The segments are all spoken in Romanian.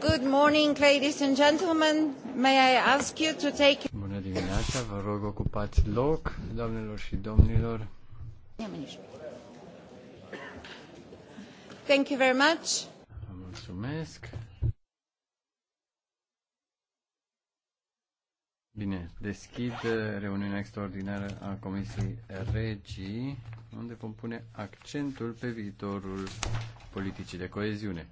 Good morning, ladies and gentlemen. May I ask you to take... Bună dimineața, vă rog ocupați loc, doamnelor și domnilor. Thank you very much. Vă mulțumesc. Bine, deschid reuniunea extraordinară a Comisiei Regii, unde vom pune accentul pe viitorul politicii de coeziune.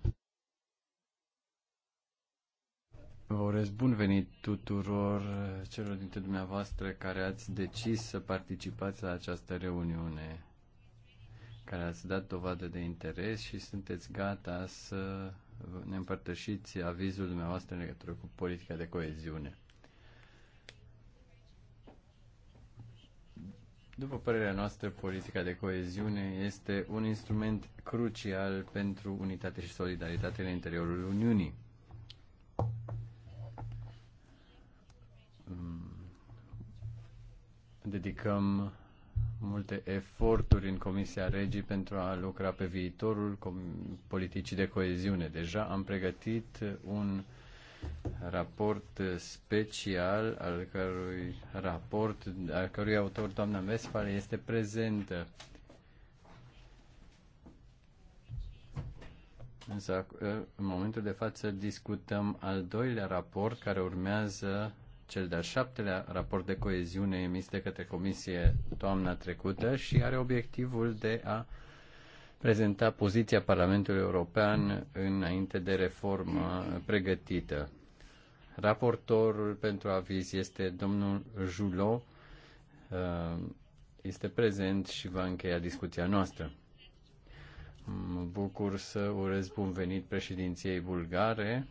Vă urez bun venit tuturor celor dintre dumneavoastră care ați decis să participați la această reuniune, care ați dat dovadă de interes și sunteți gata să ne împărtășiți avizul dumneavoastră în legătură cu politica de coeziune. După părerea noastră, politica de coeziune este un instrument crucial pentru unitate și solidaritate în interiorul Uniunii dedicăm multe eforturi în Comisia Regii pentru a lucra pe viitorul politicii de coeziune. Deja am pregătit un raport special al cărui raport, al cărui autor doamna Vespa este prezentă. Însă, în momentul de față discutăm al doilea raport care urmează cel de-al șaptelea raport de coeziune emis de către Comisie toamna trecută și are obiectivul de a prezenta poziția Parlamentului European înainte de reformă pregătită. Raportorul pentru aviz este domnul Julot, uh, este prezent și va încheia discuția noastră. Mă bucur să urez bun venit președinției bulgare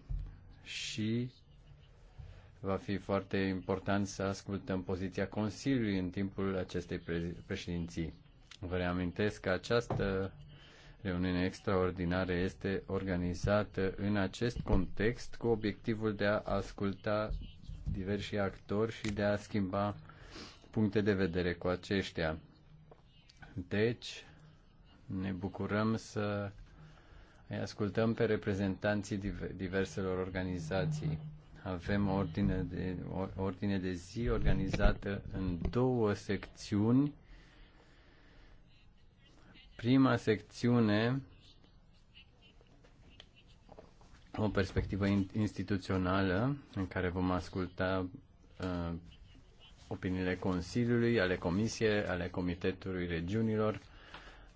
și Va fi foarte important să ascultăm poziția Consiliului în timpul acestei președinții. Vă reamintesc că această reuniune extraordinară este organizată în acest context cu obiectivul de a asculta diversi actori și de a schimba puncte de vedere cu aceștia. Deci, ne bucurăm să îi ascultăm pe reprezentanții diverselor organizații. Avem ordine de, ordine de zi organizată în două secțiuni. Prima secțiune, o perspectivă instituțională în care vom asculta uh, opiniile Consiliului, ale Comisiei, ale Comitetului Regiunilor,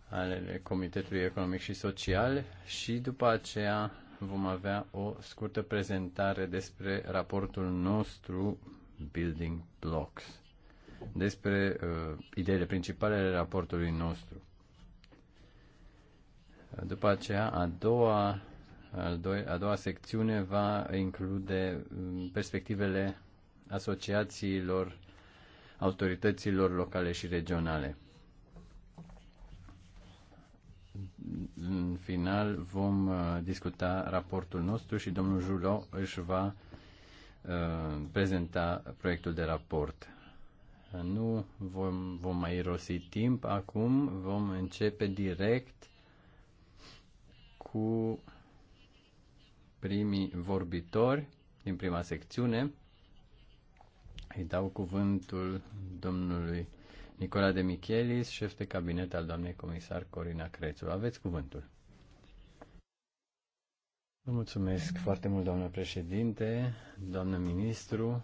ale Comitetului Economic și Social și după aceea vom avea o scurtă prezentare despre raportul nostru Building Blocks, despre uh, ideile principale ale raportului nostru. După aceea, a doua, a doua, a doua secțiune va include um, perspectivele asociațiilor, autorităților locale și regionale. În final vom uh, discuta raportul nostru și domnul Julo își va uh, prezenta proiectul de raport. Nu vom, vom mai rosi timp acum, vom începe direct cu primii vorbitori din prima secțiune. Îi dau cuvântul domnului Nicola de Michelis, șef de cabinet al doamnei comisar Corina Crețu. Aveți cuvântul. Vă mulțumesc foarte mult, doamnă președinte, doamnă ministru.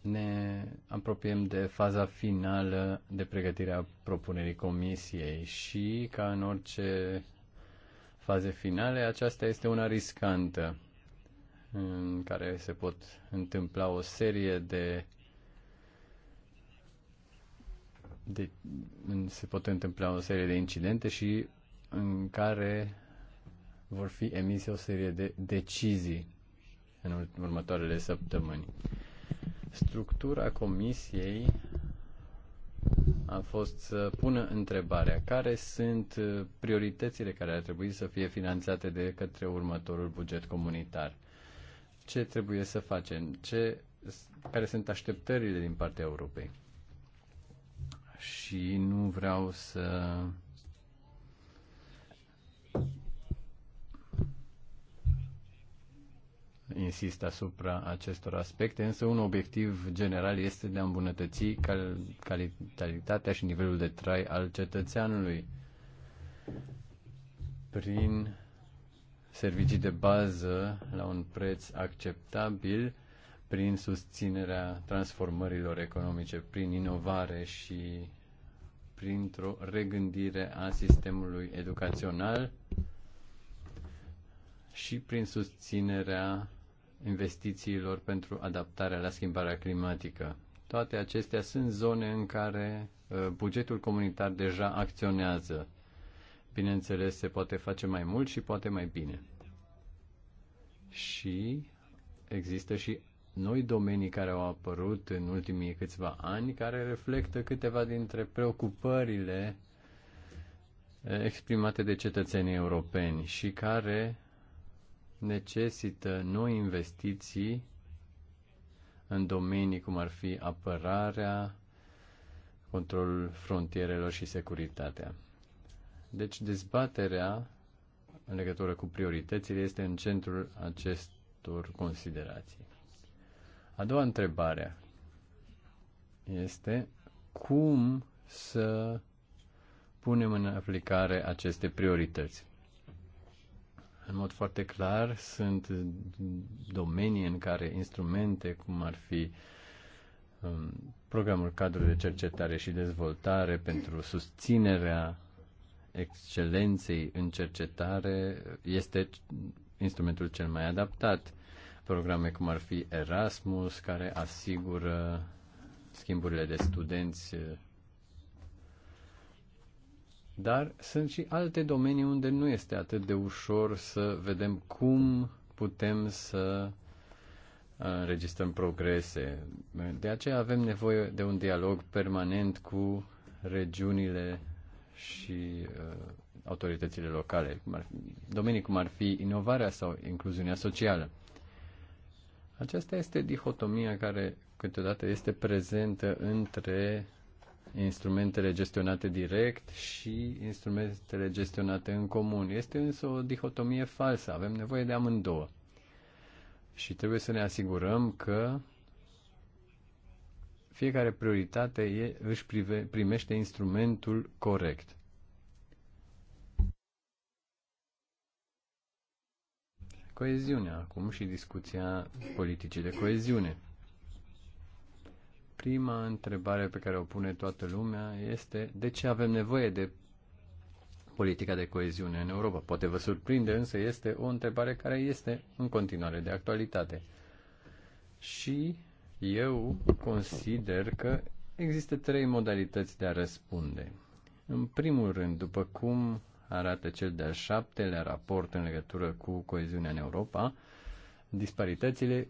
Ne apropiem de faza finală de pregătire a propunerii comisiei și, ca în orice faze finale, aceasta este una riscantă în care se pot întâmpla o serie de, de se pot întâmpla o serie de incidente și în care vor fi emise o serie de decizii în următoarele săptămâni. Structura comisiei a fost să pună întrebarea care sunt prioritățile care ar trebui să fie finanțate de către următorul buget comunitar ce trebuie să facem, ce, care sunt așteptările din partea Europei. Și nu vreau să insist asupra acestor aspecte, însă un obiectiv general este de a îmbunătăți cal- calitatea și nivelul de trai al cetățeanului prin servicii de bază la un preț acceptabil prin susținerea transformărilor economice, prin inovare și printr-o regândire a sistemului educațional și prin susținerea investițiilor pentru adaptarea la schimbarea climatică. Toate acestea sunt zone în care uh, bugetul comunitar deja acționează Bineînțeles, se poate face mai mult și poate mai bine. Și există și noi domenii care au apărut în ultimii câțiva ani, care reflectă câteva dintre preocupările eh, exprimate de cetățenii europeni și care necesită noi investiții în domenii cum ar fi apărarea, controlul frontierelor și securitatea. Deci dezbaterea în legătură cu prioritățile este în centrul acestor considerații. A doua întrebare este cum să punem în aplicare aceste priorități. În mod foarte clar, sunt domenii în care instrumente, cum ar fi um, programul cadru de cercetare și dezvoltare pentru susținerea excelenței în cercetare este instrumentul cel mai adaptat. Programe cum ar fi Erasmus, care asigură schimburile de studenți dar sunt și alte domenii unde nu este atât de ușor să vedem cum putem să uh, înregistrăm progrese. De aceea avem nevoie de un dialog permanent cu regiunile și uh, autoritățile locale, cum ar domenii cum ar fi inovarea sau incluziunea socială. Aceasta este dihotomia care câteodată este prezentă între instrumentele gestionate direct și instrumentele gestionate în comun. Este însă o dihotomie falsă, avem nevoie de amândouă. Și trebuie să ne asigurăm că fiecare prioritate e, își prive, primește instrumentul corect. Coeziunea acum și discuția politicii de coeziune. Prima întrebare pe care o pune toată lumea este de ce avem nevoie de politica de coeziune în Europa. Poate vă surprinde, însă este o întrebare care este în continuare de actualitate. Și eu consider că există trei modalități de a răspunde. În primul rând, după cum arată cel de-al șaptelea raport în legătură cu coeziunea în Europa, disparitățile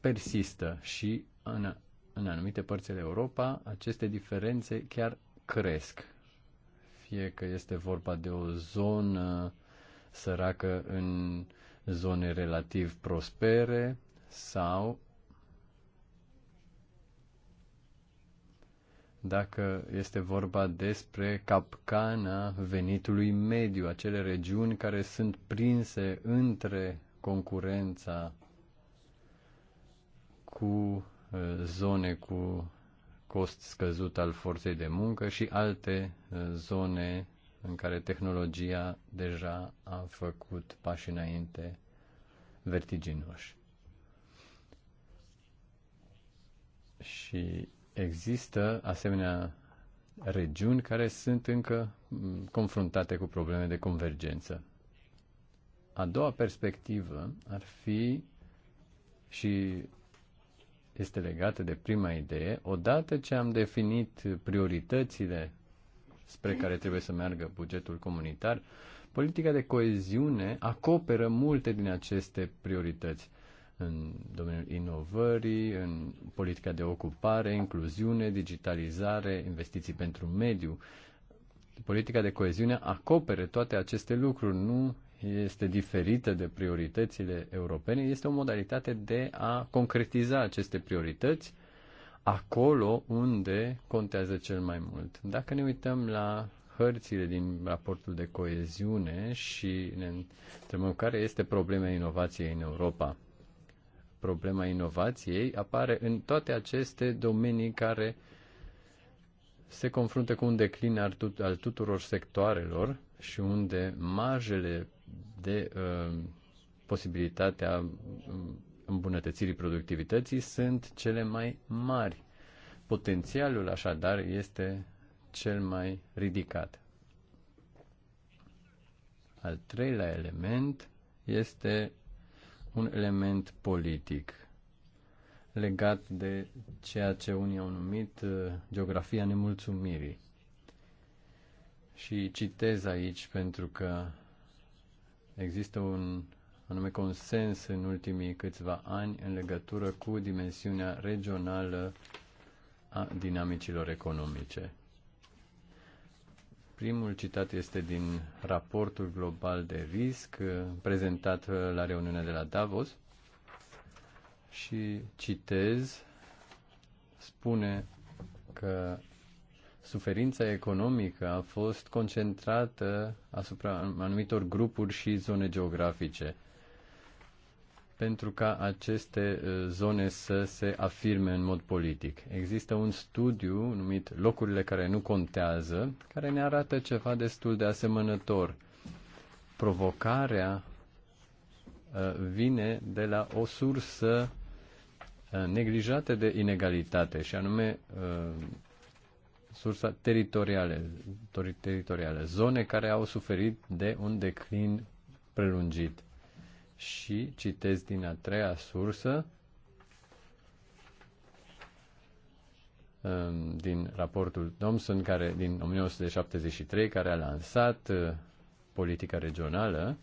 persistă și în, în anumite părți ale Europa aceste diferențe chiar cresc. Fie că este vorba de o zonă săracă în zone relativ prospere sau dacă este vorba despre capcana venitului mediu, acele regiuni care sunt prinse între concurența cu uh, zone cu cost scăzut al forței de muncă și alte uh, zone în care tehnologia deja a făcut pași înainte vertiginoși. Și există asemenea regiuni care sunt încă mm, confruntate cu probleme de convergență. A doua perspectivă ar fi și este legată de prima idee. Odată ce am definit prioritățile spre care trebuie să meargă bugetul comunitar, politica de coeziune acoperă multe din aceste priorități în domeniul inovării, în politica de ocupare, incluziune, digitalizare, investiții pentru mediu. Politica de coeziune acopere toate aceste lucruri, nu este diferită de prioritățile europene, este o modalitate de a concretiza aceste priorități acolo unde contează cel mai mult. Dacă ne uităm la hărțile din raportul de coeziune și ne întrebăm care este problema inovației în Europa, problema inovației apare în toate aceste domenii care se confruntă cu un declin al, tuturor sectoarelor și unde marjele de uh, posibilitatea um, îmbunătățirii productivității sunt cele mai mari. Potențialul, așadar, este cel mai ridicat. Al treilea element este un element politic legat de ceea ce unii au numit uh, geografia nemulțumirii. Și citez aici pentru că există un anume consens în ultimii câțiva ani în legătură cu dimensiunea regională a dinamicilor economice. Primul citat este din raportul global de risc uh, prezentat uh, la reuniunea de la Davos și citez, spune că suferința economică a fost concentrată asupra anumitor grupuri și zone geografice – pentru ca aceste uh, zone să se afirme în mod politic. Există un studiu numit Locurile care nu contează, care ne arată ceva destul de asemănător. Provocarea uh, vine de la o sursă uh, neglijată de inegalitate, și anume sursa teritoriale, teritoriale, zone care au suferit de un declin prelungit și citez din a treia sursă, um, din raportul Thomson care, din 1973 care a lansat uh, politica regională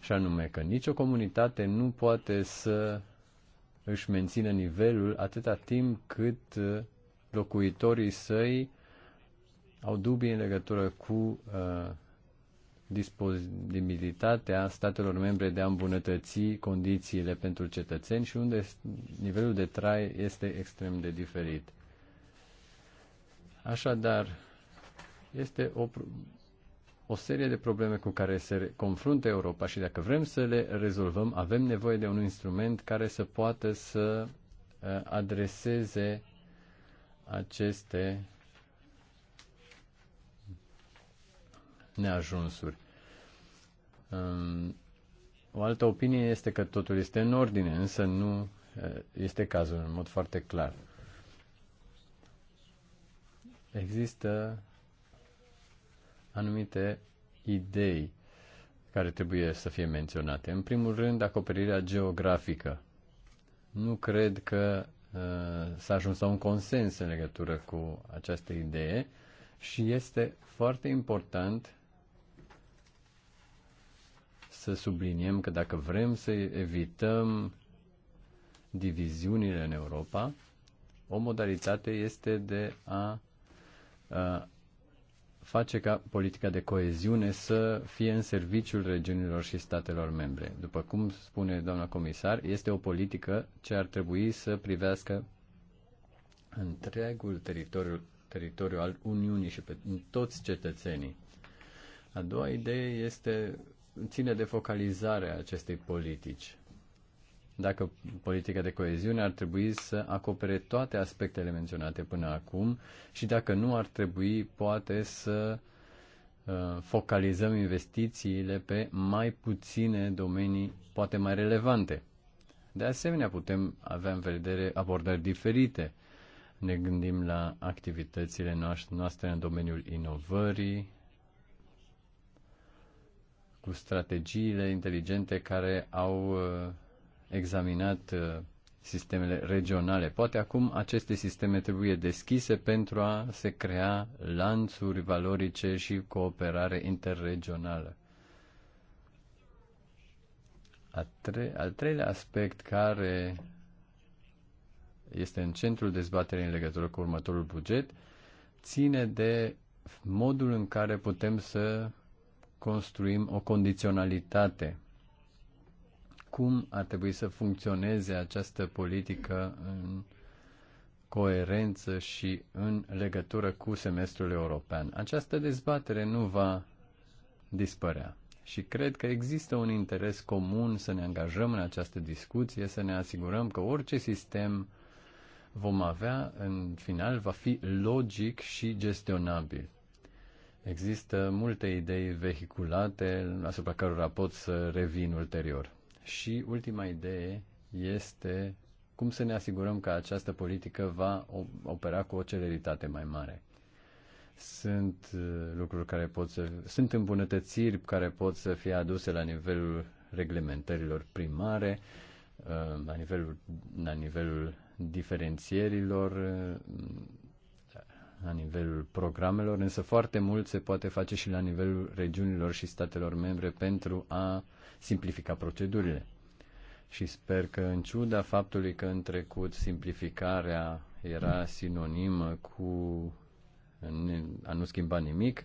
și anume că nicio comunitate nu poate să își mențină nivelul atâta timp cât uh, locuitorii săi au dubii în legătură cu uh, disponibilitatea statelor membre de a îmbunătăți condițiile pentru cetățeni și unde nivelul de trai este extrem de diferit. Așadar, este o, o serie de probleme cu care se confruntă Europa și dacă vrem să le rezolvăm, avem nevoie de un instrument care să poată să uh, adreseze aceste neajunsuri. O altă opinie este că totul este în ordine, însă nu este cazul în mod foarte clar. Există anumite idei care trebuie să fie menționate. În primul rând, acoperirea geografică. Nu cred că uh, s-a ajuns la un consens în legătură cu această idee și este foarte important să subliniem că dacă vrem să evităm diviziunile în Europa, o modalitate este de a, a face ca politica de coeziune să fie în serviciul regiunilor și statelor membre. După cum spune doamna comisar, este o politică ce ar trebui să privească întregul teritoriu, teritoriu al Uniunii și pe toți cetățenii. A doua idee este ține de focalizarea acestei politici. Dacă politica de coeziune ar trebui să acopere toate aspectele menționate până acum și dacă nu ar trebui poate să uh, focalizăm investițiile pe mai puține domenii poate mai relevante. De asemenea, putem avea în vedere abordări diferite. Ne gândim la activitățile noastre în domeniul inovării, cu strategiile inteligente care au uh, examinat uh, sistemele regionale. Poate acum aceste sisteme trebuie deschise pentru a se crea lanțuri valorice și cooperare interregională. A tre- al treilea aspect care este în centrul dezbaterii în legătură cu următorul buget ține de modul în care putem să construim o condiționalitate. Cum ar trebui să funcționeze această politică în coerență și în legătură cu semestrul european? Această dezbatere nu va dispărea. Și cred că există un interes comun să ne angajăm în această discuție, să ne asigurăm că orice sistem vom avea, în final, va fi logic și gestionabil. Există multe idei vehiculate asupra cărora pot să revin ulterior. Și ultima idee este cum să ne asigurăm că această politică va opera cu o celeritate mai mare. Sunt uh, lucruri care pot să, sunt îmbunătățiri care pot să fie aduse la nivelul reglementărilor primare, uh, la nivelul, la nivelul diferențierilor uh, la nivelul programelor, însă foarte mult se poate face și la nivelul regiunilor și statelor membre pentru a simplifica procedurile. Și sper că, în ciuda faptului că în trecut simplificarea era sinonimă cu a nu schimba nimic,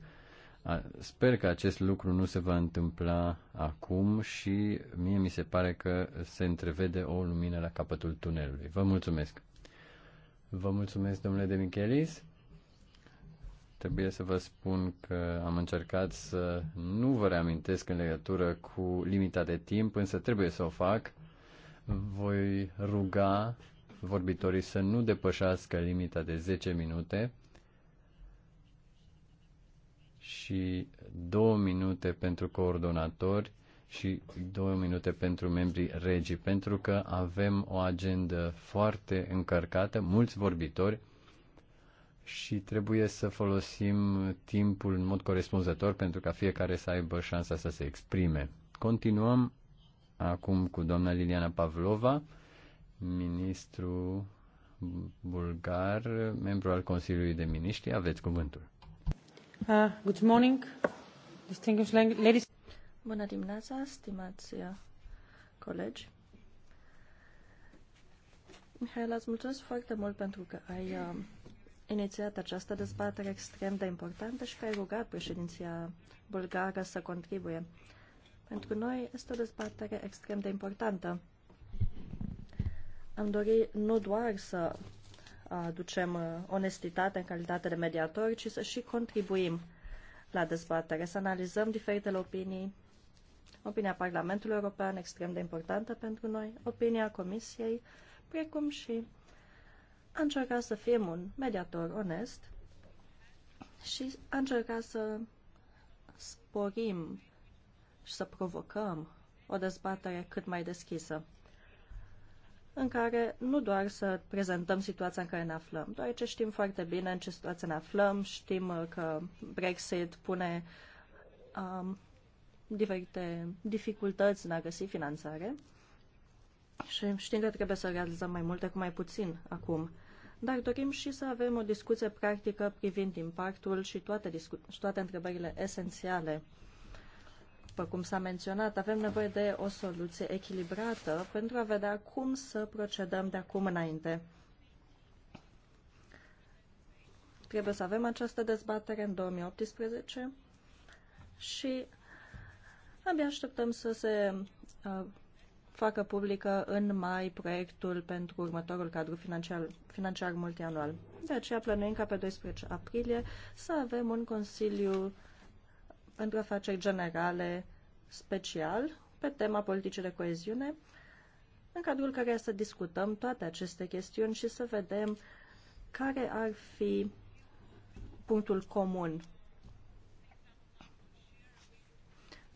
Sper că acest lucru nu se va întâmpla acum și mie mi se pare că se întrevede o lumină la capătul tunelului. Vă mulțumesc! Vă mulțumesc, domnule de Michelis trebuie să vă spun că am încercat să nu vă reamintesc în legătură cu limita de timp, însă trebuie să o fac. Voi ruga vorbitorii să nu depășească limita de 10 minute și 2 minute pentru coordonatori și 2 minute pentru membrii regii, pentru că avem o agendă foarte încărcată, mulți vorbitori și trebuie să folosim timpul în mod corespunzător pentru ca fiecare să aibă șansa să se exprime. Continuăm acum cu doamna Liliana Pavlova, ministru bulgar, membru al Consiliului de Miniștri. Aveți cuvântul. Uh, good morning, distinguished ladies. Bună dimineața, stimați uh, colegi. Mihail, îți mulțumesc foarte mult pentru că ai uh, inițiat această dezbatere extrem de importantă și ai rugat președinția bulgară să contribuie. Pentru noi este o dezbatere extrem de importantă. Am dorit nu doar să aducem uh, onestitate în calitate de mediator, ci să și contribuim la dezbatere, să analizăm diferitele opinii, opinia Parlamentului European extrem de importantă pentru noi, opinia Comisiei, precum și a încercat să fim un mediator onest și a încercat să sporim și să provocăm o dezbatere cât mai deschisă, în care nu doar să prezentăm situația în care ne aflăm, doar ce știm foarte bine în ce situație ne aflăm, știm că Brexit pune um, diferite dificultăți în a găsi finanțare și știm că trebuie să realizăm mai multe cu mai puțin acum dar dorim și să avem o discuție practică privind impactul și toate, și toate întrebările esențiale. După cum s-a menționat, avem nevoie de o soluție echilibrată pentru a vedea cum să procedăm de acum înainte. Trebuie să avem această dezbatere în 2018 și abia așteptăm să se uh, facă publică în mai proiectul pentru următorul cadru financiar, financiar multianual. De aceea plănuim ca pe 12 aprilie să avem un Consiliu pentru afaceri generale special pe tema politicii de coeziune, în cadrul căreia să discutăm toate aceste chestiuni și să vedem care ar fi punctul comun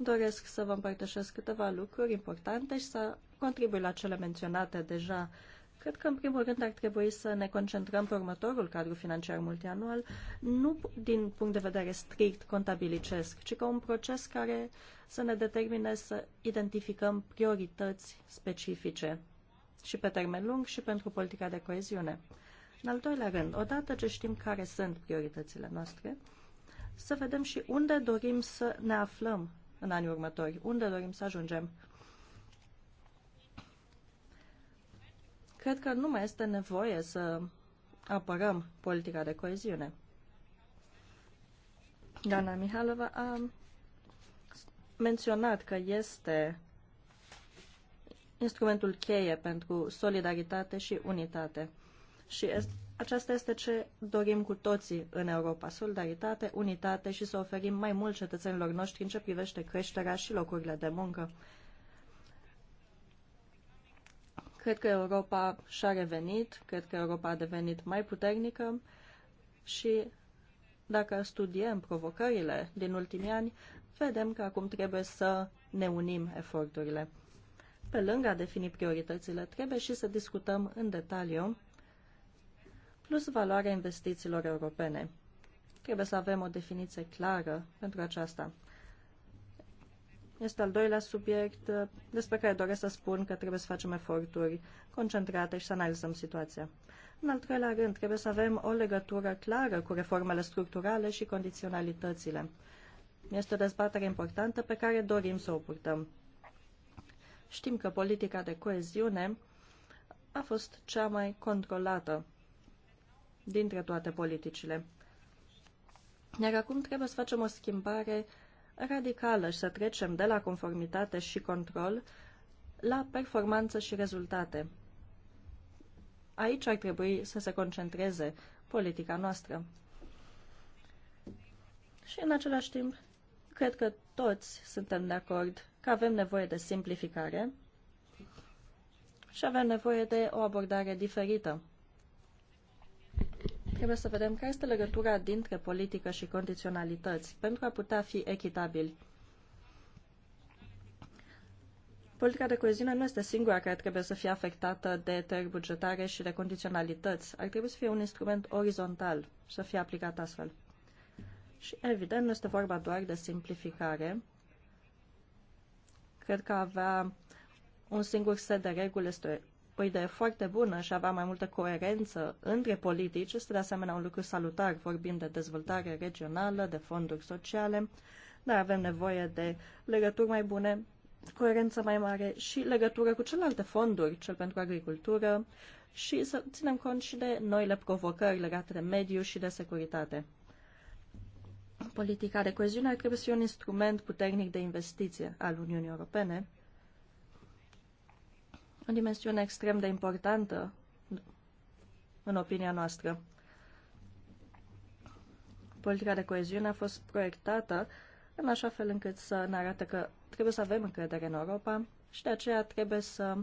doresc să vă împărtășesc câteva lucruri importante și să contribui la cele menționate deja. Cred că, în primul rând, ar trebui să ne concentrăm pe următorul cadru financiar multianual, nu din punct de vedere strict contabilicesc, ci ca un proces care să ne determine să identificăm priorități specifice și pe termen lung și pentru politica de coeziune. În al doilea rând, odată ce știm care sunt prioritățile noastre, să vedem și unde dorim să ne aflăm în anii următori? Unde dorim să ajungem? Cred că nu mai este nevoie să apărăm politica de coeziune. Dana Mihalova a menționat că este instrumentul cheie pentru solidaritate și unitate și este aceasta este ce dorim cu toții în Europa, solidaritate, unitate și să oferim mai mult cetățenilor noștri în ce privește creșterea și locurile de muncă. Cred că Europa și-a revenit, cred că Europa a devenit mai puternică și dacă studiem provocările din ultimii ani, vedem că acum trebuie să ne unim eforturile. Pe lângă a defini prioritățile, trebuie și să discutăm în detaliu plus valoarea investițiilor europene. Trebuie să avem o definiție clară pentru aceasta. Este al doilea subiect uh, despre care doresc să spun că trebuie să facem eforturi concentrate și să analizăm situația. În al treilea rând, trebuie să avem o legătură clară cu reformele structurale și condiționalitățile. Este o dezbatere importantă pe care dorim să o purtăm. Știm că politica de coeziune a fost cea mai controlată dintre toate politicile. Iar acum trebuie să facem o schimbare radicală și să trecem de la conformitate și control la performanță și rezultate. Aici ar trebui să se concentreze politica noastră. Și în același timp, cred că toți suntem de acord că avem nevoie de simplificare și avem nevoie de o abordare diferită. Trebuie să vedem care este legătura dintre politică și condiționalități pentru a putea fi echitabili. Politica de coeziune nu este singura care trebuie să fie afectată de tări bugetare și de condiționalități. Ar trebui să fie un instrument orizontal să fie aplicat astfel. Și evident, nu este vorba doar de simplificare. Cred că avea un singur set de reguli este o idee foarte bună și avea mai multă coerență între politici este de asemenea un lucru salutar. Vorbim de dezvoltare regională, de fonduri sociale, dar avem nevoie de legături mai bune, coerență mai mare și legătură cu celelalte fonduri, cel pentru agricultură, și să ținem cont și de noile provocări legate de mediu și de securitate. Politica de coeziune ar trebui să fie un instrument puternic de investiție al Uniunii Europene o dimensiune extrem de importantă în opinia noastră. Politica de coeziune a fost proiectată în așa fel încât să ne arate că trebuie să avem încredere în Europa și de aceea trebuie să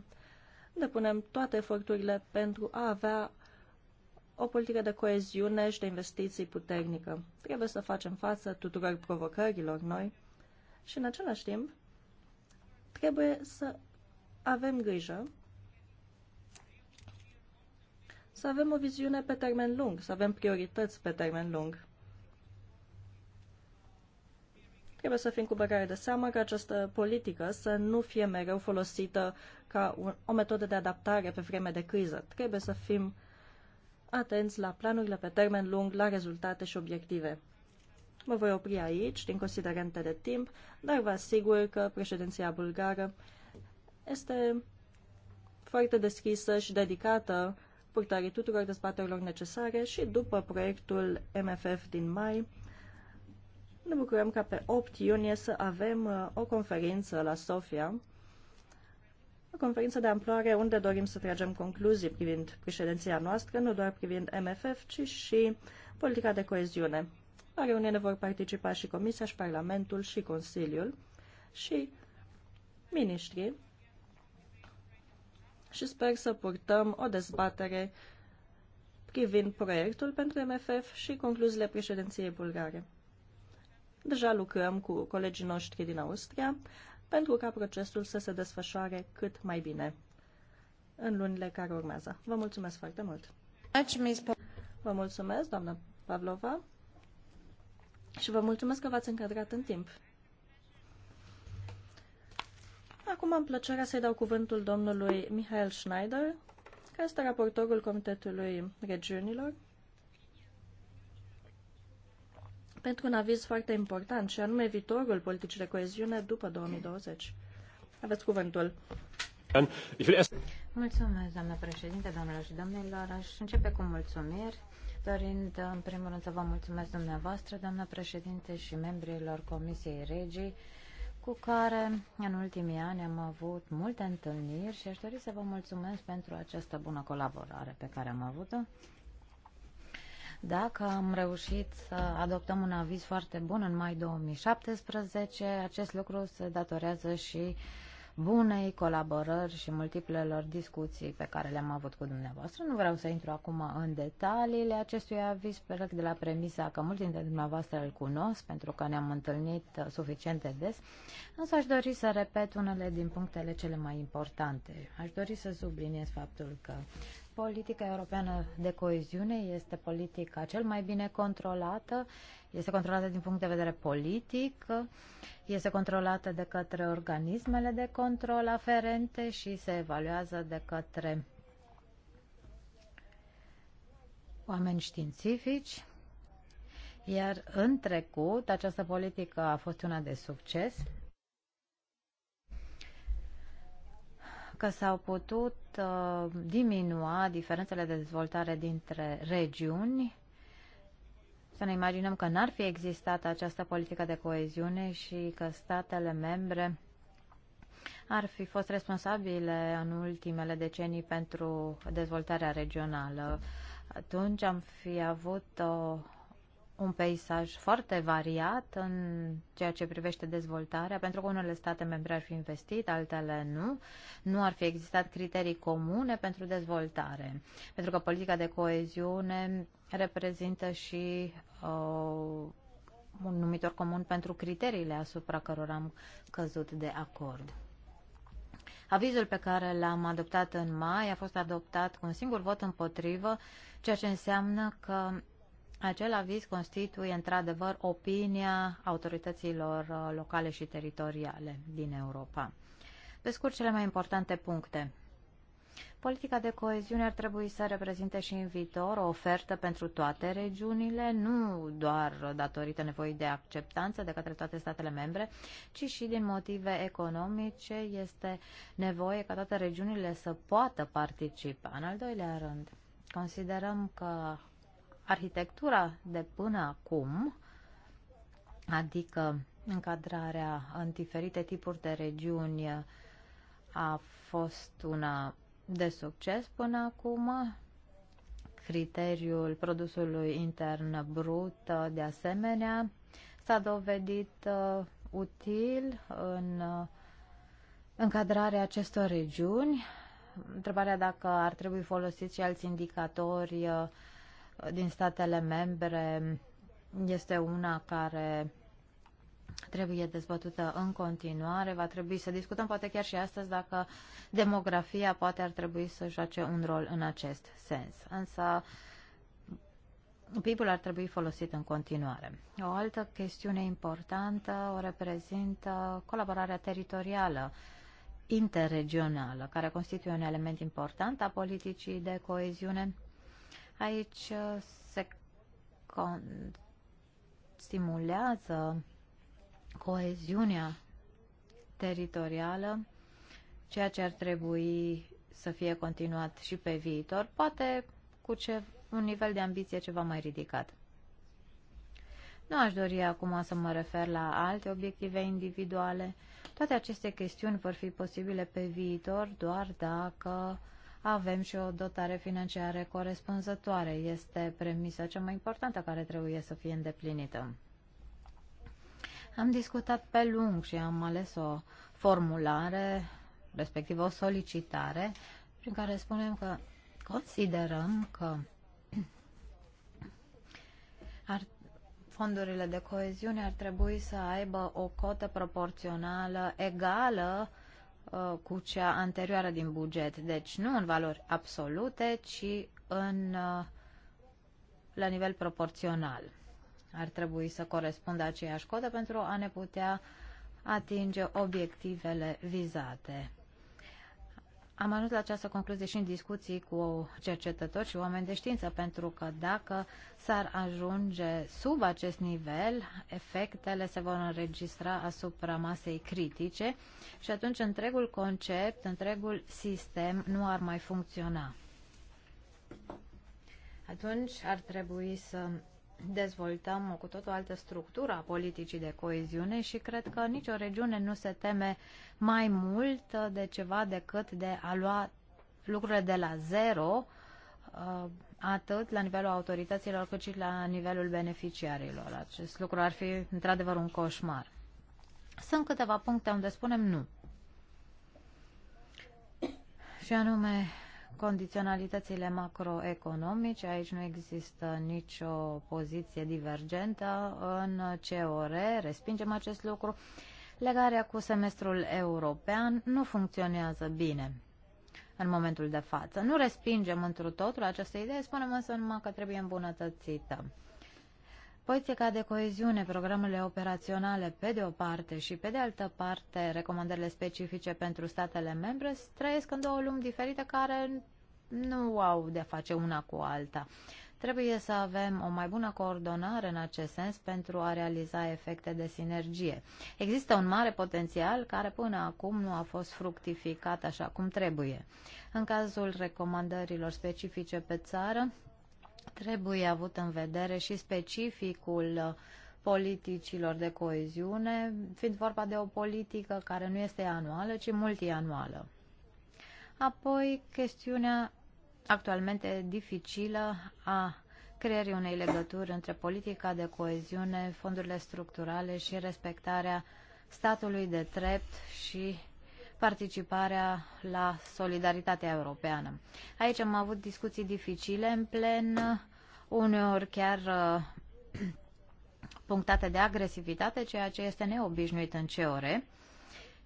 depunem toate eforturile pentru a avea o politică de coeziune și de investiții puternică. Trebuie să facem față tuturor provocărilor noi și, în același timp, trebuie să avem grijă să avem o viziune pe termen lung, să avem priorități pe termen lung. Trebuie să fim cu băgare de seamă că această politică să nu fie mereu folosită ca o metodă de adaptare pe vreme de criză. Trebuie să fim atenți la planurile pe termen lung, la rezultate și obiective. Mă voi opri aici, din considerente de timp, dar vă asigur că președinția bulgară este foarte deschisă și dedicată purtării tuturor dezbaterilor necesare și după proiectul MFF din mai, ne bucurăm ca pe 8 iunie să avem uh, o conferință la Sofia, o conferință de amploare unde dorim să tragem concluzii privind președinția noastră, nu doar privind MFF, ci și politica de coeziune. La reuniune vor participa și Comisia și Parlamentul și Consiliul și miniștrii și sper să purtăm o dezbatere privind proiectul pentru MFF și concluziile președinției bulgare. Deja lucrăm cu colegii noștri din Austria pentru ca procesul să se desfășoare cât mai bine în lunile care urmează. Vă mulțumesc foarte mult! Vă mulțumesc, doamnă Pavlova, și vă mulțumesc că v-ați încadrat în timp. Acum am plăcerea să-i dau cuvântul domnului Michael Schneider, care este raportorul Comitetului Regiunilor, pentru un aviz foarte important, și anume viitorul politicii de coeziune după 2020. Aveți cuvântul. Mulțumesc, doamnă președinte, doamnelor și domnilor. Aș începe cu mulțumiri, dorind în primul rând să vă mulțumesc dumneavoastră, doamnă președinte, și membrilor Comisiei Regii, cu care în ultimii ani am avut multe întâlniri și aș dori să vă mulțumesc pentru această bună colaborare pe care am avut-o. Dacă am reușit să adoptăm un aviz foarte bun în mai 2017, acest lucru se datorează și uh, bunei colaborări și multiplelor discuții pe care le-am avut cu dumneavoastră. Nu vreau să intru acum în detaliile acestui aviz, plec de la premisa că mulți dintre dumneavoastră îl cunosc pentru că ne-am întâlnit suficient de des, însă aș dori să repet unele din punctele cele mai importante. Aș dori să subliniez faptul că Politica europeană de coeziune este politica cel mai bine controlată, este controlată din punct de vedere politic, este controlată de către organismele de control aferente și se evaluează de către oameni științifici. Iar în trecut, această politică a fost una de succes că s-au putut uh, diminua diferențele de dezvoltare dintre regiuni. Să ne imaginăm că n-ar fi existat această politică de coeziune și că statele membre ar fi fost responsabile în ultimele decenii pentru dezvoltarea regională. Atunci am fi avut o un peisaj foarte variat în ceea ce privește dezvoltarea, pentru că unele state membre ar fi investit, altele nu. Nu ar fi existat criterii comune pentru dezvoltare, pentru că politica de coeziune reprezintă și uh, un numitor comun pentru criteriile asupra cărora am căzut de acord. Avizul pe care l-am adoptat în mai a fost adoptat cu un singur vot împotrivă, ceea ce înseamnă că acel aviz constituie într-adevăr opinia autorităților uh, locale și teritoriale din Europa. Pe scurt, cele mai importante puncte. Politica de coeziune ar trebui să reprezinte și în viitor o ofertă pentru toate regiunile, nu doar datorită nevoii de acceptanță de către toate statele membre, ci și din motive economice este nevoie ca toate regiunile să poată participa. În al doilea rând, considerăm că Arhitectura de până acum, adică încadrarea în diferite tipuri de regiuni, a fost una de succes până acum. Criteriul produsului intern brut, de asemenea, s-a dovedit uh, util în uh, încadrarea acestor regiuni. Întrebarea dacă ar trebui folosiți și alți indicatori uh, din statele membre este una care trebuie dezbătută în continuare. Va trebui să discutăm poate chiar și astăzi dacă demografia poate ar trebui să joace un rol în acest sens. Însă PIB-ul ar trebui folosit în continuare. O altă chestiune importantă o reprezintă colaborarea teritorială interregională, care constituie un element important a politicii de coeziune Aici uh, se stimulează coeziunea teritorială, ceea ce ar trebui să fie continuat și pe viitor, poate cu ce, un nivel de ambiție ceva mai ridicat. Nu aș dori acum să mă refer la alte obiective individuale. Toate aceste chestiuni vor fi posibile pe viitor doar dacă avem și o dotare financiară corespunzătoare. Este premisa cea mai importantă care trebuie să fie îndeplinită. Am discutat pe lung și am ales o formulare, respectiv o solicitare, prin care spunem că considerăm că ar, fondurile de coeziune ar trebui să aibă o cotă proporțională egală uh, Uh, cu cea anterioară din buget. Deci nu în valori absolute, ci în, uh, la nivel proporțional. Ar trebui să corespundă aceeași codă pentru a ne putea atinge obiectivele vizate. Am ajuns la această concluzie și în discuții cu cercetători și oameni de știință, pentru că dacă s-ar ajunge sub acest nivel, efectele se vor înregistra asupra masei critice și atunci întregul concept, întregul sistem nu ar mai funcționa. Atunci ar trebui să dezvoltăm cu tot o altă structură a politicii de coeziune și cred că nicio regiune nu se teme mai mult uh, de ceva decât de a lua lucrurile de la zero, uh, atât la nivelul autorităților cât și la nivelul beneficiarilor. Acest lucru ar fi într-adevăr un coșmar. Sunt câteva puncte unde spunem nu. Și anume, condiționalitățile macroeconomice, aici nu există nicio poziție divergentă în COR, respingem acest lucru. Legarea cu semestrul european nu funcționează bine în momentul de față. Nu respingem întru totul această idee, spunem însă numai că trebuie îmbunătățită. Politica de coeziune, programele operaționale pe de o parte și pe de altă parte recomandările specifice pentru statele membre trăiesc în două lumi diferite care nu au de face una cu alta. Trebuie să avem o mai bună coordonare în acest sens pentru a realiza efecte de sinergie. Există un mare potențial care până acum nu a fost fructificat așa cum trebuie. În cazul recomandărilor specifice pe țară, Trebuie avut în vedere și specificul politicilor de coeziune, fiind vorba de o politică care nu este anuală, ci multianuală. Apoi, chestiunea actualmente dificilă a creierii unei legături între politica de coeziune, fondurile structurale și respectarea statului de drept și participarea la solidaritatea europeană. Aici am avut discuții dificile în plen, uneori chiar uh, punctate de agresivitate, ceea ce este neobișnuit în CEORE.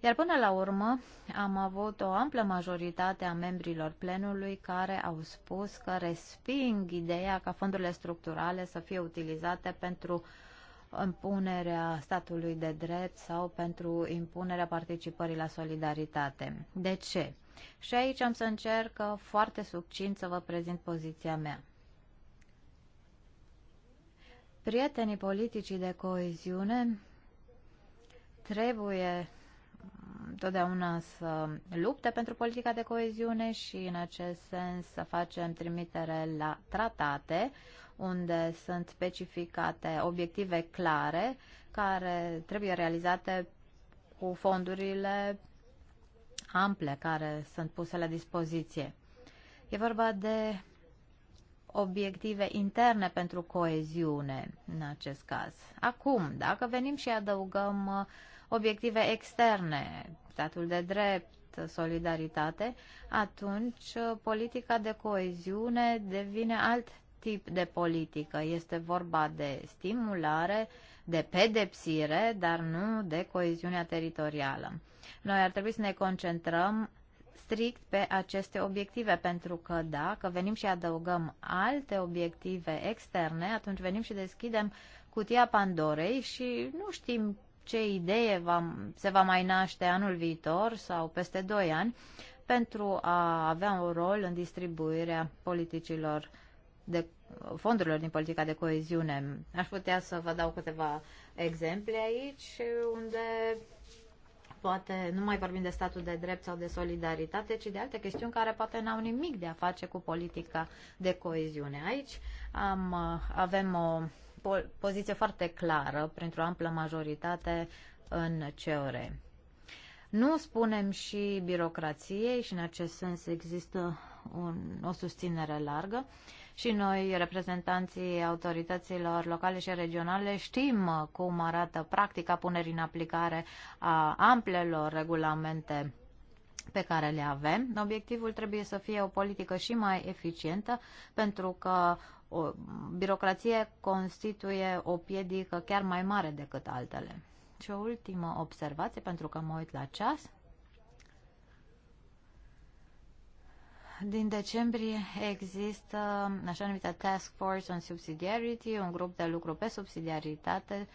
Iar până la urmă am avut o amplă majoritate a membrilor plenului care au spus că resping ideea ca fondurile structurale să fie utilizate pentru uh, impunerea statului de drept sau pentru impunerea participării la solidaritate. De ce? Și aici am să încerc uh, foarte succint să vă prezint poziția mea. Prietenii politicii de coeziune trebuie mm, totdeauna să lupte pentru politica de coeziune și în acest sens să facem trimitere la tratate, unde sunt specificate obiective clare care trebuie realizate cu fondurile ample care sunt puse la dispoziție. E vorba de obiective interne pentru coeziune în acest caz. Acum, dacă venim și adăugăm uh, obiective externe, statul de drept, solidaritate, atunci uh, politica de coeziune devine alt tip de politică. Este vorba de stimulare, de pedepsire, dar nu de coeziunea teritorială. Noi ar trebui să ne concentrăm strict pe aceste obiective, pentru că dacă venim și adăugăm alte obiective externe, atunci venim și deschidem cutia Pandorei și nu știm ce idee va, se va mai naște anul viitor sau peste 2 ani pentru a avea un rol în distribuirea politicilor de fondurilor din politica de coeziune. Aș putea să vă dau câteva exemple aici, unde poate nu mai vorbim de statul de drept sau de solidaritate, ci de alte chestiuni care poate n-au nimic de a face cu politica de coeziune. Aici am, avem o poziție foarte clară printr-o amplă majoritate în CEOR. Nu spunem și birocrației și în acest sens există un, o susținere largă și noi, reprezentanții autorităților locale și regionale, știm cum arată practica punerii în aplicare a amplelor regulamente pe care le avem. Obiectivul trebuie să fie o politică și mai eficientă, pentru că o birocrație constituie o piedică chiar mai mare decât altele. Și o ultimă observație, pentru că mă uit la ceas. din decembrie există așa numită Task Force on Subsidiarity, un grup de lucru pe subsidiaritate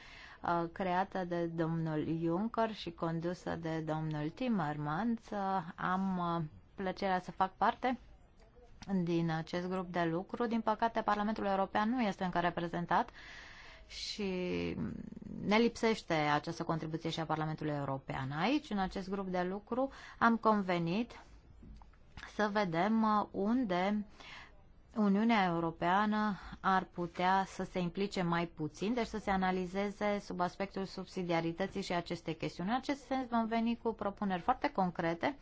uh, creată de domnul Juncker și condusă de domnul Timmermans. Uh, am uh, plăcerea să fac parte din acest grup de lucru. Din păcate, Parlamentul European nu este încă reprezentat și ne lipsește această contribuție și a Parlamentului European. Aici, în acest grup de lucru, am convenit să vedem uh, unde Uniunea Europeană ar putea să se implice mai puțin, deci să se analizeze sub aspectul subsidiarității și aceste chestiuni. În acest sens vom veni cu propuneri foarte concrete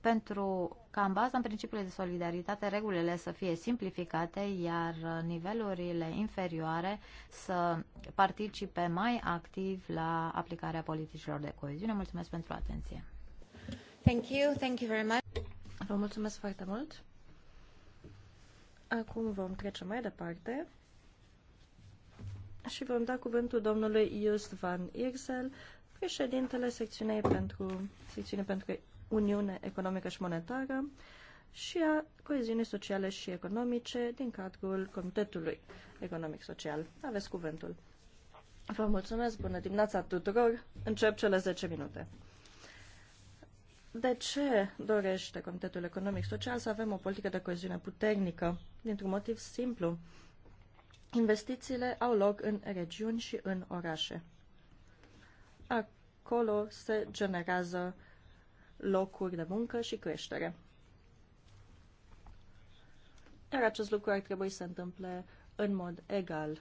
pentru ca în baza în principiile de solidaritate regulile să fie simplificate, iar nivelurile inferioare să participe mai activ la aplicarea politicilor de coeziune. Mulțumesc pentru atenție. Thank you, thank you very much. Vă mulțumesc foarte mult. Acum vom trece mai departe și vom da cuvântul domnului Just van Irsel, președintele secțiunei pentru, secțiune pentru Uniune Economică și Monetară și a coeziunii sociale și economice din cadrul Comitetului Economic Social. Aveți cuvântul. Vă mulțumesc, bună dimineața tuturor. Încep cele 10 minute de ce dorește Comitetul Economic Social să avem o politică de coeziune puternică? Dintr-un motiv simplu. Investițiile au loc în regiuni și în orașe. Acolo se generează locuri de muncă și creștere. Iar acest lucru ar trebui să se întâmple în mod egal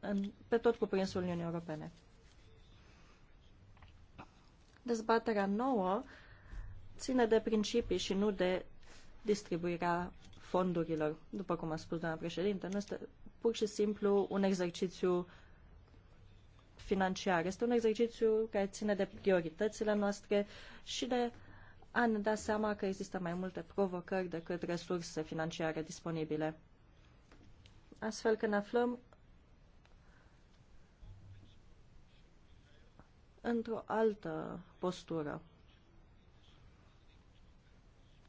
în, pe tot cuprinsul Uniunii Europene. Dezbaterea nouă ține de principii și nu de distribuirea fondurilor. După cum a spus doamna președinte, nu este pur și simplu un exercițiu financiar. Este un exercițiu care ține de prioritățile noastre și de a ne da seama că există mai multe provocări decât resurse financiare disponibile. Astfel că ne aflăm într-o altă postură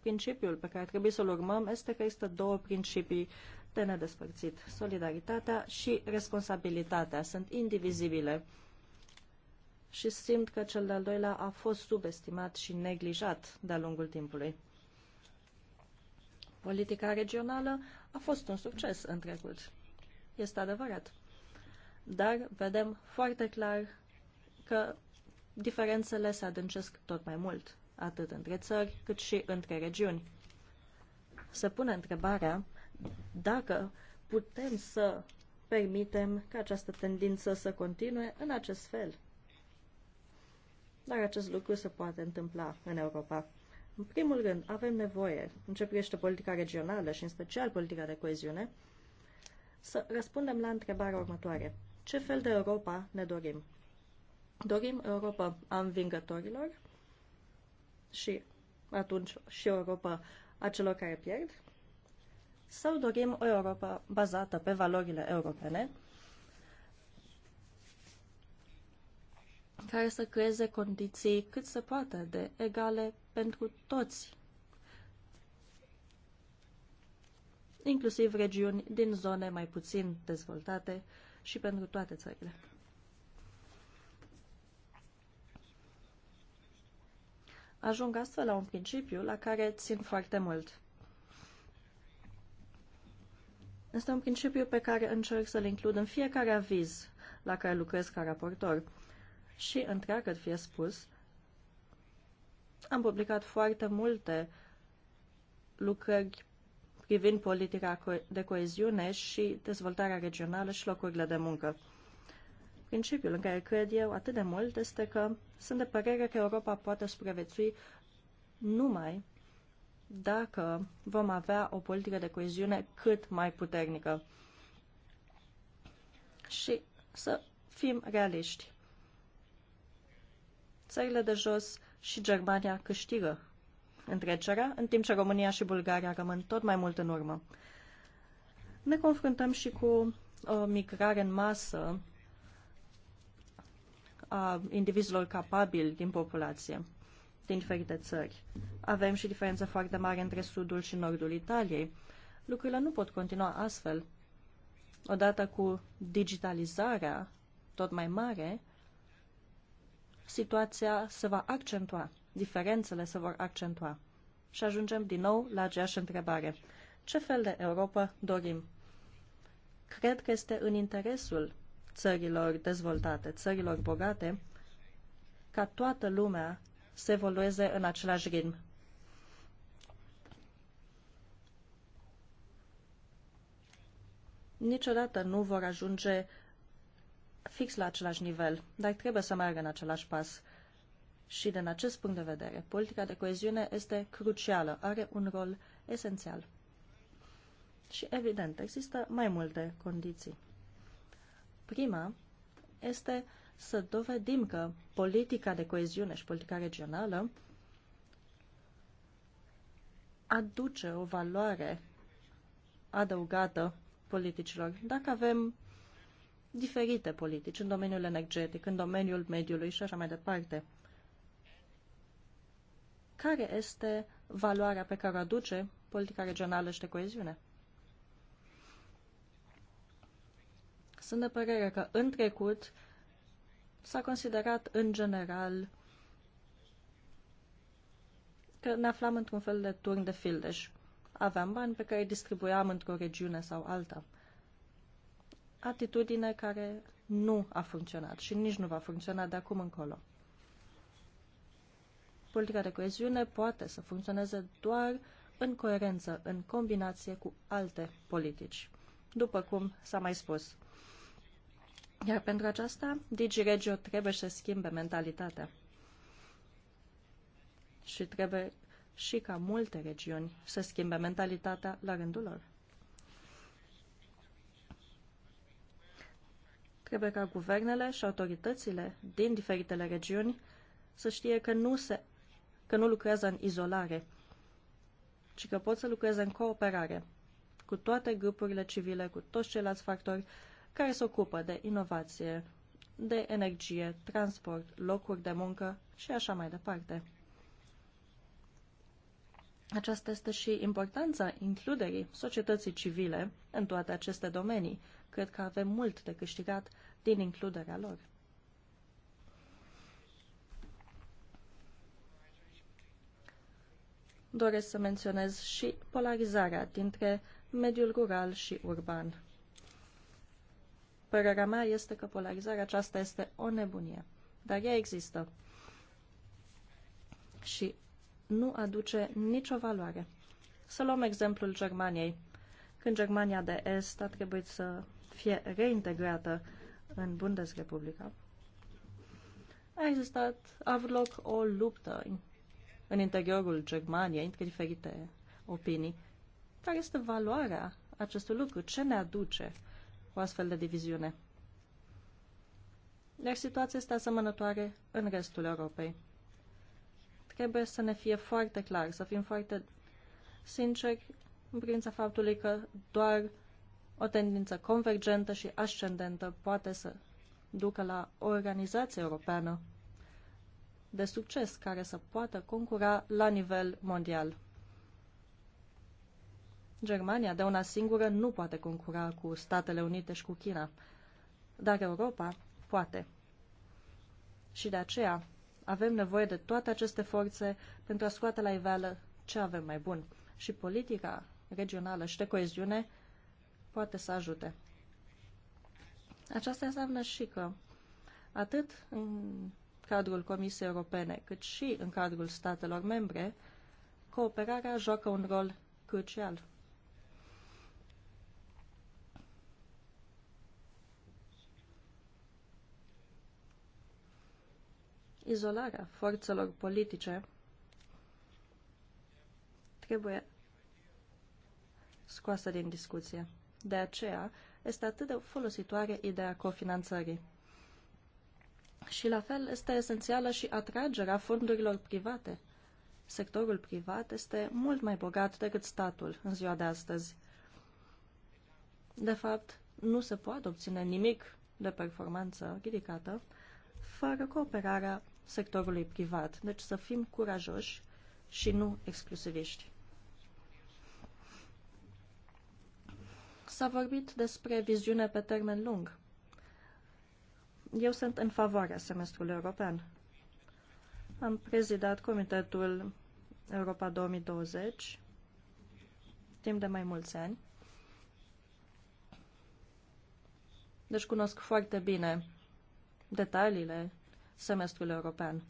principiul pe care trebuie să-l urmăm este că există două principii de nedespărțit. Solidaritatea și responsabilitatea sunt indivizibile și simt că cel de-al doilea a fost subestimat și neglijat de-a lungul timpului. Politica regională a fost un succes în trecut. Este adevărat. Dar vedem foarte clar că diferențele se adâncesc tot mai mult atât între țări cât și între regiuni. Să pune întrebarea dacă putem să permitem ca această tendință să continue în acest fel. Dar acest lucru se poate întâmpla în Europa. În primul rând, avem nevoie, în ce privește politica regională și în special politica de coeziune, să răspundem la întrebarea următoare. Ce fel de Europa ne dorim? Dorim Europa a învingătorilor și atunci și Europa a celor care pierd? Sau dorim o Europa bazată pe valorile europene, care să creeze condiții cât se poate de egale pentru toți, inclusiv regiuni din zone mai puțin dezvoltate și pentru toate țările. Ajung astfel la un principiu la care țin foarte mult. Este un principiu pe care încerc să-l includ în fiecare aviz la care lucrez ca raportor. Și, întreagăt fie spus, am publicat foarte multe lucrări privind politica de coeziune și dezvoltarea regională și locurile de muncă. Principiul în care cred eu atât de mult este că sunt de părere că Europa poate supraviețui numai dacă vom avea o politică de coeziune cât mai puternică. Și să fim realiști. Țările de jos și Germania câștigă întrecerea, în timp ce România și Bulgaria rămân tot mai mult în urmă. Ne confruntăm și cu o migrare în masă a indivizilor capabili din populație din diferite țări. Avem și diferență foarte mare între sudul și nordul Italiei. Lucrurile nu pot continua astfel. Odată cu digitalizarea tot mai mare, situația se va accentua, diferențele se vor accentua. Și ajungem din nou la aceeași întrebare. Ce fel de Europa dorim? Cred că este în interesul țărilor dezvoltate, țărilor bogate, ca toată lumea să evolueze în același ritm. Niciodată nu vor ajunge fix la același nivel, dar trebuie să meargă în același pas. Și din acest punct de vedere, politica de coeziune este crucială, are un rol esențial. Și, evident, există mai multe condiții. Prima este să dovedim că politica de coeziune și politica regională aduce o valoare adăugată politicilor. Dacă avem diferite politici în domeniul energetic, în domeniul mediului și așa mai departe, care este valoarea pe care o aduce politica regională și de coeziune? Sunt de părere că în trecut s-a considerat în general că ne aflam într-un fel de turn de fildeș. Aveam bani pe care îi distribuiam într-o regiune sau alta. Atitudine care nu a funcționat și nici nu va funcționa de acum încolo. Politica de coeziune poate să funcționeze doar în coerență, în combinație cu alte politici. După cum s-a mai spus, iar pentru aceasta, Regio trebuie să schimbe mentalitatea. Și trebuie și ca multe regiuni să schimbe mentalitatea la rândul lor. Trebuie ca guvernele și autoritățile din diferitele regiuni să știe că nu, se, că nu lucrează în izolare, ci că pot să lucreze în cooperare cu toate grupurile civile, cu toți ceilalți factori care se ocupă de inovație, de energie, transport, locuri de muncă și așa mai departe. Aceasta este și importanța includerii societății civile în toate aceste domenii. Cred că avem mult de câștigat din includerea lor. Doresc să menționez și polarizarea dintre mediul rural și urban. Părerea mea este că polarizarea aceasta este o nebunie, dar ea există și nu aduce nicio valoare. Să luăm exemplul Germaniei. Când Germania de Est a trebuit să fie reintegrată în Bundesrepublica, a existat, a avut loc o luptă în interiorul Germaniei între diferite opinii. Care este valoarea acestui lucru? Ce ne aduce? o astfel de diviziune. Dar deci situația este asemănătoare în restul Europei. Trebuie să ne fie foarte clar, să fim foarte sinceri în privința faptului că doar o tendință convergentă și ascendentă poate să ducă la o organizație europeană de succes care să poată concura la nivel mondial. Germania de una singură nu poate concura cu Statele Unite și cu China, dar Europa poate. Și de aceea avem nevoie de toate aceste forțe pentru a scoate la iveală ce avem mai bun. Și politica regională și de coeziune poate să ajute. Aceasta înseamnă și că atât în cadrul Comisiei Europene, cât și în cadrul statelor membre, cooperarea joacă un rol crucial. izolarea forțelor politice trebuie scoasă din discuție. De aceea este atât de folositoare ideea cofinanțării. Și la fel este esențială și atragerea fondurilor private. Sectorul privat este mult mai bogat decât statul în ziua de astăzi. De fapt, nu se poate obține nimic de performanță ridicată fără cooperarea sectorului privat. Deci să fim curajoși și nu exclusiviști. S-a vorbit despre viziune pe termen lung. Eu sunt în favoarea semestrului european. Am prezidat Comitetul Europa 2020 timp de mai mulți ani. Deci cunosc foarte bine detaliile semestrul european.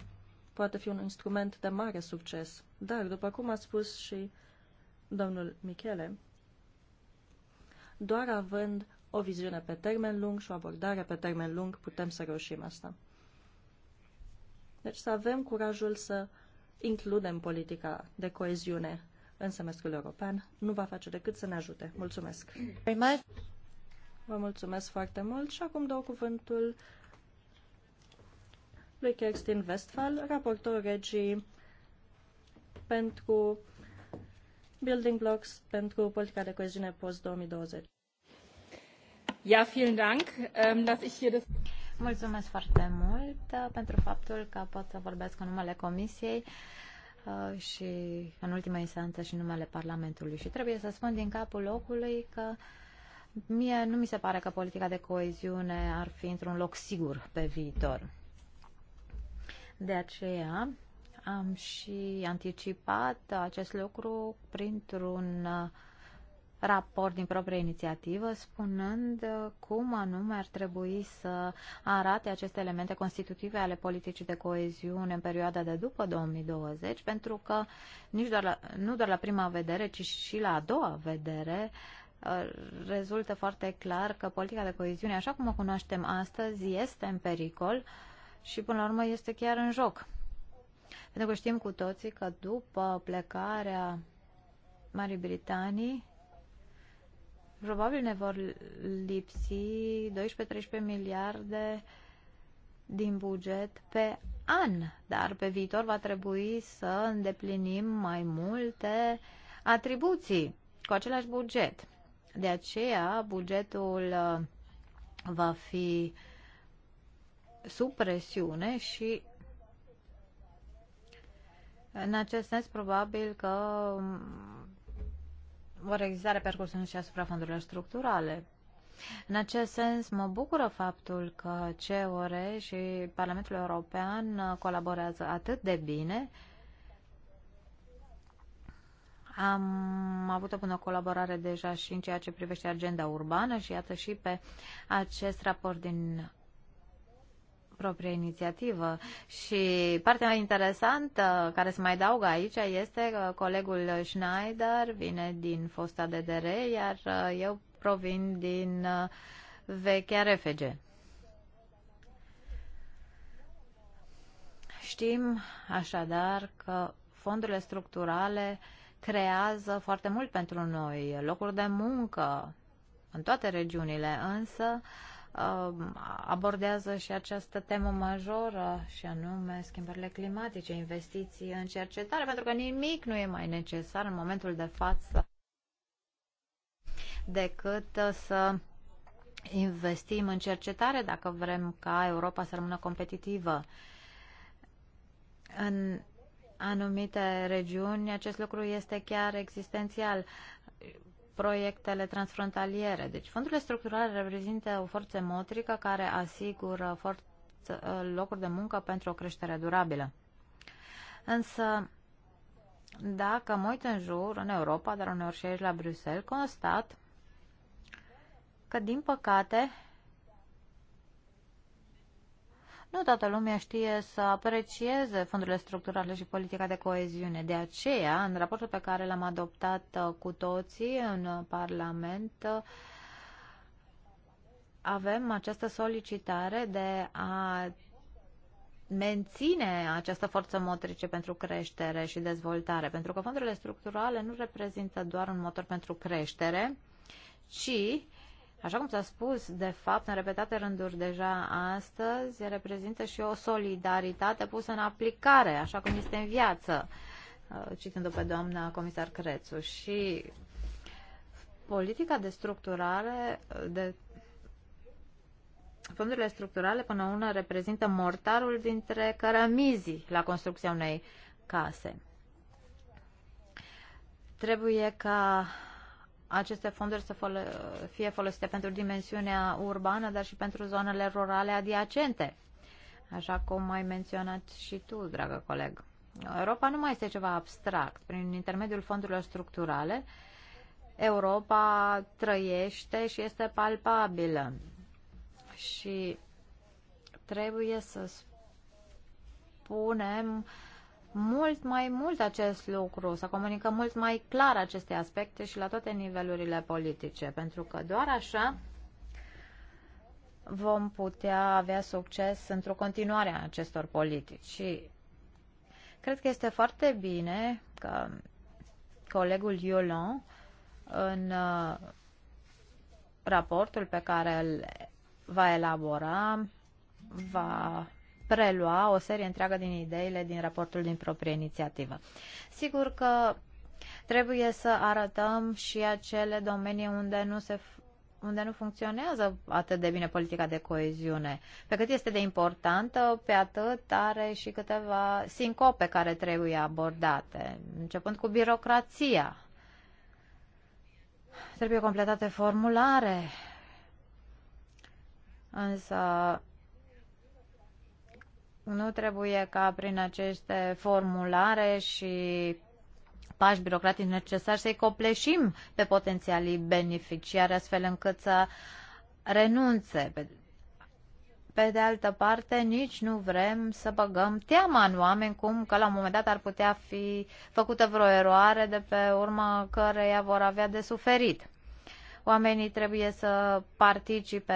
Poate fi un instrument de mare succes, dar, după cum a spus și domnul Michele, doar având o viziune pe termen lung și o abordare pe termen lung putem să reușim asta. Deci să avem curajul să includem politica de coeziune în semestrul european nu va face decât să ne ajute. Mulțumesc! Vă mulțumesc foarte mult și acum dau cuvântul lui Kerstin Westphal, raportor regii pentru Building Blocks pentru politica de coeziune post-2020. Ja, vielen Dank, ähm, dass ich hier das Mulțumesc foarte mult uh, pentru faptul că pot să vorbesc în numele Comisiei uh, și în ultima instanță și numele Parlamentului. Și trebuie să spun din capul locului că mie nu mi se pare că politica de coeziune ar fi într-un loc sigur pe viitor. De aceea am și anticipat acest lucru printr-un uh, raport din proprie inițiativă, spunând uh, cum anume ar trebui să arate aceste elemente constitutive ale politicii de coeziune în perioada de după 2020, pentru că nici doar la, nu doar la prima vedere, ci și la a doua vedere, uh, rezultă foarte clar că politica de coeziune, așa cum o cunoaștem astăzi, este în pericol uh, și până la urmă este chiar în joc. Pentru că știm cu toții că după plecarea Marii Britanii, probabil ne vor lipsi 12-13 miliarde din buget pe an, dar pe viitor va trebui să îndeplinim mai multe atribuții cu același buget. De aceea, bugetul uh, va fi uh, sub presiune și în acest sens probabil că um, vor exista repercusiuni și asupra fondurilor structurale. În acest sens, mă bucură faptul că CEOR și Parlamentul European colaborează atât de bine. Am avut o bună colaborare deja și în ceea ce privește agenda urbană și iată și pe acest raport din proprie inițiativă. Și partea interesantă care se mai daugă aici este că colegul Schneider vine din fosta DDR, iar uh, eu provin din uh, vechea RFG. Știm așadar că fondurile structurale creează foarte mult pentru noi, locuri de muncă în toate regiunile, însă uh, Um, abordează și această temă majoră și anume schimbările climatice, investiții în cercetare, pentru că nimic nu e mai necesar în momentul de față decât să investim în cercetare dacă vrem ca Europa să rămână competitivă. În anumite regiuni acest lucru este chiar existențial proiectele transfrontaliere. Deci fondurile structurale reprezintă o forță motrică care asigură forță, locuri de muncă pentru o creștere durabilă. Însă, dacă mă uit în jur, în Europa, dar uneori și aici la Bruxelles, constat că, din păcate, nu toată lumea știe să aprecieze fondurile structurale și politica de coeziune. De aceea, în raportul pe care l-am adoptat uh, cu toții în Parlament, uh, avem această solicitare de a menține această forță motrice pentru creștere și dezvoltare, pentru că fondurile structurale nu reprezintă doar un motor pentru creștere, ci așa cum s-a spus, de fapt, în repetate rânduri deja astăzi, reprezintă și o solidaritate pusă în aplicare, așa cum este în viață, uh, citându pe doamna comisar Crețu. Și politica de structurare, uh, de fondurile structurale, până una, reprezintă mortarul dintre cărămizii la construcția unei case. Trebuie ca aceste fonduri să fol fie folosite pentru dimensiunea urbană, dar și pentru zonele rurale adiacente, așa cum ai menționat și tu, dragă coleg. Europa nu mai este ceva abstract. Prin intermediul fondurilor structurale, Europa trăiește și este palpabilă. Și trebuie să spunem uh, mult mai mult acest lucru, să comunicăm mult mai clar aceste aspecte și la toate nivelurile politice, pentru că doar așa vom putea avea succes într-o continuare a acestor politici. Și cred că este foarte bine că colegul Iolon în uh, raportul pe care îl va elabora va prelua o serie întreagă din ideile din raportul din proprie inițiativă. Sigur că trebuie să arătăm și acele domenii unde nu se unde nu funcționează atât de bine politica de coeziune. Pe cât este de importantă, pe atât are și câteva sincope care trebuie abordate, începând cu birocrația. Trebuie completate formulare, însă nu trebuie ca prin aceste formulare și pași birocratici necesari să-i copleșim pe potențialii beneficiari, astfel încât să renunțe. Pe, de altă parte, nici nu vrem să băgăm teama în oameni cum că la un moment dat ar putea fi făcută vreo eroare de pe urma căreia vor avea de suferit. Oamenii trebuie să participe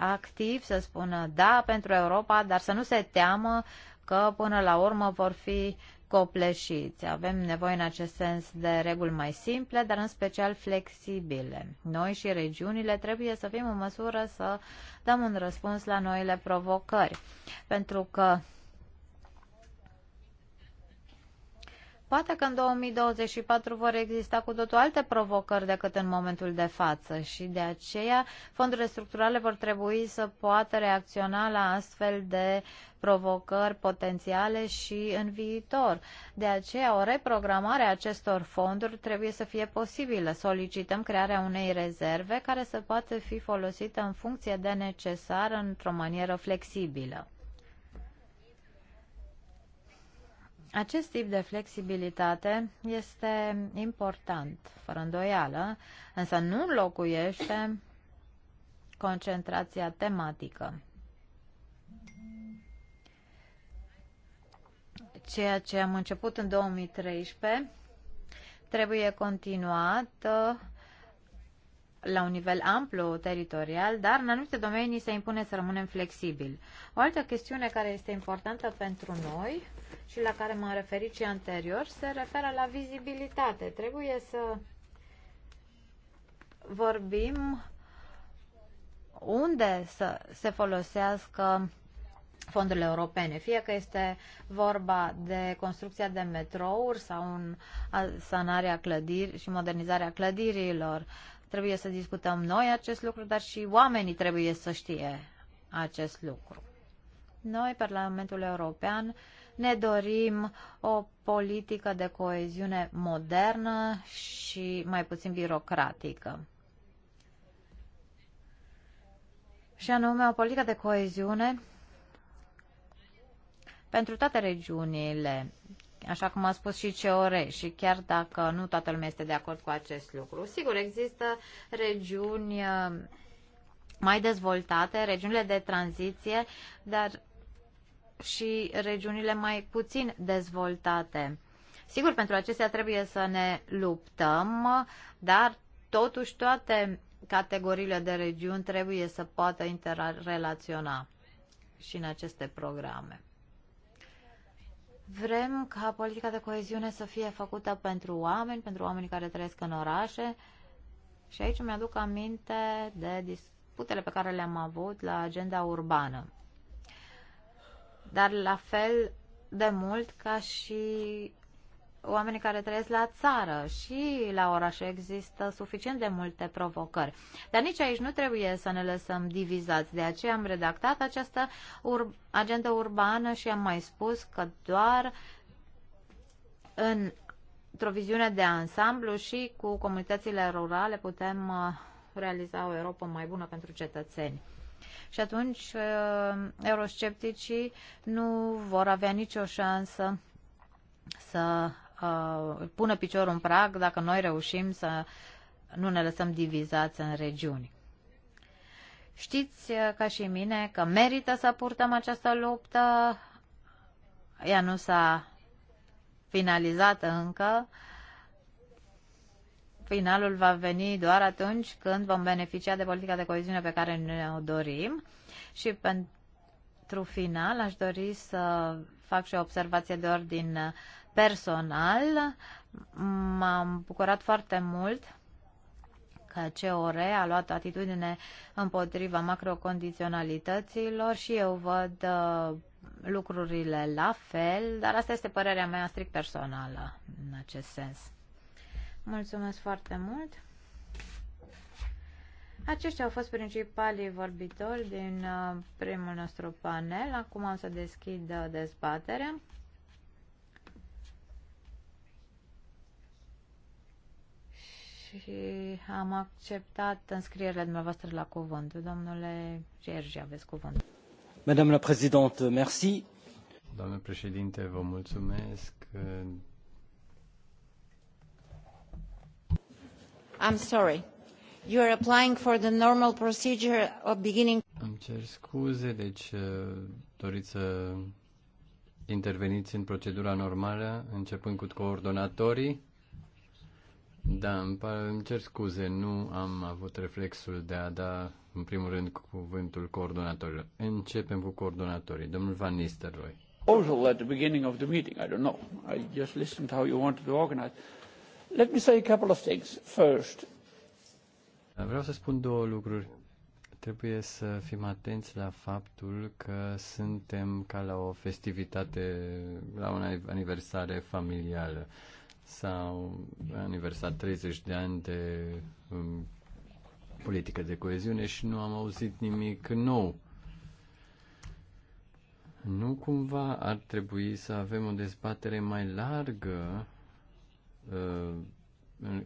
activ, să spună da pentru Europa, dar să nu se teamă că până la urmă vor fi copleșiți. Avem nevoie în acest sens de reguli mai simple, dar în special flexibile. Noi și regiunile trebuie să fim în măsură să dăm un răspuns la noile provocări, pentru că Poate că în 2024 vor exista cu totul alte provocări decât în momentul de față și de aceea fondurile structurale vor trebui să poată reacționa la astfel de provocări potențiale și în viitor. De aceea o reprogramare a acestor fonduri trebuie să fie posibilă. Solicităm crearea unei rezerve care să poată fi folosită în funcție de necesar într-o manieră flexibilă. Acest tip de flexibilitate este important, fără îndoială, însă nu înlocuiește concentrația tematică. Ceea ce am început în 2013 trebuie continuat la un nivel amplu teritorial, dar în anumite domenii se impune să rămânem flexibili. O altă chestiune care este importantă pentru noi și la care m-am referit și anterior se referă la vizibilitate. Trebuie să vorbim unde să se folosească fondurile europene, fie că este vorba de construcția de metrouri sau în sanarea clădiri și modernizarea clădirilor, Trebuie să discutăm noi acest lucru, dar și oamenii trebuie să știe acest lucru. Noi, Parlamentul European, ne dorim o politică de coeziune modernă și mai puțin birocratică. Și anume o politică de coeziune pentru toate regiunile așa cum a spus și CEOR, și chiar dacă nu toată lumea este de acord cu acest lucru. Sigur, există regiuni uh, mai dezvoltate, regiunile de tranziție, dar și regiunile mai puțin dezvoltate. Sigur, pentru acestea trebuie să ne luptăm, dar totuși toate categoriile de regiuni trebuie să poată interrelaționa și în aceste programe. Vrem ca politica de coeziune să fie făcută pentru oameni, pentru oamenii care trăiesc în orașe. Și aici mi-aduc aminte de disputele pe care le-am avut la agenda urbană. Dar la fel de mult ca și oamenii care trăiesc la țară și la oraș există suficient de multe provocări. Dar nici aici nu trebuie să ne lăsăm divizați. De aceea am redactat această ur- agendă urbană și am mai spus că doar în într-o viziune de ansamblu și cu comunitățile rurale putem uh, realiza o Europa mai bună pentru cetățeni. Și atunci uh, euroscepticii nu vor avea nicio șansă să uh, pună piciorul în prag dacă noi reușim să nu ne lăsăm divizați în regiuni. Știți uh, ca și mine că merită să purtăm această luptă. Ea nu s-a finalizat încă. Finalul va veni doar atunci când vom beneficia de politica de coeziune pe care ne-o dorim. Și pentru final aș dori să fac și o observație de ordin uh, Personal, m-am bucurat foarte mult că COR a luat atitudine împotriva macrocondiționalităților și eu văd uh, lucrurile la fel, dar asta este părerea mea strict personală în acest sens. Mulțumesc foarte mult! Aceștia au fost principalii vorbitori din uh, primul nostru panel. Acum am să deschid uh, dezbaterea. și am acceptat înscrierile dumneavoastră la cuvânt. Domnule Gergi, aveți cuvânt. Madame la Présidente, merci. Doamne președinte, vă mulțumesc. I'm sorry. You are applying for the normal procedure of beginning. Îmi cer scuze, deci uh, doriți să interveniți în procedura normală, începând cu coordonatorii. Da, îmi, îmi cer scuze, nu am avut reflexul de a da, în primul rând, cuvântul coordonatorilor. Începem cu coordonatorii. Domnul Van Nistelrooy. Also at the beginning of the meeting, I don't know. I just listened how you wanted to organize. Let me say a couple of things. First, Vreau să spun două lucruri. Trebuie să fim atenți la faptul că suntem ca la o festivitate, la o aniversare familială sau aniversat 30 de ani de um, politică de coeziune și nu am auzit nimic nou. Nu cumva ar trebui să avem o dezbatere mai largă uh, în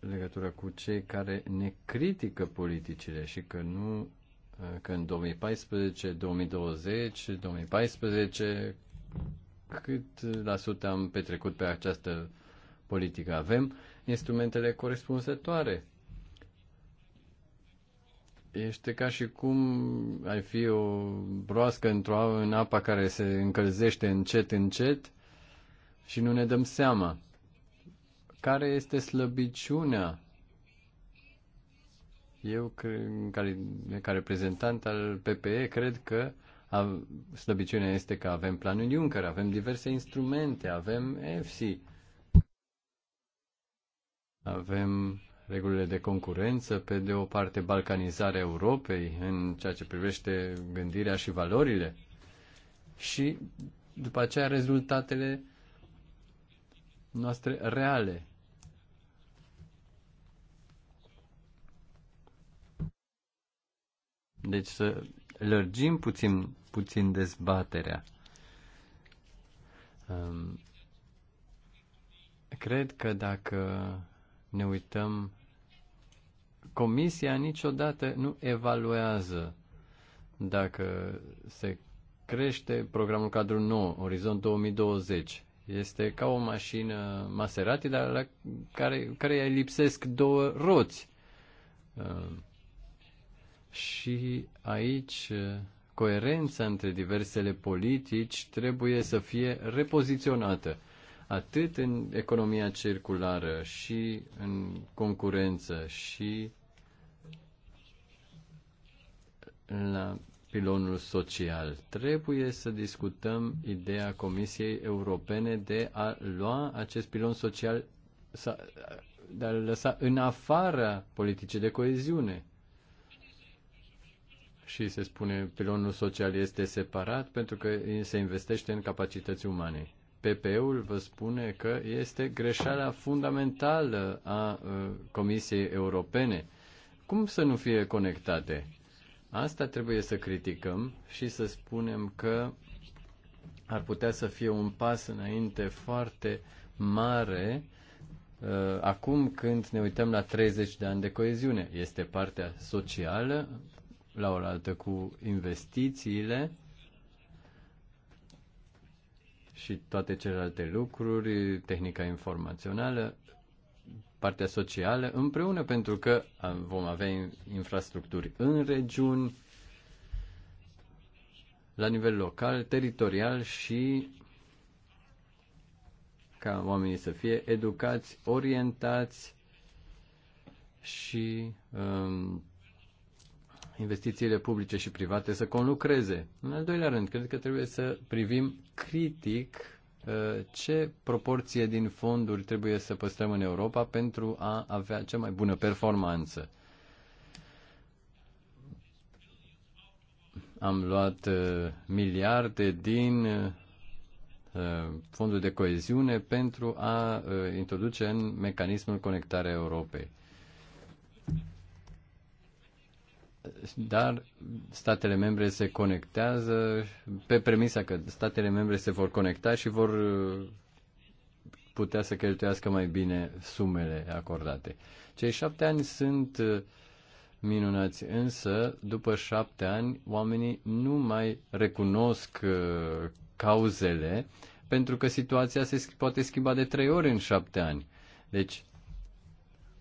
legătură cu cei care ne critică politicile și că nu uh, că în 2014, 2020, 2014 cât la sută am petrecut pe această politică. Avem instrumentele corespunzătoare. Este ca și cum ai fi o broască într-o în apa care se încălzește încet, încet și nu ne dăm seama. Care este slăbiciunea eu, ca reprezentant al PPE, cred că Slăbiciunea este că avem planul Juncker, avem diverse instrumente, avem EFSI, avem regulile de concurență, pe de o parte balcanizarea Europei în ceea ce privește gândirea și valorile și după aceea rezultatele noastre reale. Deci să lărgim puțin, puțin dezbaterea. Um, cred că dacă ne uităm, comisia niciodată nu evaluează dacă se crește programul cadru nou, Orizont 2020. Este ca o mașină Maserati, dar la care, care îi lipsesc două roți. Um, și aici uh, coerența între diversele politici trebuie să fie repoziționată, atât în economia circulară și în concurență și la pilonul social. Trebuie să discutăm ideea Comisiei Europene de a lua acest pilon social, de a lăsa în afara politicii de coeziune și se spune pilonul social este separat pentru că se investește în capacități umane. PPE-ul vă spune că este greșeala fundamentală a uh, Comisiei Europene. Cum să nu fie conectate? Asta trebuie să criticăm și să spunem că ar putea să fie un pas înainte foarte mare uh, acum când ne uităm la 30 de ani de coeziune. Este partea socială la oaltă cu investițiile și toate celelalte lucruri, tehnica informațională, partea socială, împreună pentru că vom avea infrastructuri în regiuni, la nivel local, teritorial și ca oamenii să fie educați, orientați și um, investițiile publice și private să conlucreze. În al doilea rând, cred că trebuie să privim critic uh, ce proporție din fonduri trebuie să păstrăm în Europa pentru a avea cea mai bună performanță. Am luat uh, miliarde din uh, fondul de coeziune pentru a introduce în mecanismul conectarea Europei. dar statele membre se conectează pe premisa că statele membre se vor conecta și vor uh, putea să cheltuiască mai bine sumele acordate. Cei șapte ani sunt uh, minunați, însă după șapte ani oamenii nu mai recunosc uh, cauzele pentru că situația se poate schimba de trei ori în șapte ani. Deci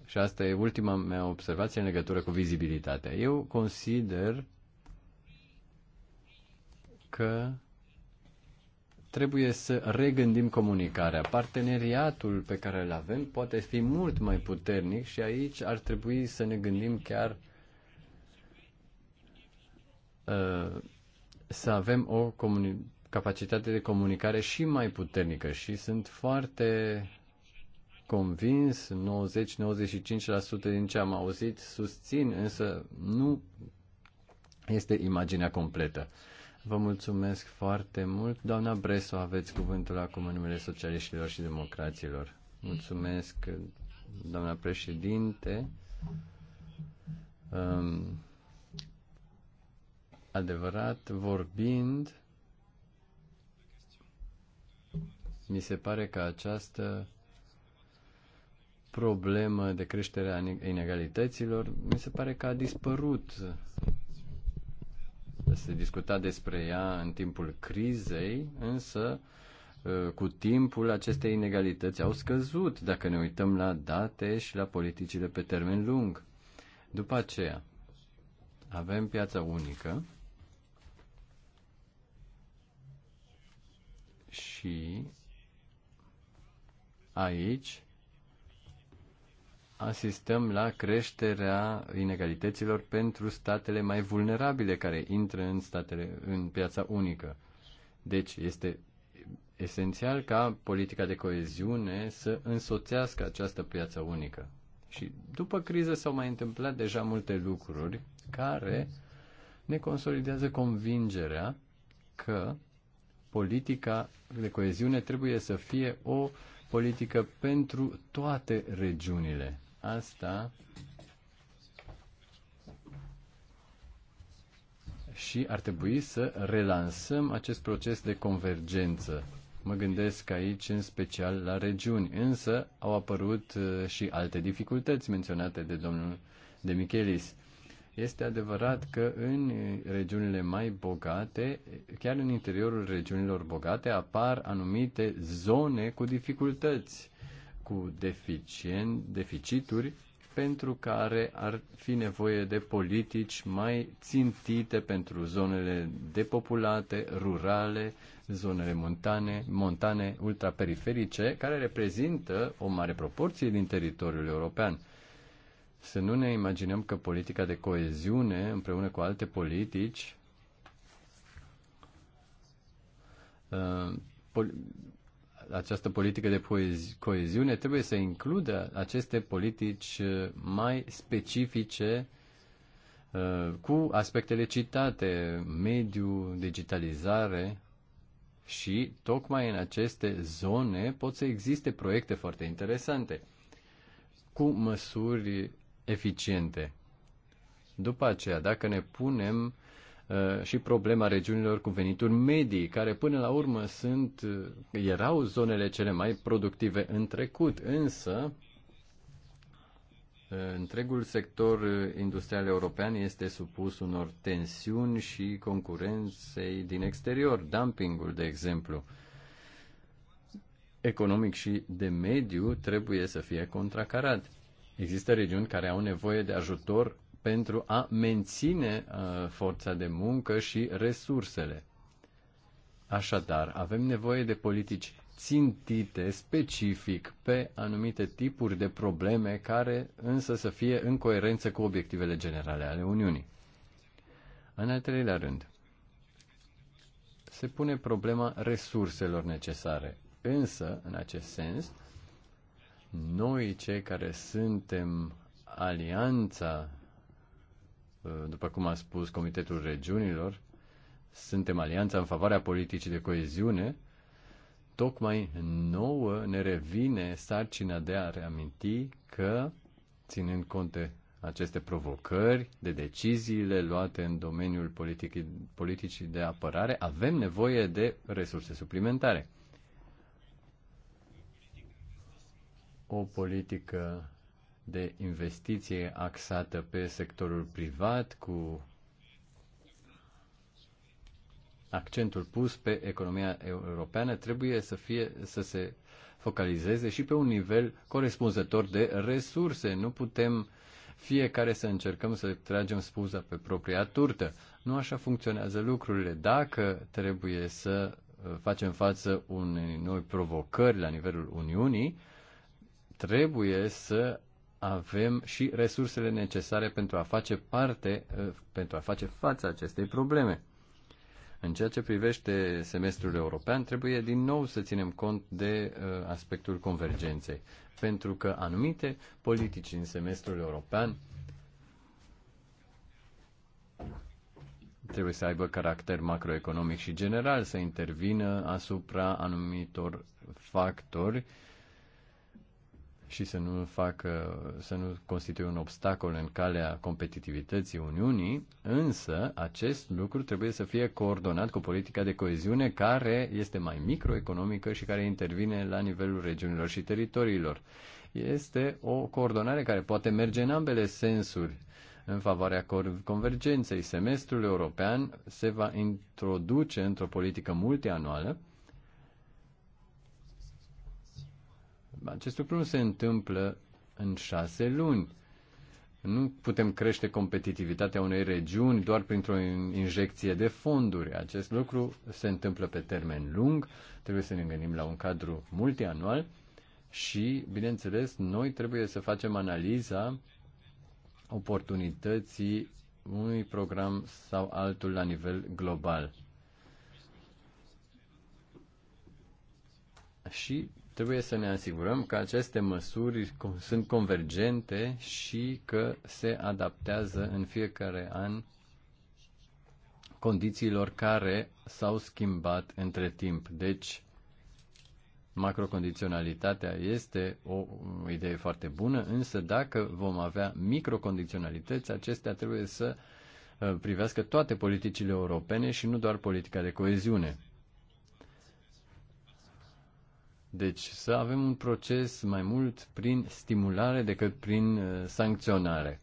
și asta e ultima mea observație în legătură cu vizibilitatea. Eu consider că trebuie să regândim comunicarea. Parteneriatul pe care îl avem poate fi mult mai puternic și aici ar trebui să ne gândim chiar uh, să avem o capacitate de comunicare și mai puternică și sunt foarte convins, 90-95% din ce am auzit susțin, însă nu este imaginea completă. Vă mulțumesc foarte mult. Doamna Bresu, aveți cuvântul acum în numele socialiștilor și democraților. Mulțumesc, doamna președinte. Um, adevărat, vorbind, mi se pare că această problemă de creștere a inegalităților, mi se pare că a dispărut. Se discuta despre ea în timpul crizei, însă ă, cu timpul aceste inegalități au scăzut dacă ne uităm la date și la politicile pe termen lung. După aceea, avem piața unică și aici asistăm la creșterea inegalităților pentru statele mai vulnerabile care intră în, statele, în piața unică. Deci este esențial ca politica de coeziune să însoțească această piață unică. Și după criză s-au mai întâmplat deja multe lucruri care ne consolidează convingerea că politica de coeziune trebuie să fie o politică pentru toate regiunile asta și ar trebui să relansăm acest proces de convergență. Mă gândesc aici în special la regiuni, însă au apărut uh, și alte dificultăți menționate de domnul de Michelis. Este adevărat că în regiunile mai bogate, chiar în interiorul regiunilor bogate, apar anumite zone cu dificultăți cu deficien, deficituri pentru care ar fi nevoie de politici mai țintite pentru zonele depopulate, rurale, zonele montane, montane ultraperiferice, care reprezintă o mare proporție din teritoriul european. Să nu ne imaginăm că politica de coeziune, împreună cu alte politici, uh, această politică de coeziune trebuie să includă aceste politici uh, mai specifice uh, cu aspectele citate, mediu, digitalizare și tocmai în aceste zone pot să existe proiecte foarte interesante cu măsuri eficiente. După aceea, dacă ne punem Uh, și problema regiunilor cu venituri medii, care până la urmă sunt, uh, erau zonele cele mai productive în trecut, însă uh, întregul sector industrial european este supus unor tensiuni și concurenței din exterior, dumpingul, de exemplu. Economic și de mediu trebuie să fie contracarat. Există regiuni care au nevoie de ajutor pentru a menține uh, forța de muncă și resursele. Așadar, avem nevoie de politici țintite specific pe anumite tipuri de probleme care însă să fie în coerență cu obiectivele generale ale Uniunii. În al treilea rând, se pune problema resurselor necesare. Însă, în acest sens, noi cei care suntem alianța Uh, după cum a spus Comitetul Regiunilor, suntem alianța în favoarea politicii de coeziune, tocmai nouă ne revine sarcina de a reaminti că, ținând cont de aceste provocări, de deciziile luate în domeniul politicii, politicii de apărare, avem nevoie de resurse suplimentare. O politică de investiție axată pe sectorul privat cu accentul pus pe economia europeană trebuie să, fie, să se focalizeze și pe un nivel corespunzător de resurse. Nu putem fiecare să încercăm să tragem spuza pe propria turtă. Nu așa funcționează lucrurile. Dacă trebuie să uh, facem față unei noi provocări la nivelul Uniunii, trebuie să avem și resursele necesare pentru a face parte, eh, pentru a face față acestei probleme. În ceea ce privește semestrul european, trebuie din nou să ținem cont de eh, aspectul convergenței, pentru că anumite politici în semestrul european trebuie să aibă caracter macroeconomic și general, să intervină asupra anumitor factori uh, și să nu facă, să nu constituie un obstacol în calea competitivității Uniunii, însă acest lucru trebuie să fie coordonat cu politica de coeziune care este mai microeconomică și care intervine la nivelul regiunilor și teritoriilor. Este o coordonare care poate merge în ambele sensuri în favoarea convergenței. Semestrul european se va introduce într-o politică multianuală Acest lucru nu se întâmplă în șase luni. Nu putem crește competitivitatea unei regiuni doar printr-o injecție de fonduri. Acest lucru se întâmplă pe termen lung, trebuie să ne gândim la un cadru multianual și, bineînțeles, noi trebuie să facem analiza oportunității unui program sau altul la nivel global. Și Trebuie să ne asigurăm că aceste măsuri sunt convergente și că se adaptează în fiecare an condițiilor care s-au schimbat între timp. Deci, macrocondiționalitatea este o idee foarte bună, însă dacă vom avea microcondiționalități, acestea trebuie să uh, privească toate politicile europene și nu doar politica de coeziune. Deci să avem un proces mai mult prin stimulare decât prin uh, sancționare.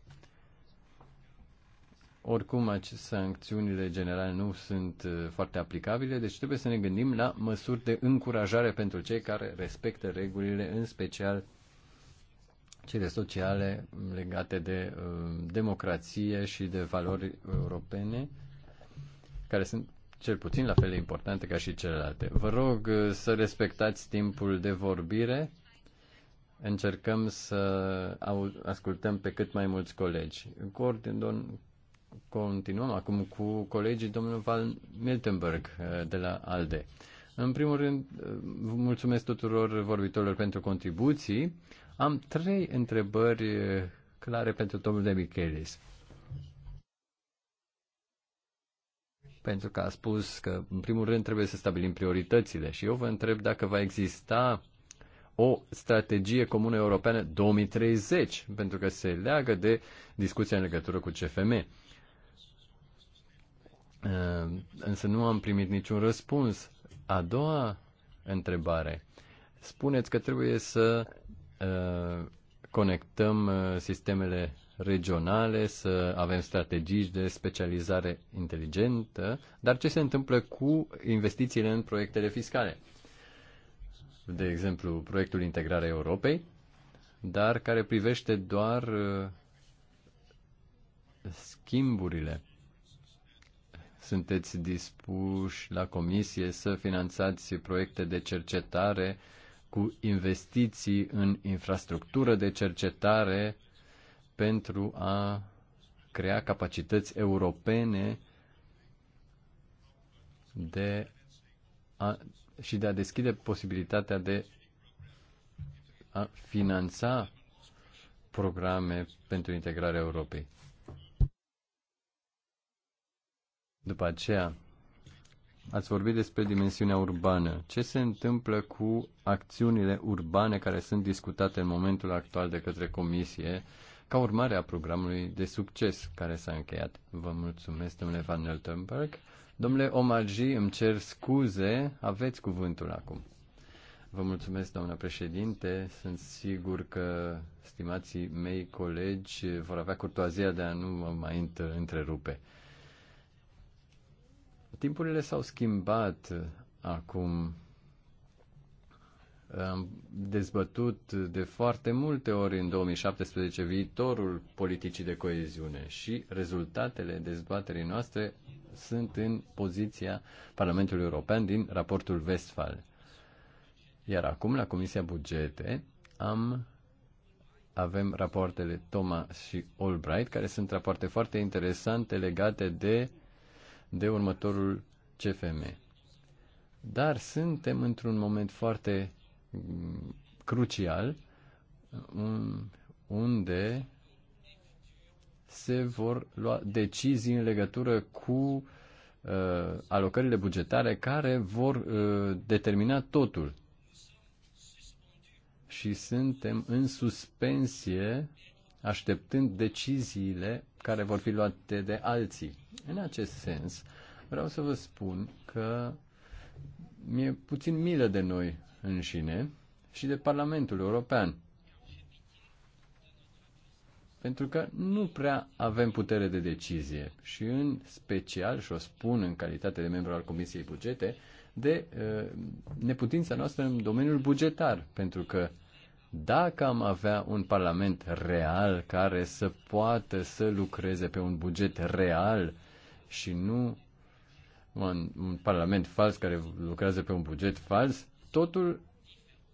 Oricum, aceste sancțiunile generale nu sunt uh, foarte aplicabile, deci trebuie să ne gândim la măsuri de încurajare pentru cei care respectă regulile, în special cele sociale legate de uh, democrație și de valori europene, care sunt cel puțin la fel de importante ca și celelalte. Vă rog uh, să respectați timpul de vorbire. Încercăm să ascultăm pe cât mai mulți colegi. Continuăm acum cu colegii domnul Val Miltenberg uh, de la ALDE. În primul rând, uh, mulțumesc tuturor vorbitorilor pentru contribuții. Am trei întrebări clare pentru domnul de Michelis. pentru că a spus că, în primul rând, trebuie să stabilim prioritățile și eu vă întreb dacă va exista o strategie comună europeană 2030, pentru că se leagă de discuția în legătură cu CFM. Uh, însă nu am primit niciun răspuns. A doua întrebare. Spuneți că trebuie să uh, conectăm uh, sistemele regionale, să avem strategii de specializare inteligentă, dar ce se întâmplă cu investițiile în proiectele fiscale? De exemplu, proiectul Integrarea Europei, dar care privește doar uh, schimburile. Sunteți dispuși la comisie să finanțați proiecte de cercetare cu investiții în infrastructură de cercetare pentru a crea capacități europene de a, și de a deschide posibilitatea de a finanța programe pentru integrarea Europei. După aceea, ați vorbit despre dimensiunea urbană. Ce se întâmplă cu acțiunile urbane care sunt discutate în momentul actual de către Comisie ca urmare a programului de succes care s-a încheiat. Vă mulțumesc, domnule Van Neltenberg. Domnule Omarji, îmi cer scuze, aveți cuvântul acum. Vă mulțumesc, doamnă președinte. Sunt sigur că stimații mei colegi vor avea curtoazia de a nu mă mai întrerupe. Timpurile s-au schimbat acum am dezbătut de foarte multe ori în 2017 viitorul politicii de coeziune și rezultatele dezbaterii noastre sunt în poziția Parlamentului European din raportul Westfall. Iar acum, la Comisia Bugete, am avem rapoartele Thomas și Albright, care sunt rapoarte foarte interesante legate de, de următorul CFM. Dar suntem într-un moment foarte crucial um, unde se vor lua decizii în legătură cu uh, alocările bugetare care vor uh, determina totul. Și suntem în suspensie așteptând deciziile care vor fi luate de alții. În acest sens, vreau să vă spun că mi-e puțin milă de noi înșine și de Parlamentul European. Pentru că nu prea avem putere de decizie și în special, și o spun în calitate de membru al Comisiei Bugete, de uh, neputința noastră în domeniul bugetar, pentru că dacă am avea un parlament real care să poată să lucreze pe un buget real și nu un, un parlament fals care lucrează pe un buget fals, totul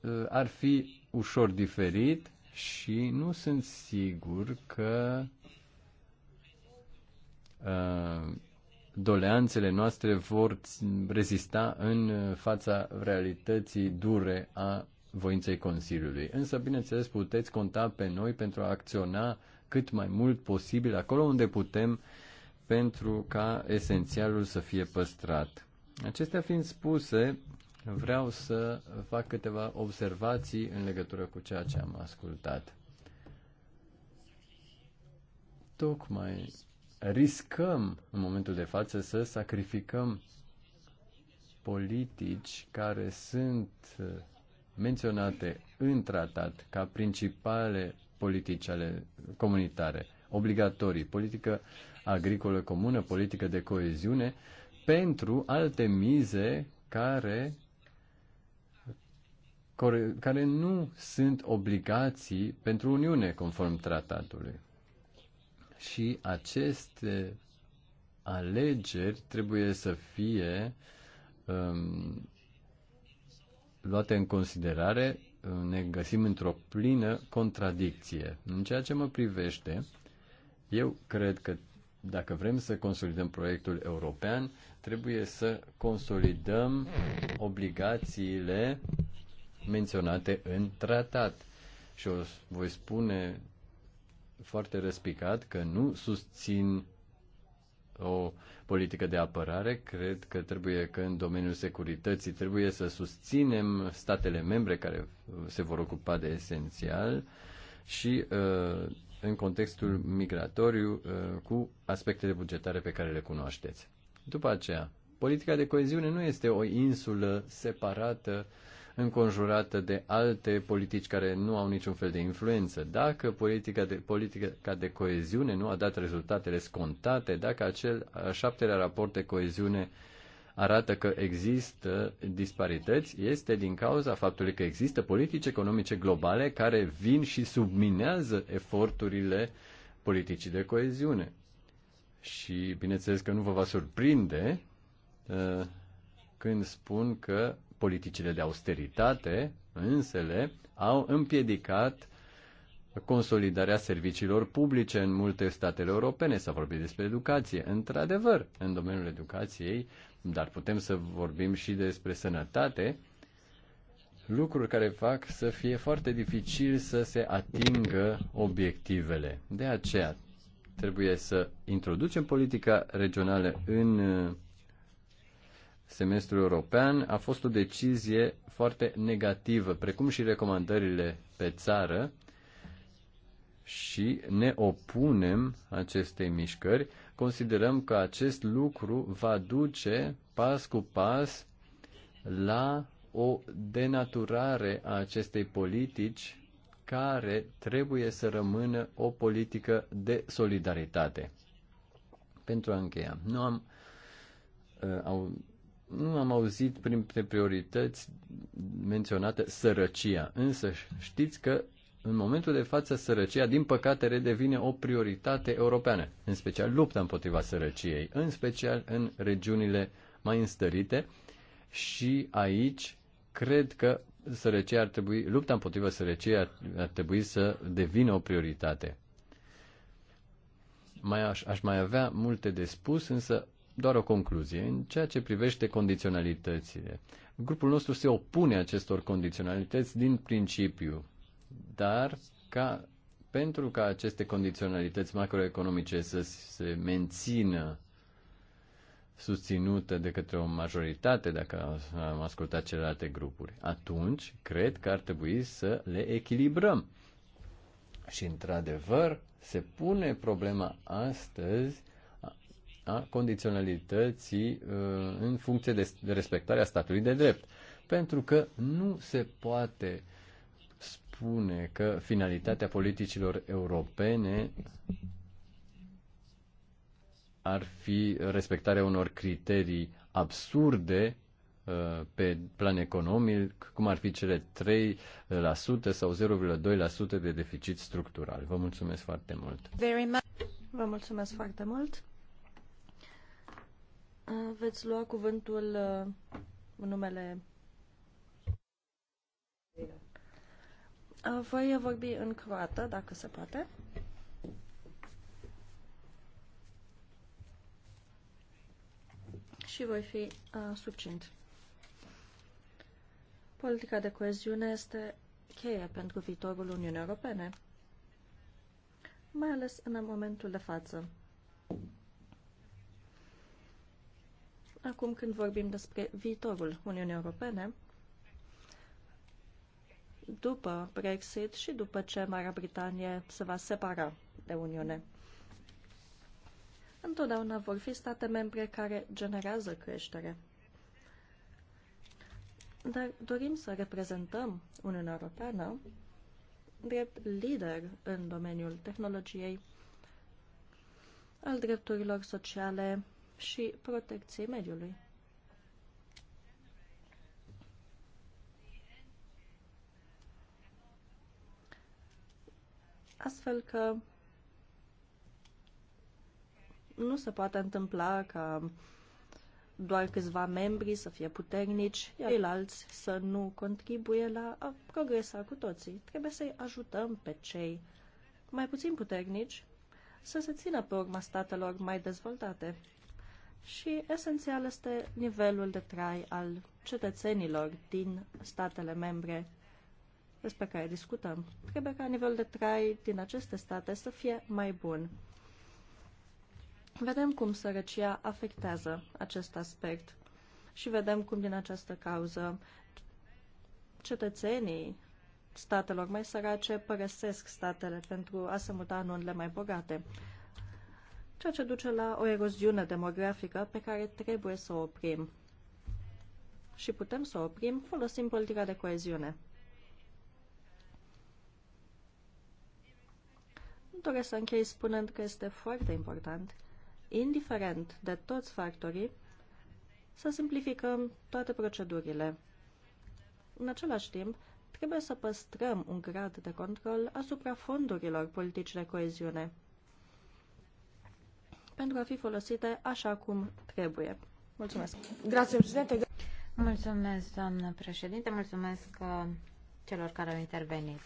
uh, ar fi ușor diferit și nu sunt sigur că uh, doleanțele noastre vor rezista în fața realității dure a voinței Consiliului. Însă, bineînțeles, puteți conta pe noi pentru a acționa cât mai mult posibil acolo unde putem pentru ca esențialul să fie păstrat. Acestea fiind spuse, vreau să fac câteva observații în legătură cu ceea ce am ascultat. Tocmai riscăm în momentul de față să sacrificăm politici care sunt menționate în tratat ca principale politici ale comunitare, obligatorii, politică agricolă comună, politică de coeziune, pentru alte mize care care nu sunt obligații pentru Uniune conform tratatului. Și aceste alegeri trebuie să fie um, luate în considerare, uh, ne găsim într-o plină contradicție. În ceea ce mă privește, eu cred că dacă vrem să consolidăm proiectul european, trebuie să consolidăm obligațiile menționate în tratat. Și o voi spune foarte răspicat că nu susțin o politică de apărare. Cred că trebuie că în domeniul securității trebuie să susținem statele membre care se vor ocupa de esențial și uh, în contextul migratoriu uh, cu aspectele bugetare pe care le cunoașteți. După aceea, politica de coeziune nu este o insulă separată uh, înconjurată de alte politici care nu au niciun fel de influență. Dacă politica de, politica de coeziune nu a dat rezultatele scontate, dacă acel șaptelea raport de coeziune arată că există disparități, este din cauza faptului că există politici economice globale care vin și subminează eforturile politicii de coeziune. Și bineînțeles că nu vă va surprinde uh, când spun că politicile de austeritate însele au împiedicat consolidarea serviciilor publice în multe statele europene. S-a vorbit despre educație, într-adevăr, în domeniul educației, dar putem să vorbim și despre sănătate, lucruri care fac să fie foarte dificil să se atingă obiectivele. De aceea trebuie să introducem politica regională în semestrul european a fost o decizie foarte negativă, precum și recomandările pe țară și ne opunem acestei mișcări. Considerăm că acest lucru va duce pas cu pas la o denaturare a acestei politici care trebuie să rămână o politică de solidaritate. Pentru a încheia, nu am uh, au, nu am auzit printre priorități menționate sărăcia, însă știți că în momentul de față sărăcia, din păcate, redevine o prioritate europeană, în special lupta împotriva sărăciei, în special în regiunile mai înstărite și aici cred că sărăcia ar trebui, lupta împotriva sărăciei ar, ar trebui să devină o prioritate. Mai aș, aș mai avea multe de spus, însă doar o concluzie. În ceea ce privește condiționalitățile, grupul nostru se opune acestor condiționalități din principiu, dar ca, pentru ca aceste condiționalități macroeconomice să se mențină susținută de către o majoritate, dacă am ascultat celelalte grupuri, atunci cred că ar trebui să le echilibrăm. Și într-adevăr, se pune problema astăzi a condiționalității uh, în funcție de respectarea statului de drept. Pentru că nu se poate spune că finalitatea politicilor europene ar fi respectarea unor criterii absurde uh, pe plan economic, cum ar fi cele 3% sau 0,2% de deficit structural. Vă mulțumesc foarte mult! Vă mulțumesc foarte mult! Veți lua cuvântul în numele. Voi vorbi în croată, dacă se poate. Și voi fi uh, subcint. Politica de coeziune este cheia pentru viitorul Uniunii Europene, mai ales în momentul de față. Acum când vorbim despre viitorul Uniunii Europene, după Brexit și după ce Marea Britanie se va separa de Uniune. Întotdeauna vor fi state membre care generează creștere. Dar dorim să reprezentăm Uniunea Europeană drept lider în domeniul tehnologiei, al drepturilor sociale, și protecției mediului. Astfel că nu se poate întâmpla ca doar câțiva membri să fie puternici, iar ceilalți să nu contribuie la a progresa cu toții. Trebuie să-i ajutăm pe cei mai puțin puternici să se țină pe urma statelor mai dezvoltate și esențial este nivelul de trai al cetățenilor din statele membre despre care discutăm. Trebuie ca nivelul de trai din aceste state să fie mai bun. Vedem cum sărăcia afectează acest aspect și vedem cum din această cauză cetățenii statelor mai sărace părăsesc statele pentru a se muta în unele mai bogate ceea ce duce la o eroziune demografică pe care trebuie să o oprim. Și putem să o oprim folosind politica de coeziune. Doresc să închei spunând că este foarte important, indiferent de toți factorii, să simplificăm toate procedurile. În același timp, trebuie să păstrăm un grad de control asupra fondurilor politici de coeziune pentru a fi folosite așa cum trebuie. Mulțumesc. Grazie, președinte. Mulțumesc, doamnă președinte. Mulțumesc uh, celor care au intervenit.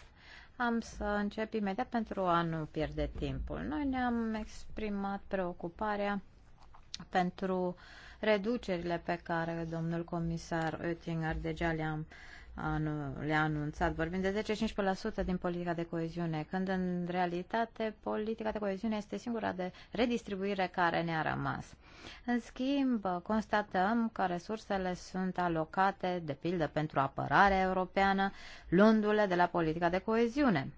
Am să încep imediat pentru a nu pierde timpul. Noi ne-am exprimat preocuparea pentru reducerile pe care domnul comisar Oettinger deja le-am uh, le-a anunțat. Vorbim de 10-15% din politica de coeziune, când în realitate politica de coeziune este singura de redistribuire care ne-a rămas. În schimb, constatăm că resursele sunt alocate, de pildă, pentru apărarea europeană, luându-le de la politica de coeziune.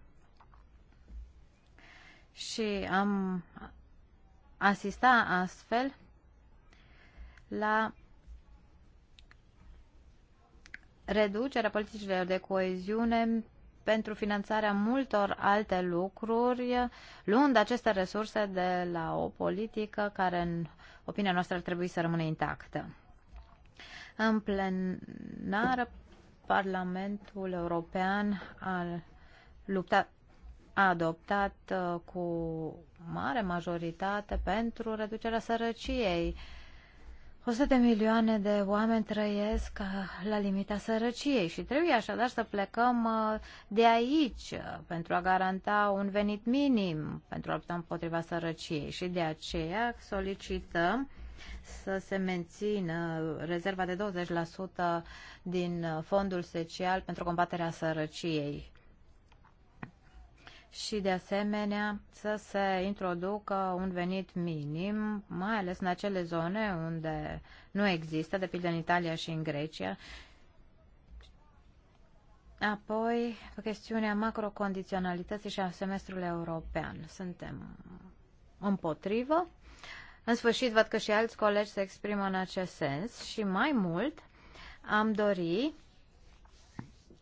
Și am asista astfel la reducerea politicilor de coeziune pentru finanțarea multor alte lucruri, luând aceste resurse de la o politică care, în opinia noastră, ar trebui să rămână intactă. În plenar, Parlamentul European a luptat a adoptat uh, cu mare majoritate pentru reducerea sărăciei. Uh, 100 de milioane de oameni trăiesc uh, la limita sărăciei și trebuie așadar să plecăm uh, de aici uh, pentru a garanta un venit minim pentru a lupta împotriva sărăciei și de aceea solicităm să se mențină rezerva de 20% din fondul social pentru combaterea sărăciei și de asemenea să se introducă un venit minim, mai ales în acele zone unde nu există, de pildă în Italia și în Grecia. Apoi, chestiunea macrocondiționalității și a semestrului european. Suntem împotrivă. În sfârșit, văd că și alți colegi se exprimă în acest sens și mai mult am dori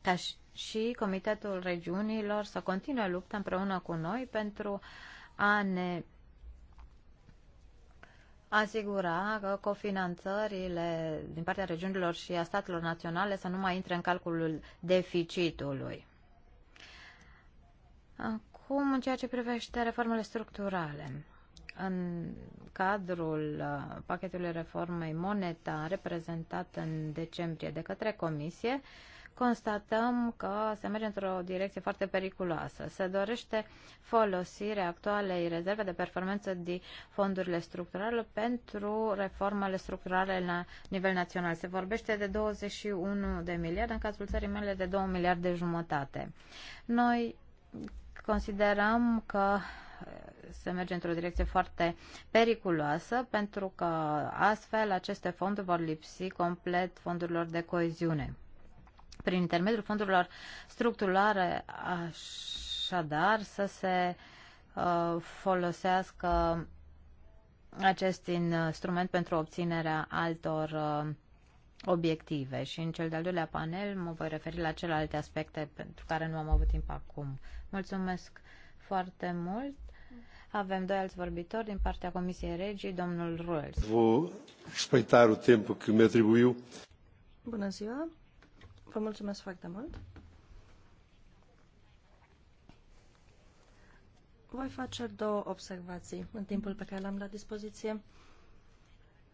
ca și și Comitetul Regiunilor să continue lupta împreună cu noi pentru a ne asigura că cofinanțările din partea regiunilor și a statelor naționale să nu mai intre în calculul deficitului. Acum, în ceea ce privește reformele structurale, în cadrul uh, pachetului reformei monetare prezentat în decembrie de către Comisie, constatăm că se merge într-o direcție foarte periculoasă. Se dorește folosirea actualei rezerve de performanță din fondurile structurale pentru reformele structurale la nivel național. Se vorbește de 21 de miliarde, în cazul țării mele de 2 miliarde jumătate. Noi considerăm că se merge într-o direcție foarte periculoasă, pentru că astfel aceste fonduri vor lipsi complet fondurilor de coeziune prin intermediul fondurilor structurale, așadar, să se uh, folosească acest instrument pentru obținerea altor uh, obiective și în cel de-al doilea panel mă voi referi la celelalte aspecte pentru care nu am avut timp acum. Mulțumesc foarte mult. Avem doi alți vorbitori din partea Comisiei Regii, domnul Ruels. Vă respectar timpul care mi a atribuit. Bună ziua. Vă mulțumesc foarte mult. Voi face două observații în timpul pe care l-am la dispoziție.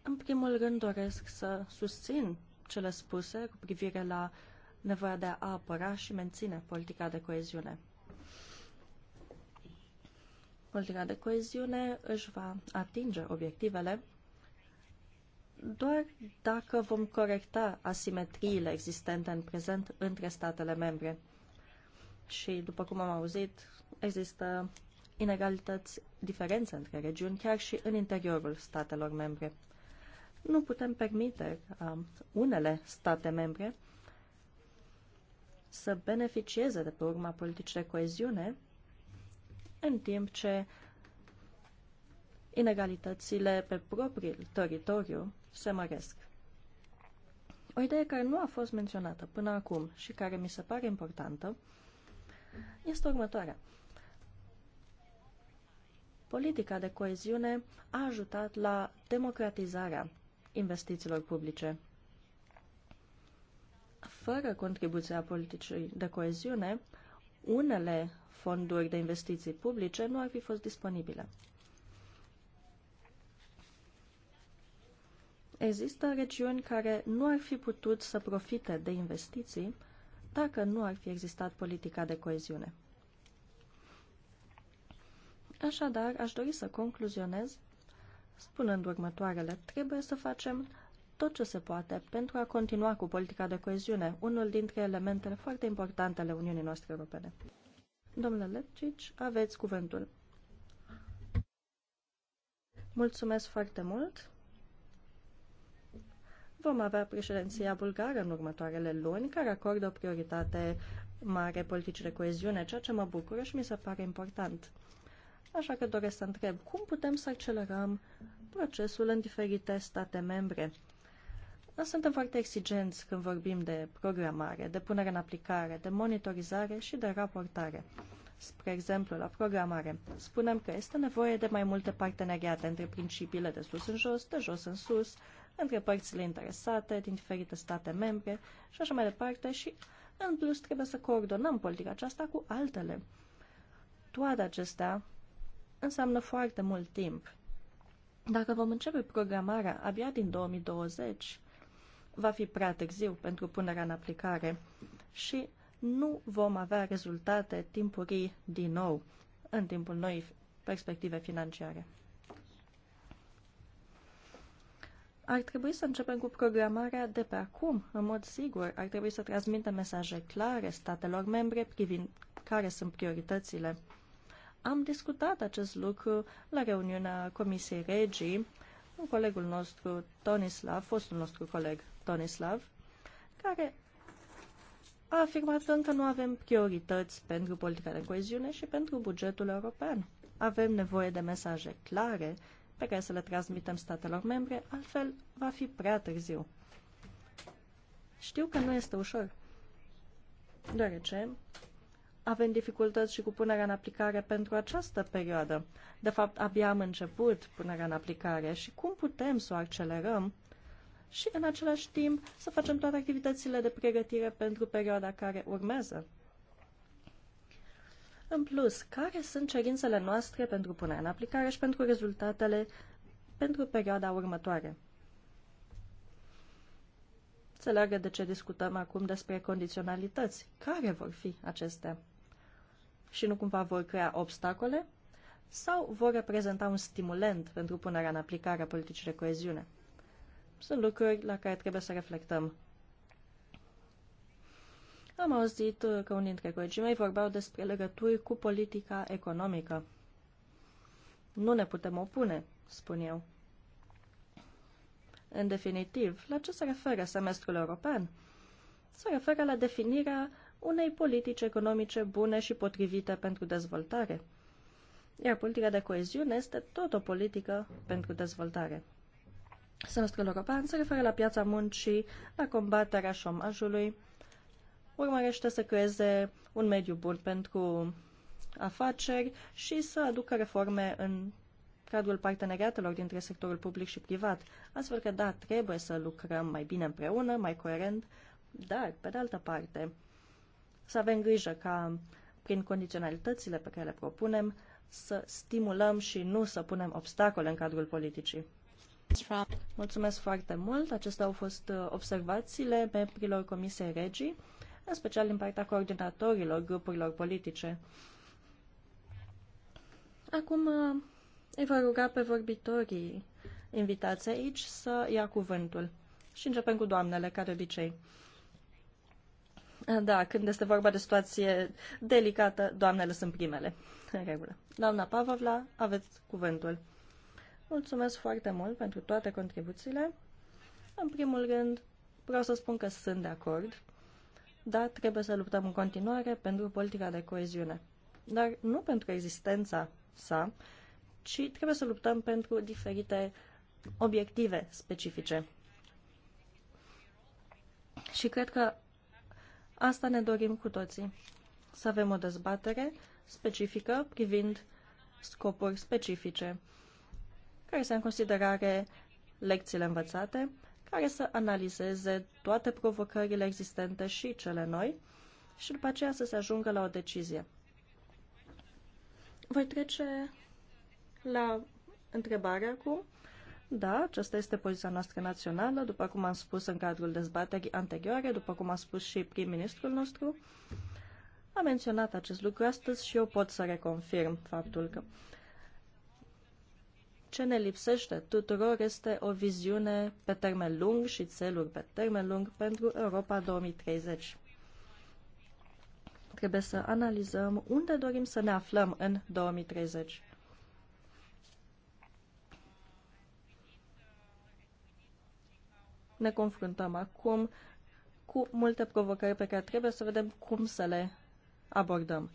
În primul rând doresc să susțin cele spuse cu privire la nevoia de a apăra și menține politica de coeziune. Politica de coeziune își va atinge obiectivele doar dacă vom corecta asimetriile existente în prezent între statele membre. Și, după cum am auzit, există inegalități, diferențe între regiuni, chiar și în interiorul statelor membre. Nu putem permite ca unele state membre să beneficieze de pe urma politicii de coeziune, în timp ce inegalitățile pe propriul teritoriu se măresc. O idee care nu a fost menționată până acum și care mi se pare importantă este următoarea. Politica de coeziune a ajutat la democratizarea investițiilor publice. Fără contribuția politicii de coeziune, unele fonduri de investiții publice nu ar fi fost disponibile. Există regiuni care nu ar fi putut să profite de investiții dacă nu ar fi existat politica de coeziune. Așadar, aș dori să concluzionez spunând următoarele. Trebuie să facem tot ce se poate pentru a continua cu politica de coeziune, unul dintre elementele foarte importante ale Uniunii noastre europene. Domnule Lepcici, aveți cuvântul. Mulțumesc foarte mult! Vom avea președinția bulgară în următoarele luni, care acordă o prioritate mare politici de coeziune, ceea ce mă bucură și mi se pare important. Așa că doresc să întreb, cum putem să accelerăm procesul în diferite state membre? Suntem foarte exigenți când vorbim de programare, de punere în aplicare, de monitorizare și de raportare. Spre exemplu, la programare, spunem că este nevoie de mai multe parteneriate între principiile de sus în jos, de jos în sus, între părțile interesate din diferite state membre și așa mai departe și, în plus, trebuie să coordonăm politica aceasta cu altele. Toate acestea înseamnă foarte mult timp. Dacă vom începe programarea abia din 2020, va fi prea târziu pentru punerea în aplicare și nu vom avea rezultate timpurii din nou în timpul noii perspective financiare. Ar trebui să începem cu programarea de pe acum, în mod sigur. Ar trebui să transmitem mesaje clare statelor membre privind care sunt prioritățile. Am discutat acest lucru la reuniunea Comisiei Regii un colegul nostru Tonislav, fostul nostru coleg Tonislav, care a afirmat că încă nu avem priorități pentru politica de coeziune și pentru bugetul european. Avem nevoie de mesaje clare pe care să le transmitem statelor membre, altfel va fi prea târziu. Știu că nu este ușor, deoarece avem dificultăți și cu punerea în aplicare pentru această perioadă. De fapt, abia am început punerea în aplicare și cum putem să o accelerăm și în același timp să facem toate activitățile de pregătire pentru perioada care urmează. În plus, care sunt cerințele noastre pentru punerea în aplicare și pentru rezultatele pentru perioada următoare? Se leagă de ce discutăm acum despre condiționalități. Care vor fi acestea? Și nu cumva vor crea obstacole? Sau vor reprezenta un stimulent pentru punerea în aplicare a politicii de coeziune? Sunt lucruri la care trebuie să reflectăm am auzit uh, că unii dintre colegii mei vorbeau despre legături cu politica economică. Nu ne putem opune, spun eu. În definitiv, la ce se referă semestrul european? Se referă la definirea unei politici economice bune și potrivite pentru dezvoltare. Iar politica de coeziune este tot o politică pentru dezvoltare. Semestrul european se referă la piața muncii, la combaterea șomajului, urmărește să creeze un mediu bun pentru afaceri și să aducă reforme în cadrul parteneriatelor dintre sectorul public și privat. Astfel că, da, trebuie să lucrăm mai bine împreună, mai coerent, dar, pe de altă parte, să avem grijă ca, prin condiționalitățile pe care le propunem, să stimulăm și nu să punem obstacole în cadrul politicii. Mulțumesc foarte mult. Acestea au fost uh, observațiile membrilor Comisiei Regii în special din partea coordonatorilor grupurilor politice. Acum uh, îi voi ruga pe vorbitorii invitați aici să ia cuvântul. Și începem cu doamnele, ca de obicei. Da, când este vorba de situație delicată, doamnele sunt primele, în regulă. Doamna Pavovla, aveți cuvântul. Mulțumesc foarte mult pentru toate contribuțiile. În primul rând, vreau să spun că sunt de acord dar trebuie să luptăm în continuare pentru politica de coeziune. Dar nu pentru existența sa, ci trebuie să luptăm pentru diferite obiective specifice. Și cred că asta ne dorim cu toții. Să avem o dezbatere specifică privind scopuri specifice, care să în considerare lecțiile învățate, care să analizeze toate provocările existente și cele noi și după aceea să se ajungă la o decizie. Voi trece la întrebare acum. Da, aceasta este poziția noastră națională, după cum am spus în cadrul dezbaterii anterioare, după cum a spus și prim-ministrul nostru. A menționat acest lucru astăzi și eu pot să reconfirm faptul că ce ne lipsește tuturor este o viziune pe termen lung și țeluri pe termen lung pentru Europa 2030. Trebuie să analizăm unde dorim să ne aflăm în 2030. Ne confruntăm acum cu multe provocări pe care trebuie să vedem cum să le abordăm.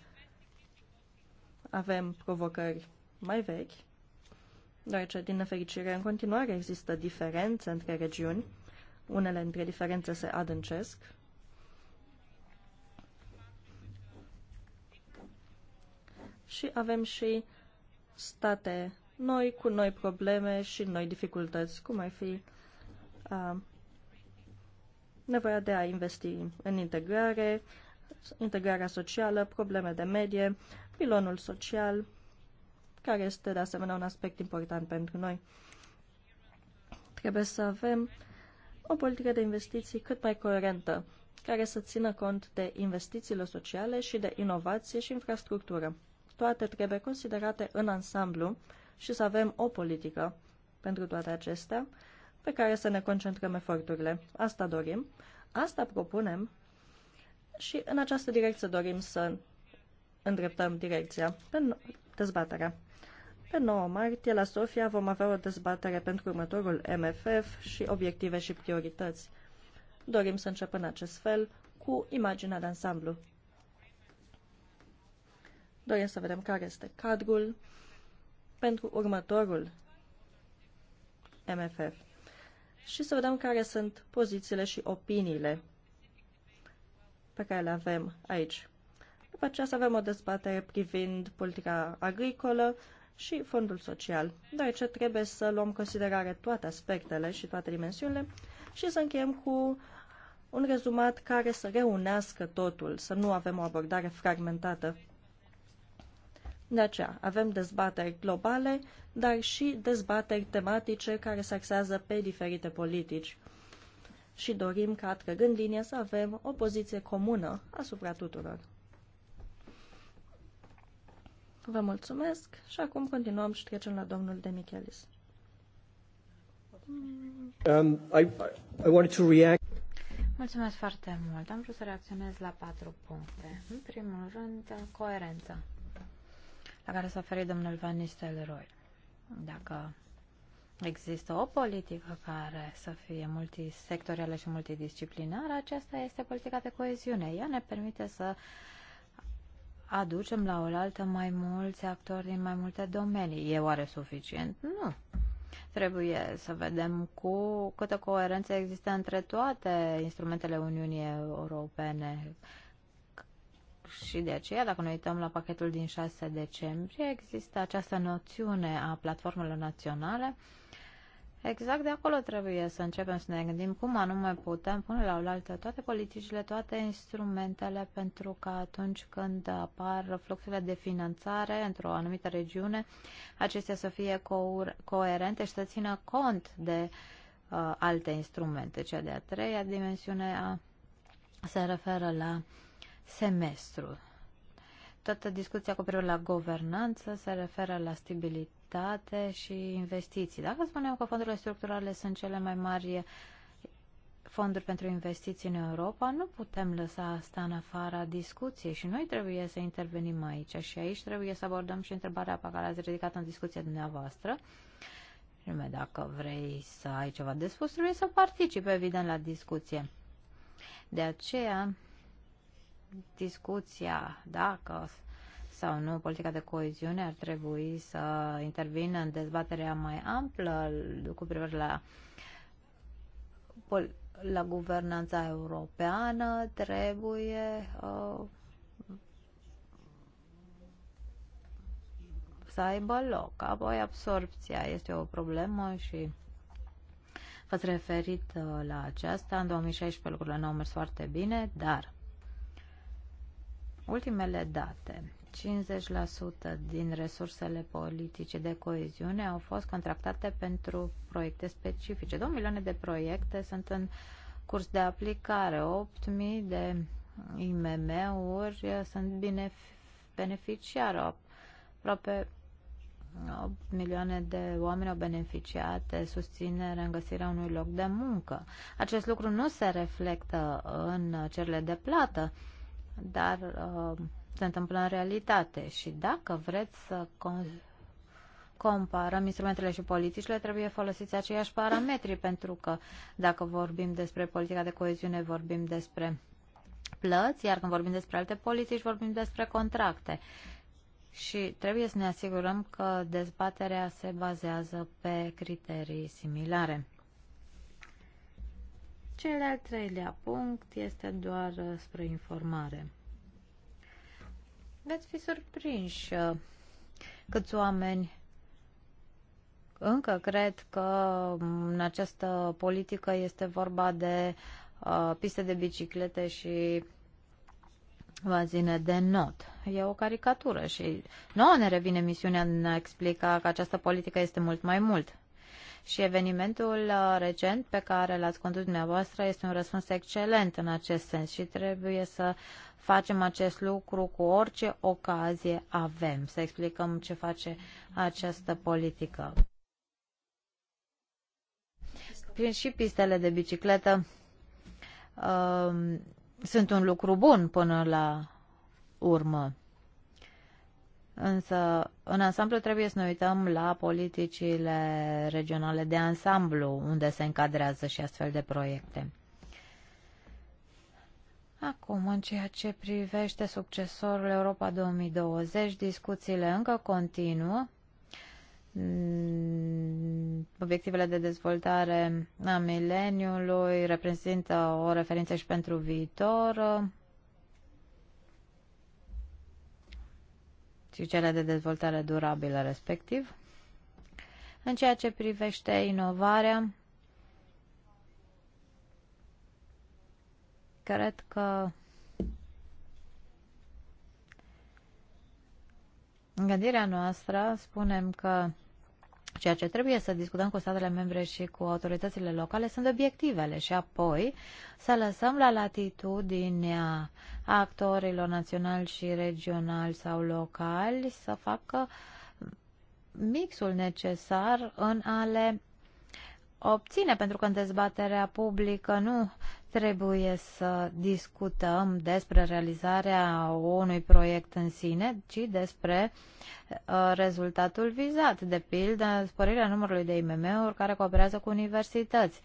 Avem provocări mai vechi, deoarece, din nefericire, în continuare există diferențe între regiuni. Unele dintre diferențe se adâncesc. Și avem și state noi, cu noi probleme și noi dificultăți, cum ar fi uh, nevoia de a investi în integrare, integrarea socială, probleme de medie, pilonul social, care este de asemenea un aspect important pentru noi. Trebuie să avem o politică de investiții cât mai coerentă, care să țină cont de investițiile sociale și de inovație și infrastructură. Toate trebuie considerate în ansamblu și să avem o politică pentru toate acestea pe care să ne concentrăm eforturile. Asta dorim, asta propunem și în această direcție dorim să îndreptăm direcția în dezbaterea. Pe 9 martie, la Sofia, vom avea o dezbatere pentru următorul MFF și obiective și priorități. Dorim să începem în acest fel cu imaginea de ansamblu. Dorim să vedem care este cadrul pentru următorul MFF și să vedem care sunt pozițiile și opiniile pe care le avem aici. După aceea să avem o dezbatere privind politica agricolă, și fondul social, deoarece trebuie să luăm în considerare toate aspectele și toate dimensiunile și să încheiem cu un rezumat care să reunească totul, să nu avem o abordare fragmentată. De aceea, avem dezbateri globale, dar și dezbateri tematice care se axează pe diferite politici. Și dorim ca, trăgând linie, să avem o poziție comună asupra tuturor. Vă mulțumesc și acum continuăm și trecem la domnul de Michelis. Um, I, I wanted to react. Mulțumesc foarte mult. Am vrut să reacționez la patru puncte. În primul rând, coerența la care s-a oferit domnul Van Nistelrooy. Dacă există o politică care să fie multisectorială și multidisciplinară, aceasta este politica de coeziune. Ea ne permite să aducem la oaltă mai mulți actori din mai multe domenii. E oare suficient? Nu. Trebuie să vedem cu câtă coerență există între toate instrumentele Uniunii Europene. Și de aceea, dacă ne uităm la pachetul din 6 decembrie, există această noțiune a platformelor naționale uh, Exact de acolo trebuie să începem să ne gândim cum anume putem pune la oaltă toate politicile, toate instrumentele, pentru că atunci când apar fluxurile de finanțare într-o anumită regiune, acestea să fie co- coerente și să țină cont de uh, alte instrumente. Cea de-a treia dimensiune a, se referă la semestru. Toată discuția cu privire la guvernanță se referă la stabilitate mobilitate și investiții. Dacă spunem că fondurile structurale sunt cele mai mari fonduri pentru investiții în Europa, nu putem lăsa asta în afara discuției și noi trebuie să intervenim aici și aici trebuie să abordăm și întrebarea pe care ați ridicat în discuția dumneavoastră. Lume, dacă vrei să ai ceva de spus, trebuie să participi, evident, la discuție. De aceea, discuția dacă sau nu politica de coeziune ar trebui să intervină în dezbaterea mai amplă cu privire la, la guvernanța europeană, trebuie uh, să aibă loc. Apoi absorpția este o problemă și v-ați referit uh, la aceasta. În 2016 lucrurile nu au mers foarte bine, dar ultimele date 50% din resursele politice de coeziune au fost contractate pentru proiecte specifice. 2 milioane de proiecte sunt în curs de aplicare, 8.000 de IMM-uri sunt beneficiare, aproape 8 milioane de oameni au beneficiat de susținere în găsirea unui loc de muncă. Acest lucru nu se reflectă în cerile de plată, dar uh, se întâmplă în realitate. Și dacă vreți să comparăm instrumentele și politicile, trebuie folosiți aceiași parametri, pentru că dacă vorbim despre politica de coeziune, vorbim despre plăți, iar când vorbim despre alte politici, vorbim despre contracte. Și trebuie să ne asigurăm că dezbaterea se bazează pe criterii similare. Cel al treilea punct este doar uh, spre informare veți fi surprinși uh, câți oameni încă cred că în această politică este vorba de uh, piste de biciclete și bazine de not. E o caricatură și nouă ne revine misiunea de a explica că această politică este mult mai mult. Și evenimentul uh, recent pe care l-ați condus dumneavoastră este un răspuns excelent în acest sens și trebuie să Facem acest lucru cu orice ocazie avem, să explicăm ce face această politică. Prin și pistele de bicicletă uh, sunt un lucru bun până la urmă. Însă, în ansamblu trebuie să ne uităm la politicile regionale de ansamblu, unde se încadrează și astfel de proiecte. Acum, în ceea ce privește succesorul Europa 2020, discuțiile încă continuă. Mm, obiectivele de dezvoltare a mileniului reprezintă o referință și pentru viitor. și cele de dezvoltare durabilă respectiv. În ceea ce privește inovarea, cred că în gândirea noastră spunem că ceea ce trebuie să discutăm cu statele membre și cu autoritățile locale sunt obiectivele și apoi să lăsăm la latitudinea actorilor naționali și regionali sau locali să facă mixul necesar în ale obține, pentru că în dezbaterea publică nu trebuie să discutăm despre realizarea unui proiect în sine, ci despre uh, rezultatul vizat, de pildă sporirea numărului de IMM-uri care cooperează cu universități.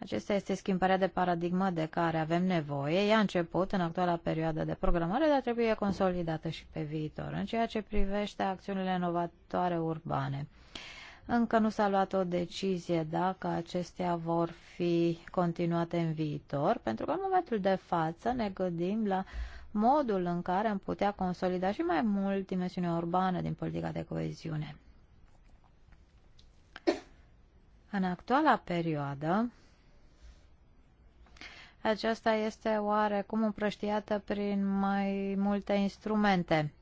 Acesta este schimbarea de paradigmă de care avem nevoie. Ea a început în actuala perioadă de programare, dar trebuie consolidată și pe viitor, în ceea ce privește acțiunile inovatoare urbane. Uh, încă nu s-a luat o decizie dacă acestea vor fi continuate în viitor, pentru că în momentul de față ne gândim la modul în care am putea consolida și mai mult dimensiunea urbană din politica de coeziune. În actuala perioadă, aceasta este oarecum împrăștiată prin mai multe instrumente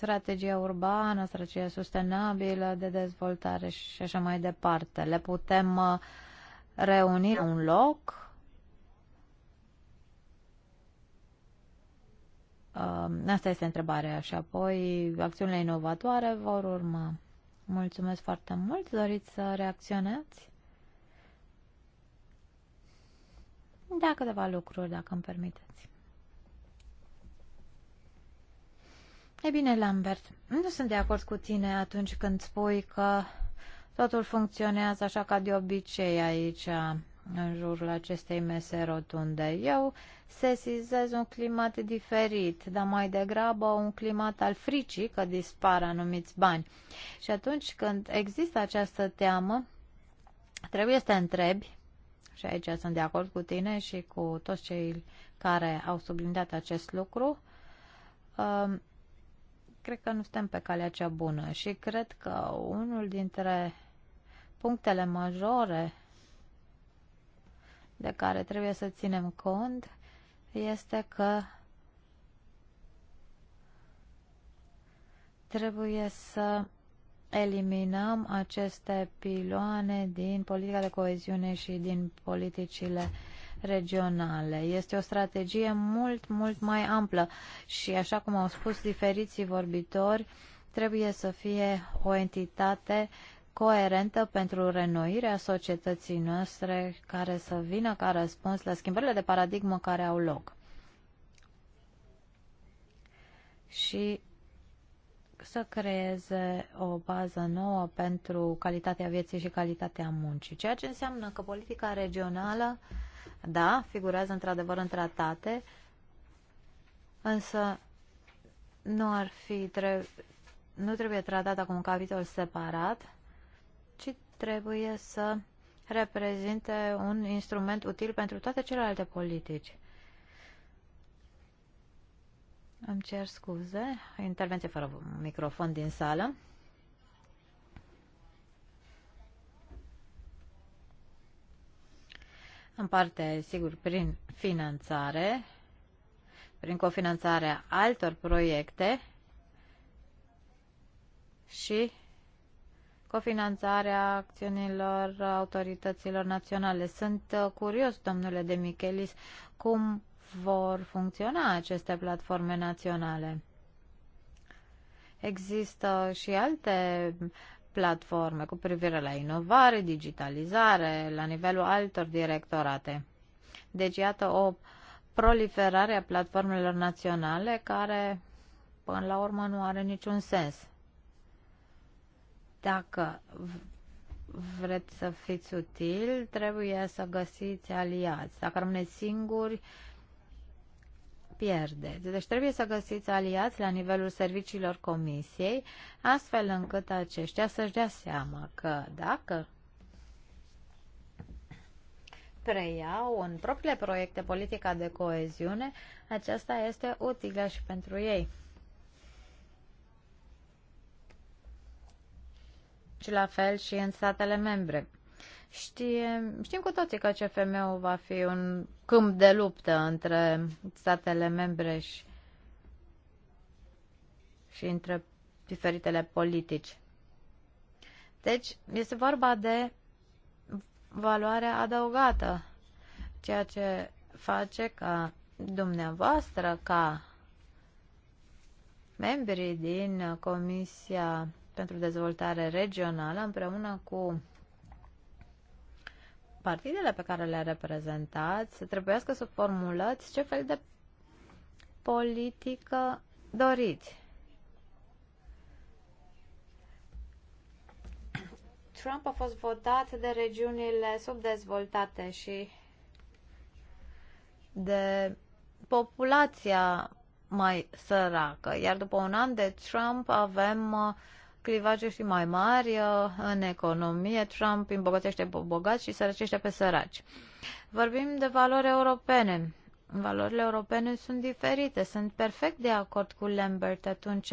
strategia urbană, strategia sustenabilă de dezvoltare și așa mai departe. Le putem uh, reuni la un loc uh, Asta este întrebarea și apoi acțiunile inovatoare vor urma. Mulțumesc foarte mult. Doriți să reacționați? Da, câteva lucruri, dacă îmi permiteți. E bine, Lambert, nu sunt de acord cu tine atunci când spui că totul funcționează așa ca de obicei aici, în jurul acestei mese rotunde. Eu sesizez un climat diferit, dar mai degrabă un climat al fricii că dispar anumiți bani. Și atunci când există această teamă, trebuie să te întrebi, și aici sunt de acord cu tine și cu toți cei care au subliniat acest lucru, um, cred că nu suntem pe calea cea bună și cred că unul dintre punctele majore de care trebuie să ținem cont este că trebuie să eliminăm aceste piloane din politica de coeziune și din politicile regionale. Este o strategie mult, mult mai amplă și, așa cum au spus diferiții vorbitori, trebuie să fie o entitate coerentă pentru renoirea societății noastre care să vină ca răspuns la schimbările de paradigmă care au loc. Și să creeze o bază nouă pentru calitatea vieții și calitatea muncii, ceea ce înseamnă că politica regională uh, da, figurează într-adevăr în tratate, însă nu ar fi tre- nu trebuie tratat acum un capitol separat, ci trebuie să reprezinte un instrument util pentru toate celelalte politici. Îmi cer scuze, intervenție fără microfon din sală. în parte, sigur, prin finanțare, prin cofinanțarea altor proiecte și cofinanțarea acțiunilor autorităților naționale. Sunt uh, curios, domnule de Michelis, cum vor funcționa aceste platforme naționale. Există și alte platforme cu privire la inovare, digitalizare, la nivelul altor directorate. Deci, iată o proliferare a platformelor naționale care, până la urmă, nu are niciun sens. Dacă vreți să fiți util, trebuie să găsiți aliați. Dacă rămâneți singuri, uh, pierdeți. Deci trebuie să găsiți aliați la nivelul serviciilor comisiei, astfel încât aceștia să-și dea seama că dacă preiau în propriile proiecte politica de coeziune, aceasta este utilă și pentru ei. Și la fel și în statele membre. Știe, știm cu toții că CFM-ul va fi un câmp de luptă între statele membre și, și între diferitele politici. Deci, este vorba de valoarea adăugată, ceea ce face ca dumneavoastră, ca membrii din Comisia pentru Dezvoltare Regională, împreună cu partidele pe care le reprezentați să trebuiască să formulați ce fel de politică doriți. Trump a fost votat de regiunile subdezvoltate și de populația mai săracă. Iar după un an de Trump avem uh, clivaje și mai mari uh, în economie. Trump îmbogățește pe bogați și sărăcește pe săraci. Vorbim de valori europene. Valorile europene sunt diferite. Sunt perfect de acord cu Lambert atunci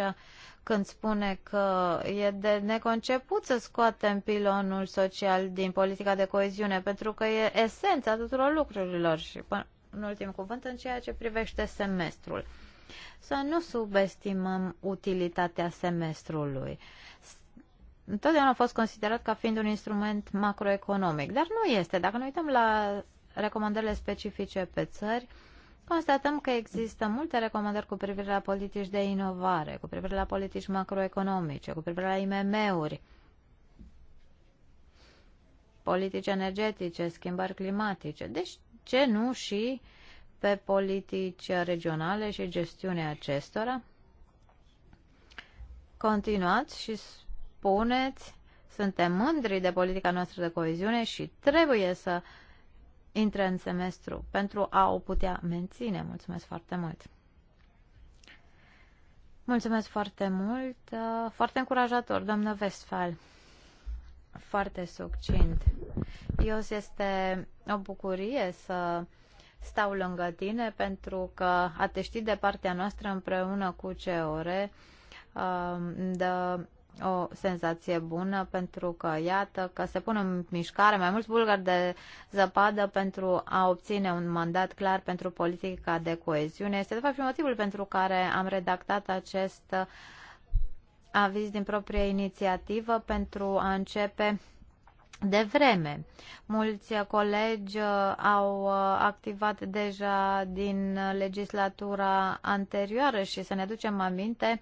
când spune că e de neconceput să scoatem pilonul social din politica de coeziune, pentru că e esența tuturor lucrurilor și, în ultim cuvânt, în ceea ce privește semestrul să nu subestimăm utilitatea semestrului. Întotdeauna a fost considerat ca fiind un instrument macroeconomic, dar nu este. Dacă ne uităm la recomandările specifice pe țări, constatăm că există multe recomandări cu privire la politici de inovare, cu privire la politici macroeconomice, cu privire la IMM-uri, politici energetice, schimbări climatice. Deci, ce nu și uh, pe politici regionale și gestiunea acestora. Continuați și spuneți, suntem mândri de politica noastră de coeziune și trebuie să intre în semestru pentru a o putea menține. Mulțumesc foarte mult! Mulțumesc foarte mult, uh, foarte încurajator, doamnă Westphal. Foarte succint. Ios este o bucurie să stau lângă tine pentru că a te ști de partea noastră împreună cu ce ore îmi um, dă o senzație bună pentru că iată că se pun în mișcare mai mulți bulgari de zăpadă pentru a obține un mandat clar pentru politica de coeziune. Este de fapt și motivul pentru care am redactat acest aviz din proprie inițiativă pentru a începe de vreme. Mulți colegi uh, au uh, activat deja din legislatura anterioară și să ne ducem aminte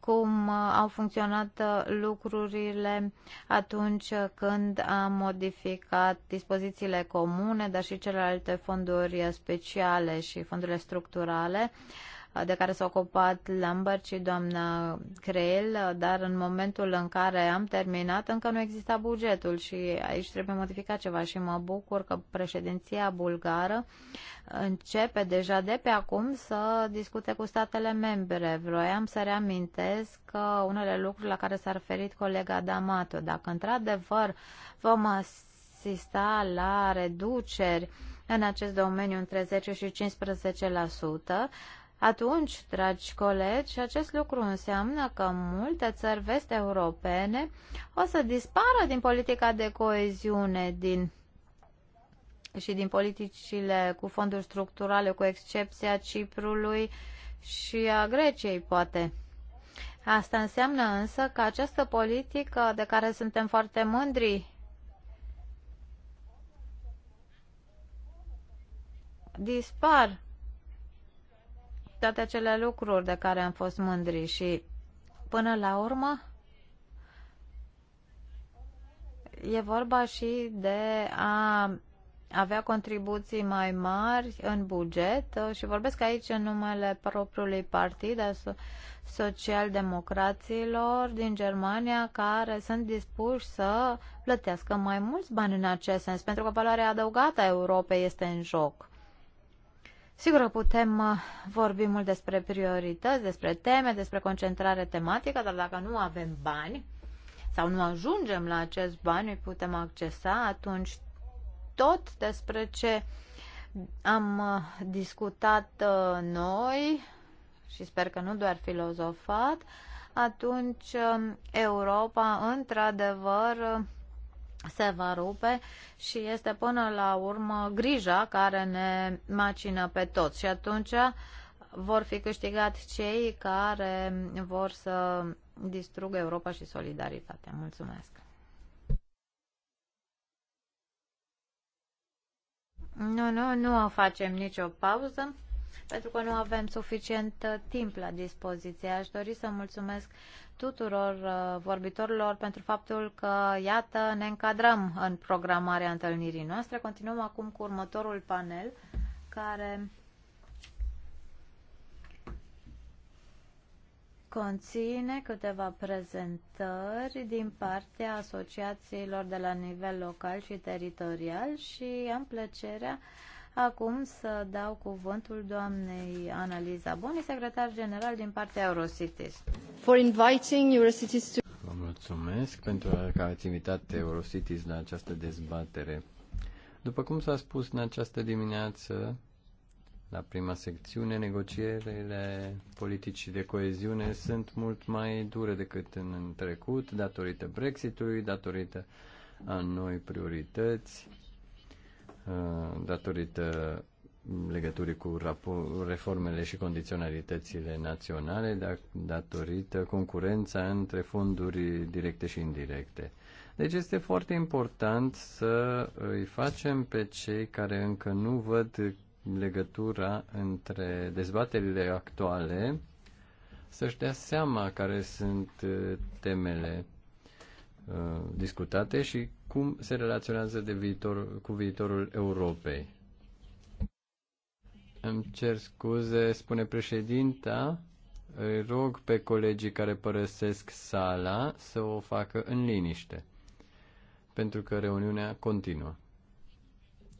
cum uh, au funcționat lucrurile atunci când am modificat dispozițiile comune, dar și celelalte fonduri speciale și fondurile structurale de care s-a ocupat Lambert și doamna Creel, dar în momentul în care am terminat încă nu exista bugetul și aici trebuie modificat ceva și mă bucur că președinția bulgară începe deja de pe acum să discute cu statele membre. Vroiam să reamintesc că unele lucruri la care s-a referit colega D'Amato, dacă într-adevăr vom asista la reduceri în acest domeniu între 10 și 15%, atunci, dragi colegi, acest lucru înseamnă că multe țări vest-europene o să dispară din politica de coeziune din, și din politicile cu fonduri structurale, cu excepția Ciprului și a Greciei, poate. Asta înseamnă însă că această politică de care suntem foarte mândri dispar toate acele lucruri de care am fost mândri și până la urmă e vorba și de a avea contribuții mai mari în buget și vorbesc aici în numele propriului partid social socialdemocraților din Germania care sunt dispuși să plătească mai mulți bani în acest sens pentru că valoarea adăugată a Europei este în joc. Sigur că putem uh, vorbi mult despre priorități, despre teme, despre concentrare tematică, dar dacă nu avem bani sau nu ajungem la acești bani, îi putem accesa, atunci tot despre ce am uh, discutat uh, noi și sper că nu doar filozofat, atunci um, Europa, într-adevăr, se va rupe și este până la urmă grija care ne macină pe toți. Și atunci vor fi câștigat cei care vor să distrugă Europa și solidaritatea. Mulțumesc! Nu, nu, nu facem nicio pauză pentru că nu avem suficient uh, timp la dispoziție. Aș dori să mulțumesc tuturor uh, vorbitorilor pentru faptul că, iată, ne încadrăm în programarea întâlnirii noastre. Continuăm acum cu următorul panel care conține câteva prezentări din partea asociațiilor de la nivel local și teritorial și am plăcerea uh, Acum să dau cuvântul doamnei Analiza Boni, secretar general din partea Eurocities. For inviting Eurocities to... Vă mulțumesc pentru că ați invitat Eurocities la această dezbatere. După cum s-a spus în această dimineață, la prima secțiune, negocierile politicii de coeziune sunt mult mai dure decât în trecut, datorită Brexitului, datorită a noi priorități Uh, datorită legăturii cu reformele și condiționalitățile naționale, da- datorită concurența între fonduri directe și indirecte. Deci este foarte important să îi facem pe cei care încă nu văd legătura între dezbaterile actuale să-și dea seama care sunt uh, temele uh, discutate și cum se relaționează de viitor, cu viitorul Europei. Îmi cer scuze, spune președinta. Îi rog pe colegii care părăsesc sala să o facă în liniște, pentru că reuniunea continuă.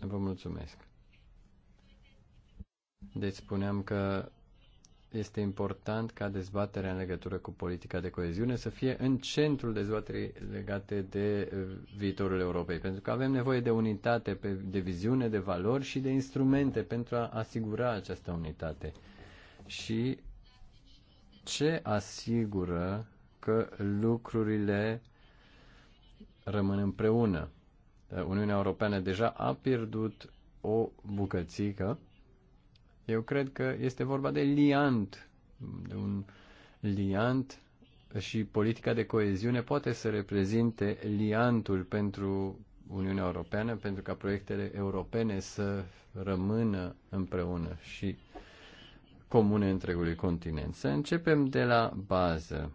Vă mulțumesc. Deci spuneam că este important ca dezbaterea în legătură cu politica de coeziune să fie în centrul dezbaterii legate de uh, viitorul Europei, pentru că avem nevoie de unitate, de viziune, de valori și de instrumente pentru a asigura această unitate. Și ce asigură că lucrurile rămân împreună? Uniunea Europeană deja a pierdut o bucățică eu cred că este vorba de liant, de un liant și politica de coeziune poate să reprezinte liantul pentru Uniunea Europeană, pentru ca proiectele europene să rămână împreună și comune întregului continent. Să începem de la bază.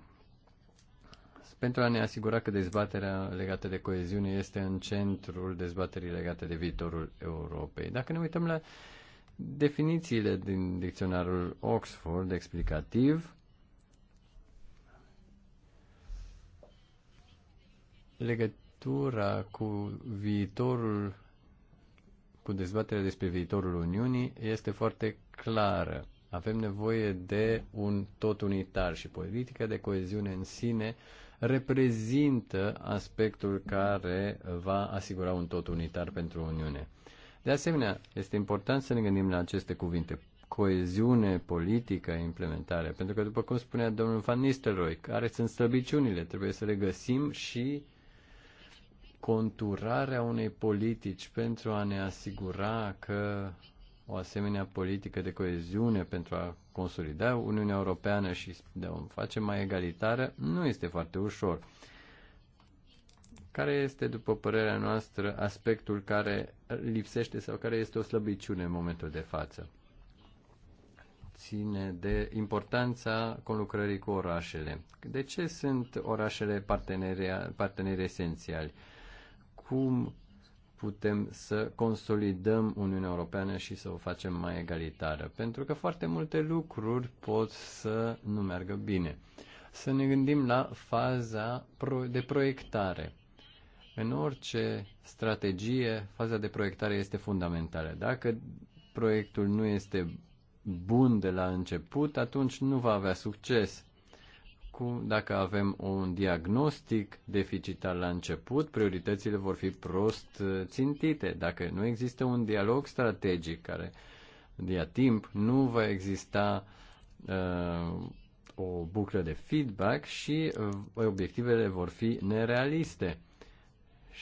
Pentru a ne asigura că dezbaterea legată de coeziune este în centrul dezbaterii legate de viitorul Europei. Dacă ne uităm la definițiile din dicționarul Oxford explicativ legătura cu viitorul cu dezbaterea despre viitorul Uniunii este foarte clară. Avem nevoie de un tot unitar și politica de coeziune în sine reprezintă aspectul care va asigura un tot unitar pentru Uniune. De asemenea, este important să ne gândim la aceste cuvinte. Coeziune politică, implementare. Pentru că, după cum spunea domnul Van Nistelrooy, care sunt slăbiciunile? Trebuie să le găsim și conturarea unei politici pentru a ne asigura că o asemenea politică de coeziune pentru a consolida Uniunea Europeană și de a o face mai egalitară nu este foarte ușor. Care este, după părerea noastră, aspectul care lipsește sau care este o slăbiciune în momentul de față? Ține de importanța conlucrării cu orașele. De ce sunt orașele parteneri, parteneri esențiali? Cum putem să consolidăm Uniunea Europeană și să o facem mai egalitară? Pentru că foarte multe lucruri pot să nu meargă bine. Să ne gândim la faza de proiectare în orice strategie, faza de proiectare este fundamentală. Dacă proiectul nu este bun de la început, atunci nu va avea succes. Cu, dacă avem un diagnostic deficitar la început, prioritățile vor fi prost uh, țintite. Dacă nu există un dialog strategic care ia timp, nu va exista uh, o buclă de feedback și uh, obiectivele vor fi nerealiste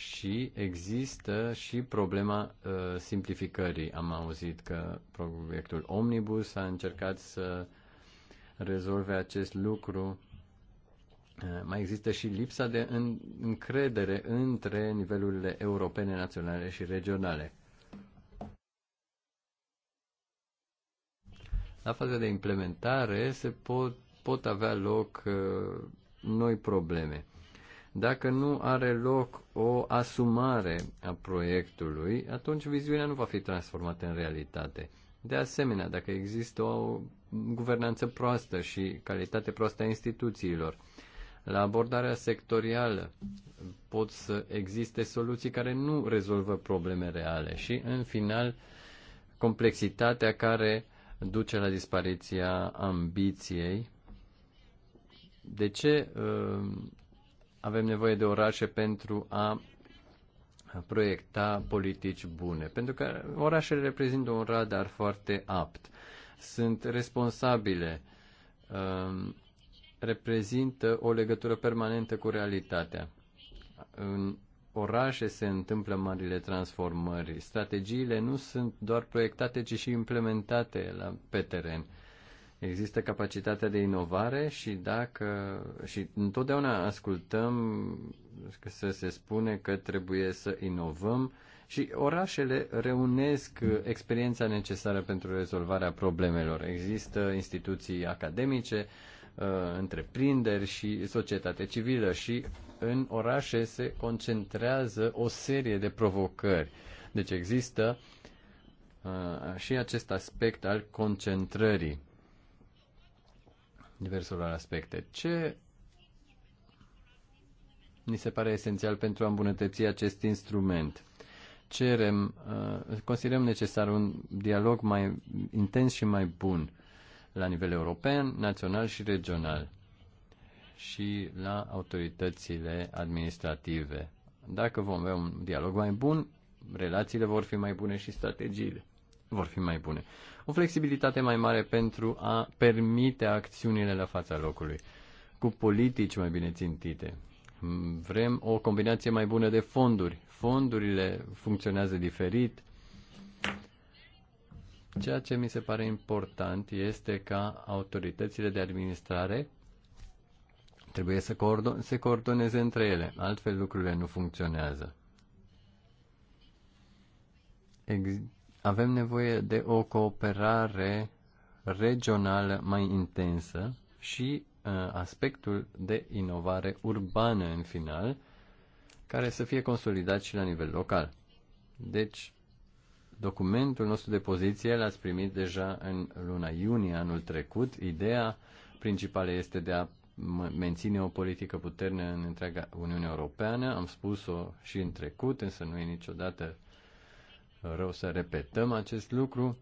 și există și problema uh, simplificării. Am auzit că proiectul Omnibus a încercat să rezolve acest lucru. Uh, mai există și lipsa de încredere între nivelurile europene, naționale și regionale. La faza de implementare se pot, pot avea loc uh, noi probleme. Dacă nu are loc o asumare a proiectului, atunci viziunea nu va fi transformată în realitate. De asemenea, dacă există o guvernanță proastă și calitate proastă a instituțiilor, la abordarea sectorială pot să existe soluții care nu rezolvă probleme reale și, în final, complexitatea care duce la dispariția ambiției. De ce uh, avem nevoie de orașe pentru a proiecta politici bune, pentru că orașele reprezintă un radar foarte apt. Sunt responsabile, um, reprezintă o legătură permanentă cu realitatea. În orașe se întâmplă marile transformări. Strategiile nu sunt doar proiectate, ci și implementate la, pe teren. Există capacitatea de inovare și dacă și întotdeauna ascultăm că să se spune că trebuie să inovăm și orașele reunesc experiența necesară pentru rezolvarea problemelor. Există instituții academice, uh, întreprinderi și societate civilă și în orașe se concentrează o serie de provocări. Deci există uh, și acest aspect al concentrării diverselor aspecte. Ce ni se pare esențial pentru a îmbunătăți acest instrument? Cerem, uh, considerăm necesar un dialog mai intens și mai bun la nivel european, național și regional și la autoritățile administrative. Dacă vom avea un dialog mai bun, relațiile vor fi mai bune și strategiile vor fi mai bune o flexibilitate mai mare pentru a permite acțiunile la fața locului, cu politici mai bine țintite. Vrem o combinație mai bună de fonduri. Fondurile funcționează diferit. Ceea ce mi se pare important este ca autoritățile de administrare trebuie să coordon- se coordoneze între ele, altfel lucrurile nu funcționează avem nevoie de o cooperare regională mai intensă și uh, aspectul de inovare urbană în final, care să fie consolidat și la nivel local. Deci, documentul nostru de poziție l-ați primit deja în luna iunie anul trecut. Ideea principală este de a menține o politică puternă în întreaga Uniune Europeană. Am spus-o și în trecut, însă nu e niciodată rău să repetăm acest lucru,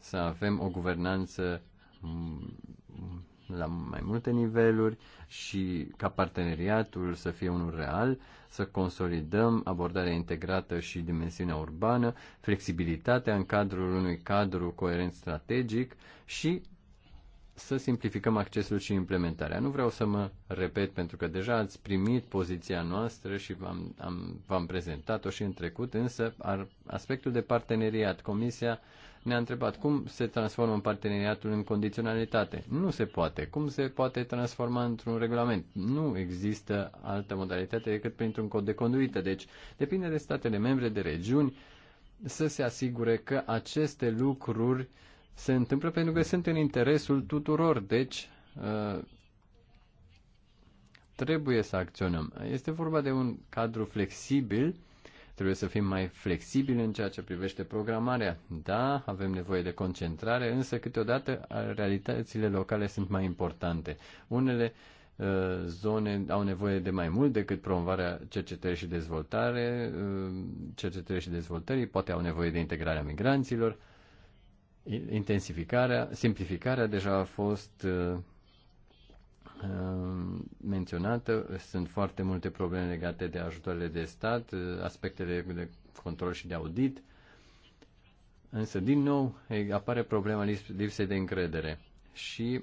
să avem o guvernanță la mai multe niveluri și ca parteneriatul să fie unul real, să consolidăm abordarea integrată și dimensiunea urbană, flexibilitatea în cadrul unui cadru coerent strategic și să simplificăm accesul și implementarea. Nu vreau să mă repet pentru că deja ați primit poziția noastră și v-am, am, v-am prezentat-o și în trecut, însă ar, aspectul de parteneriat, Comisia ne-a întrebat cum se transformă în parteneriatul în condiționalitate. Nu se poate. Cum se poate transforma într-un regulament? Nu există altă modalitate decât printr-un cod de conduită. Deci depinde de statele membre, de regiuni, să se asigure că aceste lucruri uh, se întâmplă pentru că sunt în interesul tuturor, deci uh, trebuie să acționăm. Este vorba de un cadru flexibil, trebuie să fim mai flexibili în ceea ce privește programarea. Da, avem nevoie de concentrare, însă câteodată realitățile locale sunt mai importante. Unele uh, zone au nevoie de mai mult decât promovarea cercetării și dezvoltare, uh, cercetării și dezvoltării, poate au nevoie de integrarea migranților, intensificarea, simplificarea deja a fost uh, uh, menționată. Sunt foarte multe probleme legate de ajutoarele de stat, uh, aspectele de control și de audit. Însă, din nou, apare problema lipsei de încredere. Și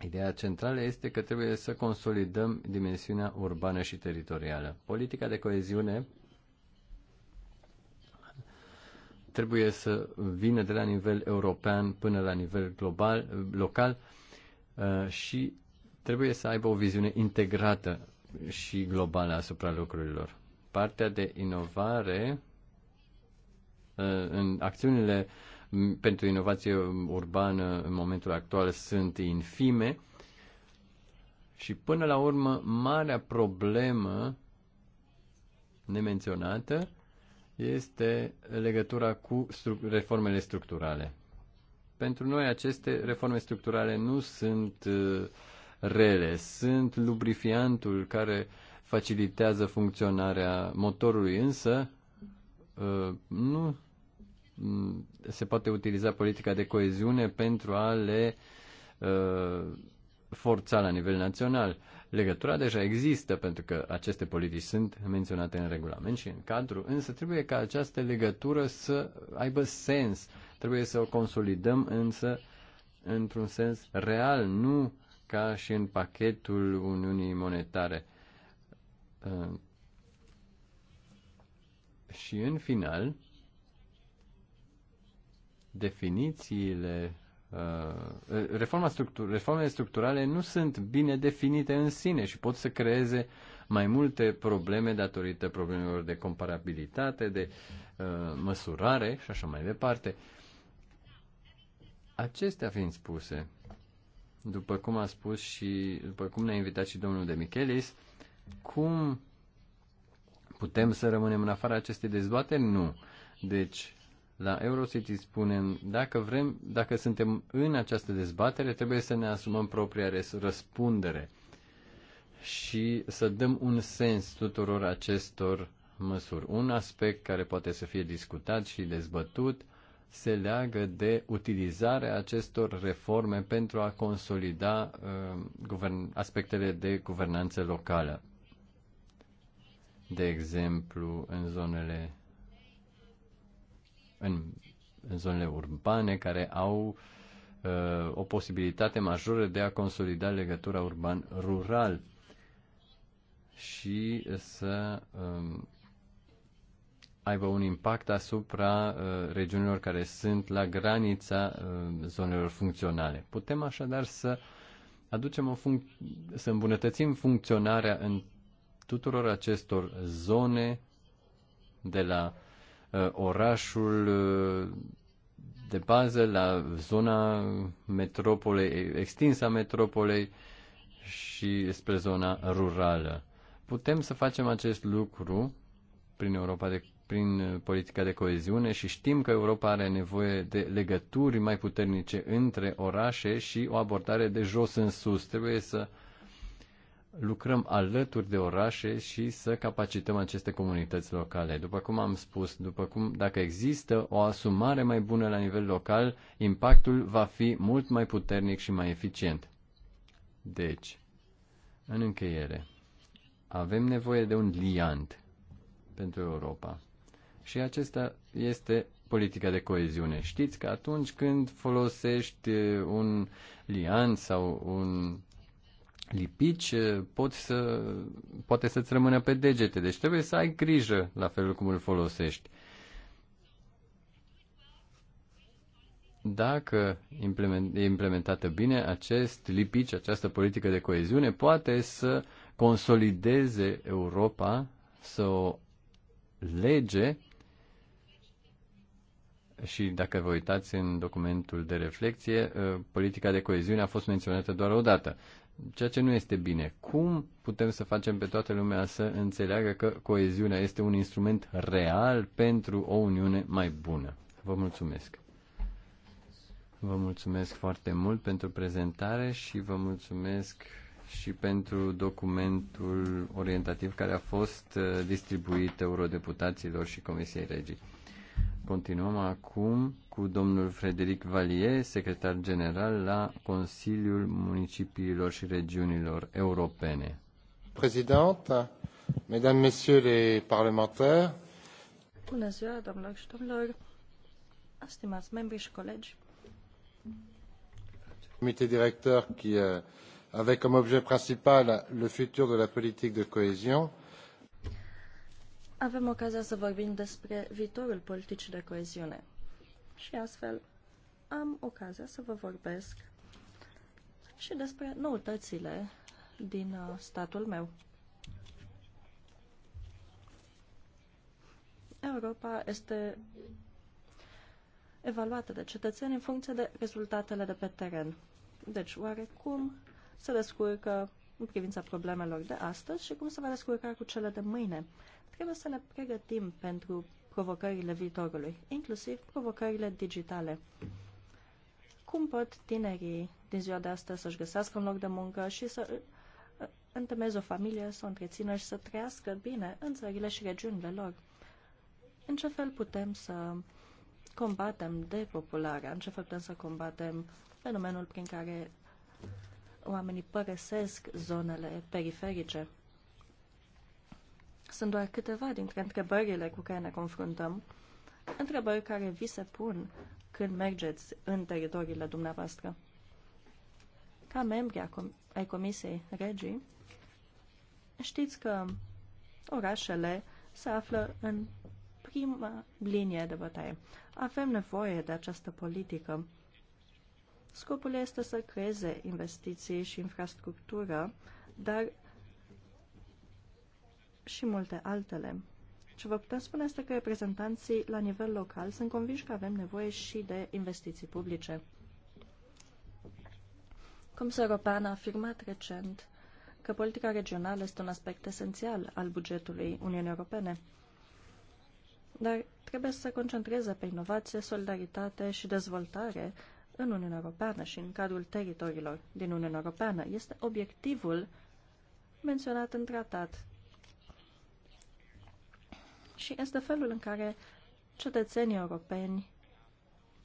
ideea centrală este că trebuie să consolidăm dimensiunea urbană și teritorială. Politica de coeziune trebuie să vină de la nivel european până la nivel global, local uh, și trebuie să aibă o viziune integrată și globală asupra lucrurilor. Partea de inovare uh, în acțiunile pentru inovație urbană în momentul actual sunt infime și până la urmă marea problemă nemenționată este legătura cu stru- reformele structurale. Pentru noi aceste reforme structurale nu sunt uh, rele, sunt lubrifiantul care facilitează funcționarea motorului, însă uh, nu mm, se poate utiliza politica de coeziune pentru a le uh, forța la nivel național. Legătura deja există pentru că aceste politici sunt menționate în regulament și în cadru, însă trebuie ca această legătură să aibă sens. Trebuie să o consolidăm însă într-un sens real, nu ca și în pachetul Uniunii Monetare. Uh, și în final, definițiile Uh, reforma structur- reformele structurale nu sunt bine definite în sine și pot să creeze mai multe probleme datorită problemelor de comparabilitate, de uh, măsurare și așa mai departe. Acestea fiind spuse, după cum a spus și după cum ne-a invitat și domnul de Michelis, cum putem să rămânem în afara acestei dezbateri? Nu. Deci, la Eurocity spunem, dacă vrem, dacă suntem în această dezbatere, trebuie să ne asumăm propria răspundere și să dăm un sens tuturor acestor măsuri. Un aspect care poate să fie discutat și dezbătut se leagă de utilizarea acestor reforme pentru a consolida uh, aspectele de guvernanță locală. De exemplu, în zonele în, în zonele urbane care au uh, o posibilitate majoră de a consolida legătura urban-rural și să uh, aibă un impact asupra uh, regiunilor care sunt la granița uh, zonelor funcționale. Putem așadar să aducem o func- să îmbunătățim funcționarea în tuturor acestor zone de la uh, Uh, orașul uh, de bază la zona metropolei, extinsa metropolei și spre zona rurală. Putem să facem acest lucru prin Europa de prin uh, politica de coeziune și știm că Europa are nevoie de legături mai puternice între orașe și o abordare de jos în sus. Trebuie să uh, lucrăm alături de orașe și să capacităm aceste comunități locale. După cum am spus, după cum, dacă există o asumare mai bună la nivel local, impactul va fi mult mai puternic și mai eficient. Deci, în încheiere, avem nevoie de un liant pentru Europa. Și acesta este politica de coeziune. Știți că atunci când folosești uh, un liant sau un lipici pot să, poate să-ți rămână pe degete, deci trebuie să ai grijă la felul cum îl folosești. Dacă e implementată bine, acest lipici, această politică de coeziune, poate să consolideze Europa, să o lege și dacă vă uitați în documentul de reflexie, uh, politica de coeziune a fost menționată doar o dată ceea ce nu este bine. Cum putem să facem pe toată lumea să înțeleagă că coeziunea este un instrument real pentru o Uniune mai bună? Vă mulțumesc! Vă mulțumesc foarte mult pentru prezentare și vă mulțumesc și pentru documentul orientativ care a fost uh, distribuit eurodeputaților și Comisiei Regii. Continuăm acum cu domnul Frederic Valier, secretar general la Consiliul Municipiilor și Regiunilor Europene. Președinte, mesdames, messieurs les parlementaires. Bună ziua, domnilor și domnilor, stimați membri și colegi. Comité directeur qui, euh, avec comme objet principal le futur de la politique de cohésion, avem ocazia să vorbim despre viitorul politicii de coeziune. Și astfel am ocazia să vă vorbesc și despre noutățile din uh, statul meu. Europa este evaluată de cetățeni în funcție de rezultatele de pe teren. Deci, oarecum se descurcă în privința problemelor de astăzi și cum se va descurca cu cele de mâine trebuie să le pregătim pentru provocările viitorului, inclusiv provocările digitale. Cum pot tinerii din ziua de astăzi să-și găsească un loc de muncă și să uh, întemeze o familie, să o întrețină și să trăiască bine în țările și regiunile lor? În ce fel putem să combatem depopularea? În ce fel putem să combatem fenomenul prin care oamenii părăsesc zonele periferice? Sunt doar câteva dintre întrebările cu care ne confruntăm, întrebări care vi se pun când mergeți în teritoriile dumneavoastră. Ca membri ai Comisiei Regii, știți că orașele se află în prima linie de bătaie. Avem nevoie de această politică. Scopul este să creeze investiții și infrastructură, dar și multe altele. Ce vă putem spune este că reprezentanții la nivel local sunt convinși că avem nevoie și de investiții publice. Comisia Europeană a afirmat recent că politica regională este un aspect esențial al bugetului Uniunii Europene, dar trebuie să se concentreze pe inovație, solidaritate și dezvoltare în Uniunea Europeană și în cadrul teritoriilor din Uniunea Europeană. Este obiectivul menționat în tratat și este felul în care cetățenii europeni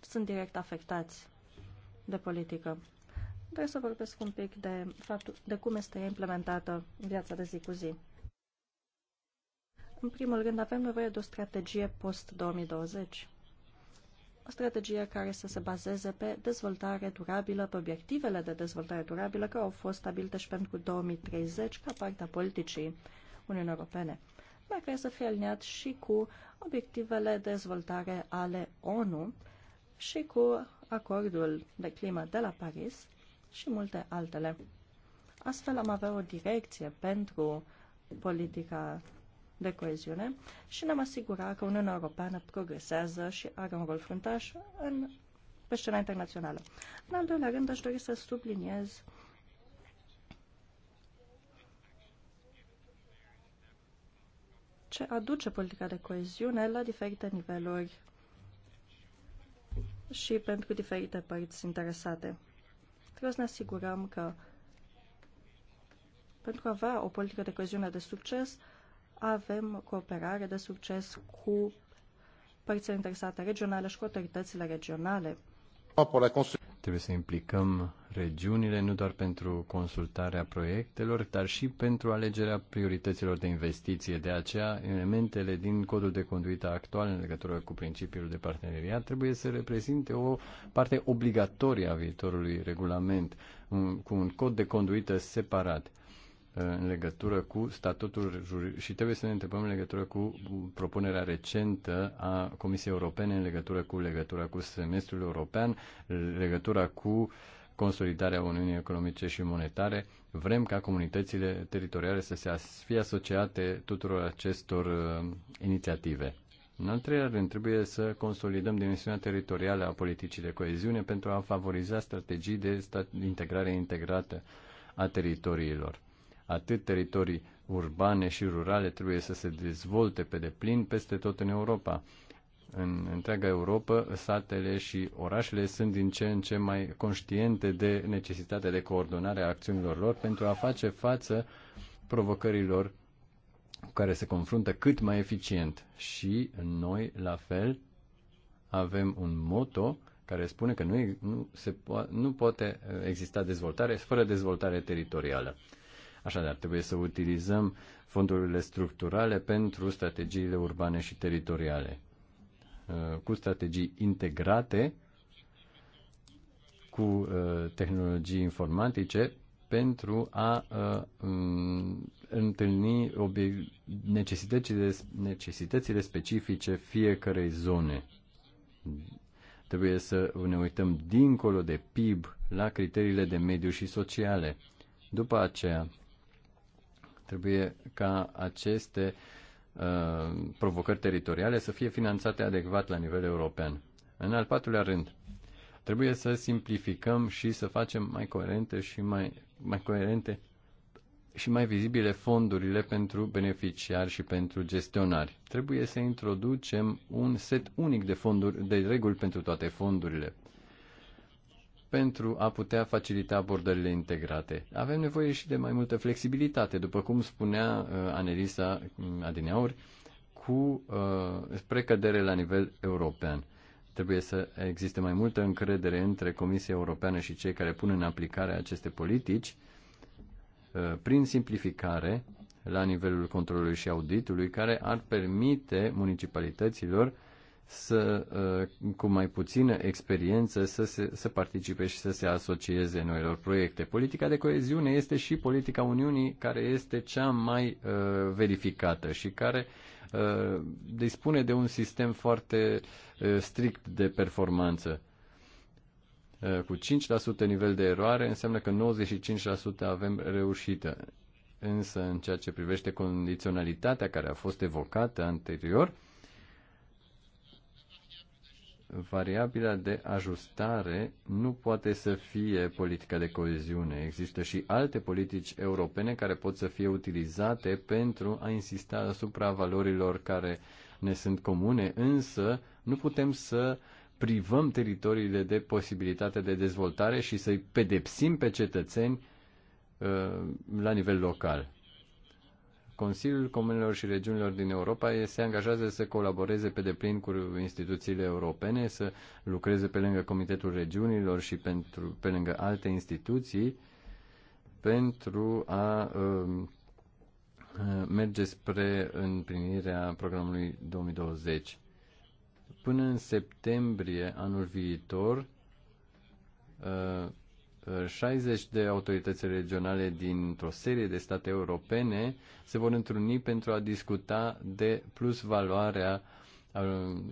sunt direct afectați de politică. Vreau să vorbesc un pic de, faptul, de cum este implementată viața de zi cu zi. În primul rând, avem nevoie de o strategie post-2020. O strategie care să se bazeze pe dezvoltare durabilă, pe obiectivele de dezvoltare durabilă care au fost stabilite și pentru 2030 ca partea politicii Uniunii Europene mai care să fie aliniat și cu obiectivele de dezvoltare ale ONU și cu acordul de climă de la Paris și multe altele. Astfel am avea o direcție pentru politica de coeziune și ne-am asigurat că Uniunea Europeană progresează și are un rol fruntaș în, pe scena internațională. În al doilea rând, aș dori să subliniez ce aduce politica de coeziune la diferite niveluri și pentru diferite părți interesate. Trebuie să ne asigurăm că pentru a avea o politică de coeziune de succes, avem cooperare de succes cu părțile interesate regionale și cu autoritățile regionale. Trebuie să implicăm regiunile, nu doar pentru consultarea proiectelor, dar și pentru alegerea priorităților de investiție. De aceea, elementele din codul de conduită actual în legătură cu principiul de parteneriat trebuie să reprezinte o parte obligatorie a viitorului regulament, cu un cod de conduită separat uh, în legătură cu statutul juridic și trebuie să ne întrebăm în legătură cu propunerea recentă a Comisiei Europene în legătură cu legătura cu semestrul european, legătura cu consolidarea Uniunii Economice și Monetare. Vrem ca comunitățile teritoriale să se fie asociate tuturor acestor uh, inițiative. În al treilea rând, trebuie să consolidăm dimensiunea teritorială a politicii de coeziune pentru a favoriza strategii de integrare integrată a teritoriilor. Atât teritorii urbane și rurale trebuie să se dezvolte pe deplin peste tot în Europa. În întreaga Europa, satele și orașele sunt din ce în ce mai conștiente de necesitatea de coordonare a acțiunilor lor pentru a face față provocărilor cu care se confruntă cât mai eficient. Și noi, la fel, avem un moto care spune că nu, nu, se po- nu poate exista dezvoltare fără dezvoltare teritorială. Așadar, trebuie să utilizăm fondurile structurale pentru strategiile urbane și teritoriale. Uh, cu strategii integrate, cu uh, tehnologii informatice pentru a uh, întâlni necesitățile, necesitățile specifice fiecarei zone. Trebuie să ne uităm dincolo de PIB la criteriile de mediu și sociale. După aceea, trebuie ca aceste Uh, provocări teritoriale să fie finanțate adecvat la nivel european. În al patrulea rând, trebuie să simplificăm și să facem mai coerente și mai, mai coerente și mai vizibile fondurile pentru beneficiari și pentru gestionari. Trebuie să introducem un set unic de fonduri, de reguli pentru toate fondurile, pentru a putea facilita abordările integrate. Avem nevoie și de mai multă flexibilitate, după cum spunea uh, Anelisa mm, Adineauri, cu uh, precădere la nivel european. Trebuie să existe mai multă încredere între Comisia Europeană și cei care pun în aplicare aceste politici uh, prin simplificare la nivelul controlului și auditului, care ar permite municipalităților uh, să, uh, cu mai puțină experiență să, se, să participe și să se asocieze noilor proiecte. Politica de coeziune este și politica Uniunii care este cea mai uh, verificată și care uh, dispune de un sistem foarte uh, strict de performanță. Uh, cu 5% nivel de eroare înseamnă că 95% avem reușită. Însă, în ceea ce privește condiționalitatea care a fost evocată anterior, uh, variabila de ajustare nu poate să fie politica de coeziune. Există și alte politici europene care pot să fie utilizate pentru a insista asupra valorilor care ne sunt comune, însă nu putem să privăm teritoriile de posibilitate de dezvoltare și să-i pedepsim pe cetățeni uh, la nivel local. Consiliul Comunelor și Regiunilor din Europa se angajează să colaboreze pe deplin cu instituțiile europene, să lucreze pe lângă Comitetul Regiunilor și pentru, pe lângă alte instituții pentru a uh, merge spre împlinirea programului 2020. Până în septembrie anul viitor, uh, 60 de autorități regionale dintr-o serie de state europene se vor întruni pentru a discuta de plus valoarea uh,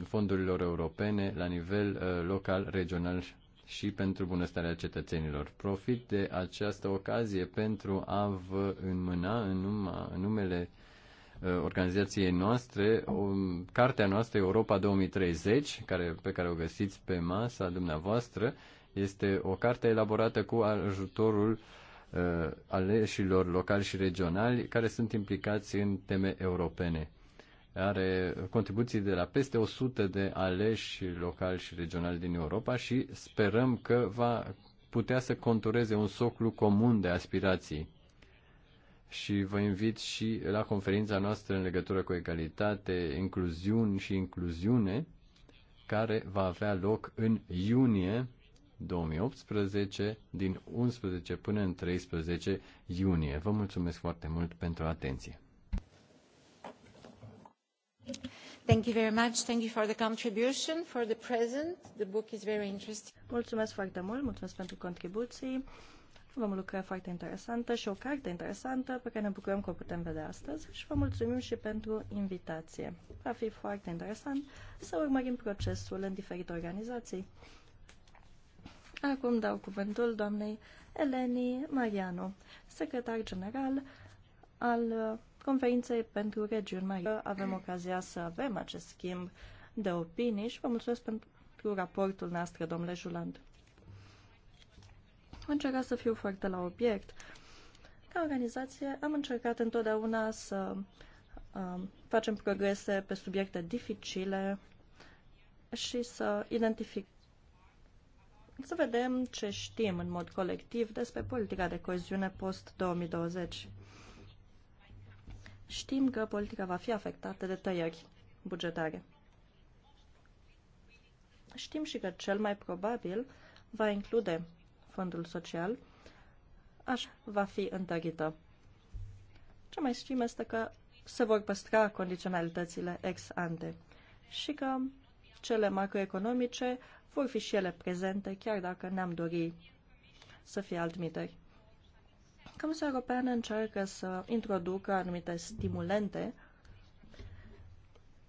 fondurilor europene la nivel uh, local, regional și pentru bunăstarea cetățenilor. Profit de această ocazie pentru a vă înmâna în, în numele uh, organizației noastre, o, cartea noastră Europa 2030, care, pe care o găsiți pe masa dumneavoastră, este o carte elaborată cu ajutorul uh, aleșilor locali și regionali care sunt implicați în teme europene. Are contribuții de la peste 100 de aleși locali și regionali din Europa și sperăm că va putea să contureze un soclu comun de aspirații. Și vă invit și la conferința noastră în legătură cu egalitate, incluziuni și incluziune, care va avea loc în iunie 2018 din 11 până în 13 iunie. Vă mulțumesc foarte mult pentru atenție. Thank you very much. Thank you for the contribution, for the present. The book is very interesting. Mulțumesc foarte mult, mulțumesc pentru contribuții. Vom lucra foarte interesantă și o carte interesantă pe care ne bucurăm că o putem vedea astăzi și vă mulțumim și pentru invitație. Va fi foarte interesant să urmărim procesul în diferite organizații. Acum dau cuvântul doamnei Eleni Mariano, secretar general al uh, conferinței pentru regiuni mai. Avem ocazia să avem acest schimb de opinii și vă mulțumesc pentru raportul noastră, domnule Juland. Am încercat să fiu foarte la obiect. Ca organizație am încercat întotdeauna să uh, facem progrese pe subiecte dificile și să identific să vedem ce știm în mod colectiv despre politica de coeziune post-2020. Știm că politica va fi afectată de tăieri bugetare. Știm și că cel mai probabil va include fondul social, așa va fi întărită. Ce mai știm este că se vor păstra condiționalitățile ex ante și că cele macroeconomice vor fi și ele prezente, chiar dacă ne-am dori să fie altmiteri. Comisia Europeană încearcă să introducă anumite stimulente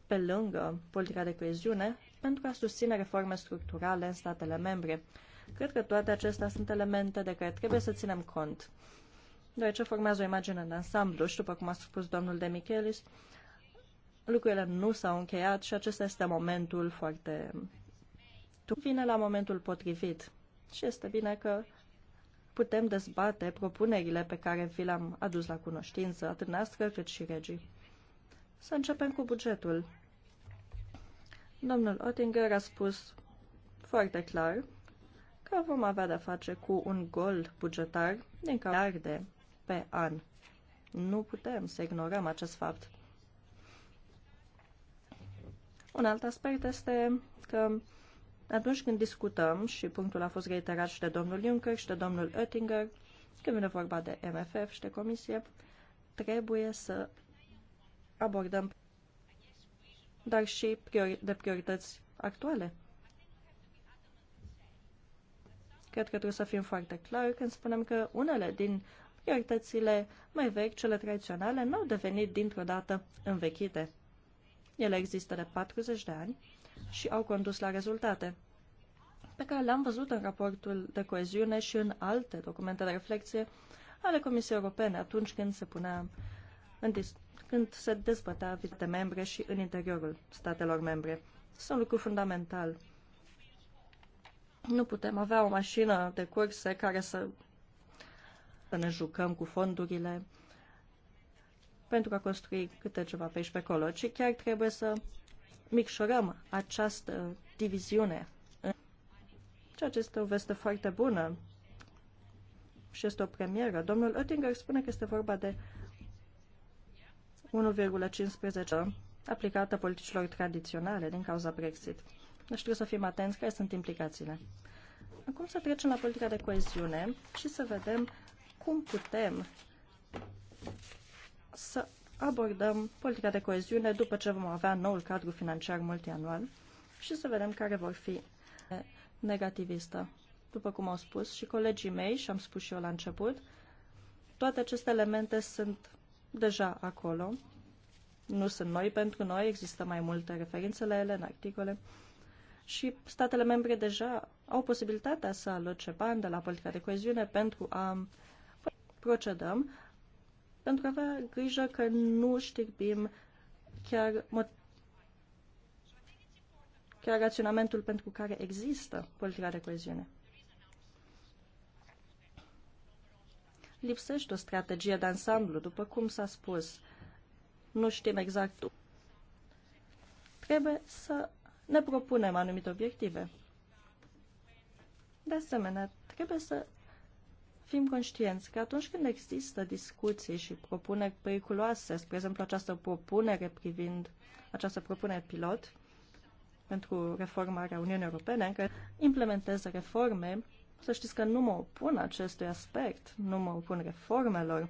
pe lângă politica de coeziune pentru a susține reforme structurale în statele membre. Cred că toate acestea sunt elemente de care trebuie să ținem cont, deoarece formează o imagine de ansamblu și, după cum a spus domnul de Michelis, lucrurile nu s-au încheiat și acesta este momentul foarte tu vine la momentul potrivit. Și este bine că putem dezbate propunerile pe care vi le-am adus la cunoștință, atât noastră cât și regii. Să începem cu bugetul. Domnul Oettinger a spus foarte clar că vom avea de-a face cu un gol bugetar din de pe an. Nu putem să ignorăm acest fapt. Un alt aspect este că atunci când discutăm, și punctul a fost reiterat și de domnul Juncker și de domnul Oettinger, când vine vorba de MFF și de comisie, trebuie să abordăm dar și priori, de priorități actuale. Cred că trebuie să fim foarte clari când spunem că unele din prioritățile mai vechi, cele tradiționale, nu au devenit dintr-o dată învechite. Ele există de 40 de ani și au condus la rezultate, pe care le-am văzut în raportul de coeziune și în alte documente de reflexie ale Comisiei Europene atunci când se punea în când se dezbătea de membre și în interiorul statelor membre. Este un lucru fundamental. Nu putem avea o mașină de curse care să ne jucăm cu fondurile pentru a construi câte ceva pe aici pe acolo, ci chiar trebuie să micșorăm această diviziune, ceea ce este o veste foarte bună și este o premieră. Domnul Oettinger spune că este vorba de 1,15 aplicată politicilor tradiționale din cauza Brexit. Deci trebuie să fim atenți care sunt implicațiile. Acum să trecem la politica de coeziune și să vedem cum putem să abordăm politica de coeziune după ce vom avea noul cadru financiar multianual și să vedem care vor fi negativistă. După cum au spus și colegii mei și am spus și eu la început, toate aceste elemente sunt deja acolo, nu sunt noi pentru noi, există mai multe referințe la ele în articole și statele membre deja au posibilitatea să aloce bani de la politica de coeziune pentru a procedăm pentru a avea grijă că nu știrbim chiar, chiar raționamentul pentru care există politica de coeziune. Lipsește o strategie de ansamblu, după cum s-a spus. Nu știm exact. Trebuie să ne propunem anumite obiective. De asemenea, trebuie să fim conștienți că atunci când există discuții și propuneri periculoase, spre exemplu această propunere privind această propunere pilot pentru reformarea Uniunii Europene, că implementează reforme, să știți că nu mă opun acestui aspect, nu mă opun reformelor.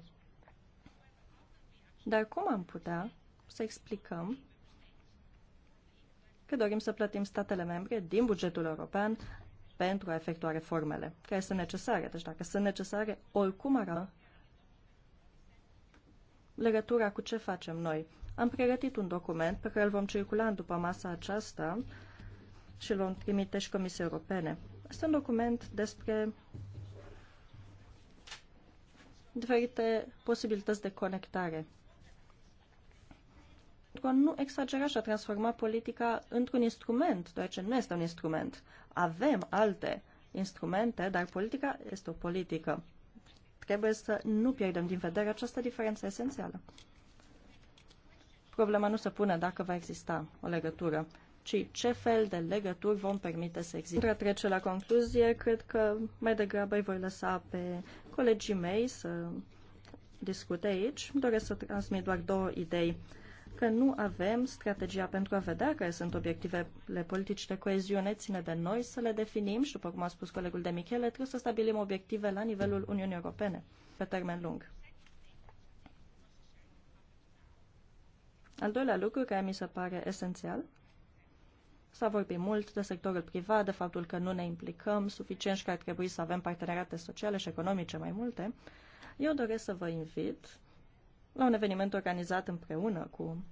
Dar cum am putea să explicăm că dorim să plătim statele membre din bugetul european pentru a efectua reformele, care sunt necesare. Deci dacă sunt necesare, oricum arată legătura cu ce facem noi. Am pregătit un document pe care îl vom circula după masa aceasta și îl vom trimite și Comisiei Europene. Este un document despre diferite posibilități de conectare. Pentru a nu exagera și a transforma politica într-un instrument, deoarece nu este un instrument. Avem alte instrumente, dar politica este o politică. Trebuie să nu pierdem din vedere această diferență esențială. Problema nu se pune dacă va exista o legătură, ci ce fel de legături vom permite să existe. Pentru a trece la concluzie, cred că mai degrabă îi voi lăsa pe colegii mei să discute aici. Doresc să transmit doar două idei că nu avem strategia pentru a vedea care sunt obiectivele politici de coeziune. Ține de noi să le definim și, după cum a spus colegul de Michele, trebuie să stabilim obiective la nivelul Uniunii Europene, pe termen lung. Al doilea lucru care mi se pare esențial, s-a vorbit mult de sectorul privat, de faptul că nu ne implicăm suficient și că ar trebui să avem parteneriate sociale și economice mai multe, eu doresc să vă invit la un eveniment organizat împreună cu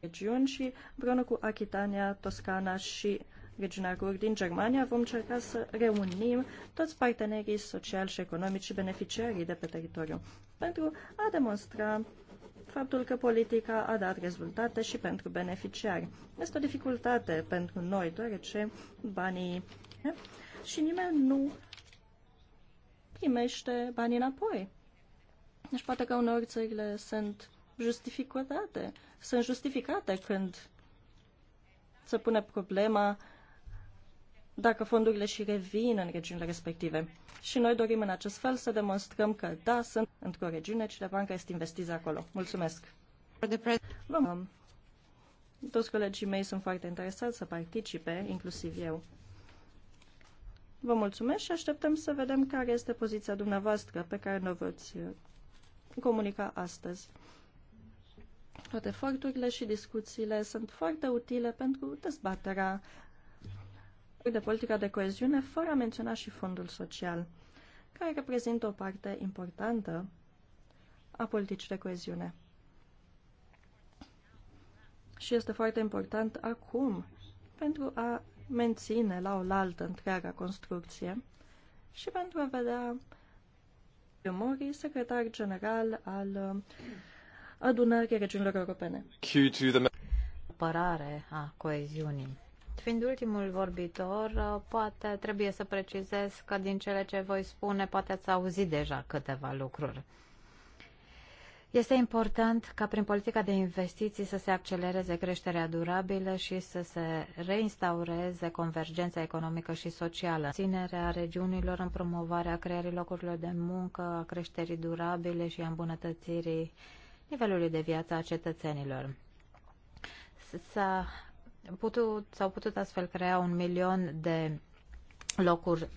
regiuni și împreună cu Achitania, Toscana și regiunea Ruhr din Germania vom încerca să reunim toți partenerii sociali și economici și beneficiarii de pe teritoriu pentru a demonstra faptul că politica a dat rezultate și pentru beneficiari. Este o dificultate pentru noi, deoarece banii și nimeni nu primește banii înapoi. Deci poate că uneori țările sunt justificate, sunt justificate când se pune problema dacă fondurile și revin în regiunile respective. Și noi dorim în acest fel să demonstrăm că da, sunt într-o regiune de banca este investiți acolo. Mulțumesc! Toți colegii mei sunt foarte interesați să participe, inclusiv eu. Vă mulțumesc și așteptăm să vedem care este poziția dumneavoastră pe care ne o veți comunica astăzi. Toate eforturile și discuțiile sunt foarte utile pentru dezbaterea de politica de coeziune, fără a menționa și fondul social, care reprezintă o parte importantă a politicii de coeziune. Și este foarte important acum pentru a menține la oaltă întreaga construcție și pentru a vedea Mori, secretar general al uh, Adunării Regiunilor Europene. Apărare a coeziunii. Fiind ultimul vorbitor, uh, poate trebuie să precizez că din cele ce voi spune, poate ați auzit deja câteva lucruri. Este important ca prin politica de investiții să se accelereze creșterea durabilă și să se reinstaureze convergența economică și socială, ținerea regiunilor în promovarea creării locurilor de muncă, a creșterii durabile și a îmbunătățirii nivelului de viață a cetățenilor. S-a putut, s-au putut astfel crea un milion de locuri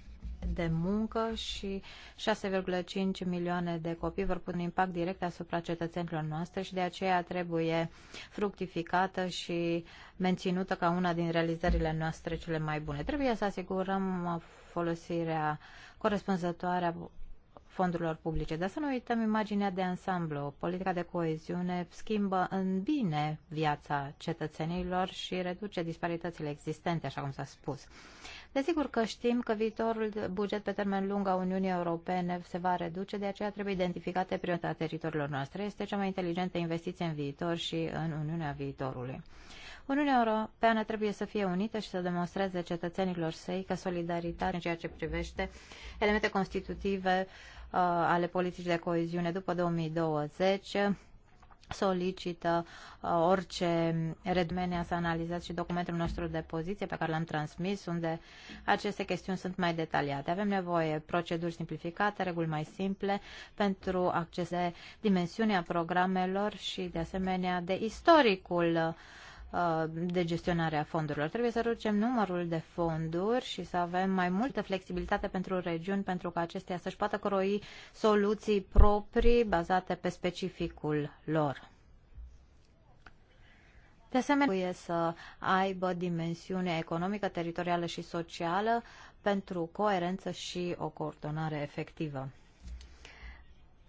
de muncă și 6,5 milioane de copii vor pune impact direct asupra cetățenilor noastre și de aceea trebuie fructificată și menținută ca una din realizările noastre cele mai bune. Trebuie să asigurăm folosirea corespunzătoare a fondurilor publice. Dar să nu uităm imaginea de ansamblu. Politica de coeziune schimbă în bine viața cetățenilor și reduce disparitățile existente, așa cum s-a spus. Desigur că știm că viitorul buget pe termen lung a Uniunii Europene se va reduce, de aceea trebuie identificate prioritatea teritoriilor noastre. Este cea mai inteligentă investiție în viitor și în Uniunea viitorului. Uniunea Europeană trebuie să fie unită și să demonstreze cetățenilor săi că solidaritatea în ceea ce privește elemente constitutive uh, Uh, ale politicii de coeziune după 2020 solicită uh, orice redmenea să analizați și documentul nostru de poziție pe care l-am transmis, unde aceste chestiuni sunt mai detaliate. Avem nevoie proceduri simplificate, reguli mai simple pentru acces de dimensiunea programelor și de asemenea de istoricul uh, Uh, de gestionare a fondurilor. Trebuie să reducem numărul de fonduri și să avem mai multă flexibilitate pentru regiuni, pentru că acestea să-și poată croi soluții proprii bazate pe specificul lor. De asemenea, trebuie să aibă dimensiune economică, teritorială și socială pentru coerență și o coordonare efectivă.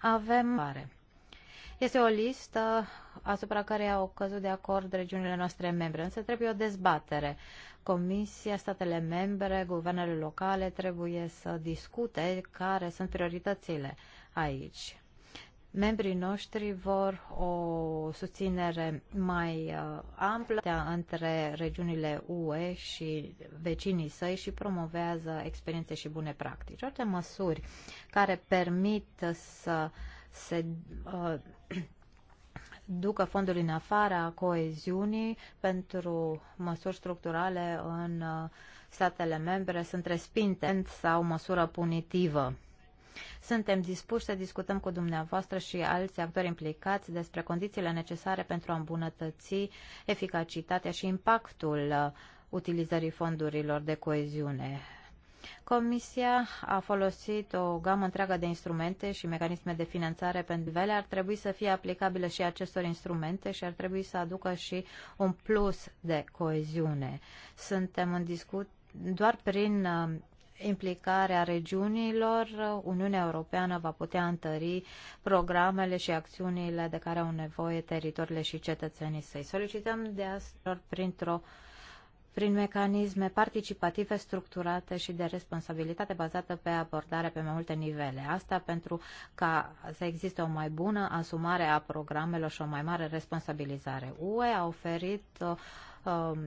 Avem mare. Este o listă asupra care au căzut de acord regiunile noastre membre, însă trebuie o dezbatere. Comisia, statele membre, guvernele locale trebuie să discute care sunt prioritățile aici. Membrii noștri vor o susținere mai uh, amplă între regiunile UE și vecinii săi și promovează experiențe și bune practici. Orice măsuri care permit să uh, se uh, ducă fonduri în afara coeziunii pentru măsuri structurale în uh, statele membre sunt respinte sau măsură punitivă. Suntem dispuși să discutăm cu dumneavoastră și alți actori implicați despre condițiile necesare pentru a îmbunătăți eficacitatea și impactul uh, utilizării fondurilor de coeziune. Comisia a folosit o gamă întreagă de instrumente și mecanisme de finanțare pentru vele. Ar trebui să fie aplicabile și acestor instrumente și ar trebui să aducă și un plus de coeziune. Suntem în discut doar prin uh, implicarea regiunilor, Uniunea Europeană va putea întări programele și acțiunile de care au nevoie teritoriile și cetățenii săi. Solicităm de astfel printr-o prin mecanisme participative structurate și de responsabilitate bazată pe abordare pe mai multe nivele. Asta pentru ca să existe o mai bună asumare a programelor și o mai mare responsabilizare. UE a oferit uh, uh,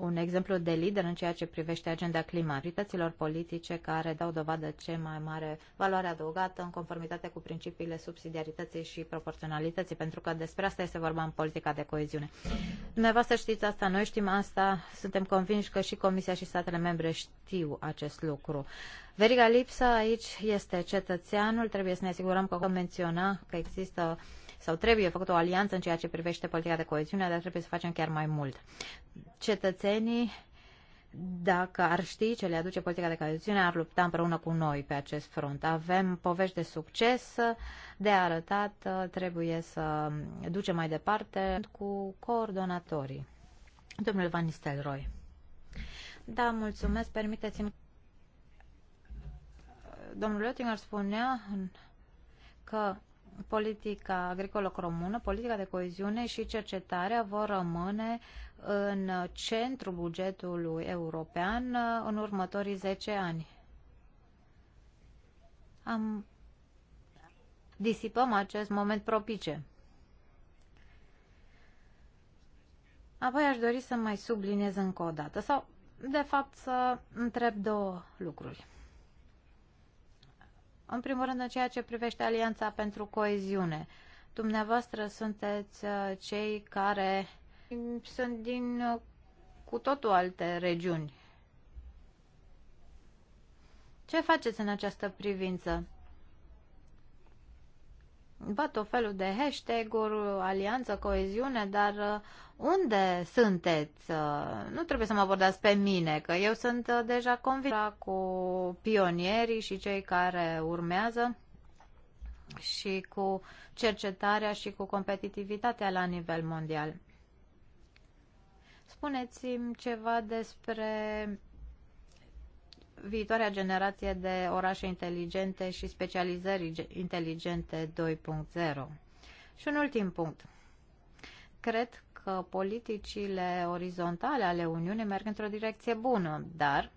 un exemplu de lider în ceea ce privește agenda climatică, politice care dau dovadă ce mai mare valoare adăugată în conformitate cu principiile subsidiarității și proporționalității, pentru că despre asta este vorba în politica de coeziune. Dumneavoastră știți asta, noi știm asta, suntem convinși că și Comisia și statele membre știu acest lucru. Veriga lipsă aici este cetățeanul, trebuie să ne asigurăm că menționa că există sau trebuie făcut o alianță în ceea ce privește politica de coeziune, dar trebuie să facem chiar mai mult. Cetățenii dacă ar ști ce le aduce politica de coeziune, ar lupta împreună cu noi pe acest front. Avem povești de succes de arătat, trebuie să ducem mai departe cu coordonatorii. Domnul Van Nistelrooy. Da, mulțumesc. Permiteți-mi. Domnul Oettinger spunea că politica agricolă comună, politica de coeziune și cercetarea vor rămâne în centrul bugetului european uh, în următorii 10 ani. Am disipăm acest moment propice. Apoi aș dori să mai subliniez încă o dată sau, de fapt, să întreb două lucruri. În primul rând, în ceea ce privește Alianța pentru Coeziune, dumneavoastră sunteți uh, cei care sunt din uh, cu totul alte regiuni. Ce faceți în această privință? văd tot felul de hashtag-uri, alianță, coeziune, dar uh, unde sunteți? Uh, nu trebuie să mă abordați pe mine, că eu sunt uh, deja convinsă cu pionierii și cei care urmează și cu cercetarea și cu competitivitatea la nivel mondial. Spuneți-mi ceva despre viitoarea generație de orașe inteligente și specializări inteligente 2.0. Și un ultim punct. Cred că politicile orizontale ale Uniunii merg într-o direcție bună, dar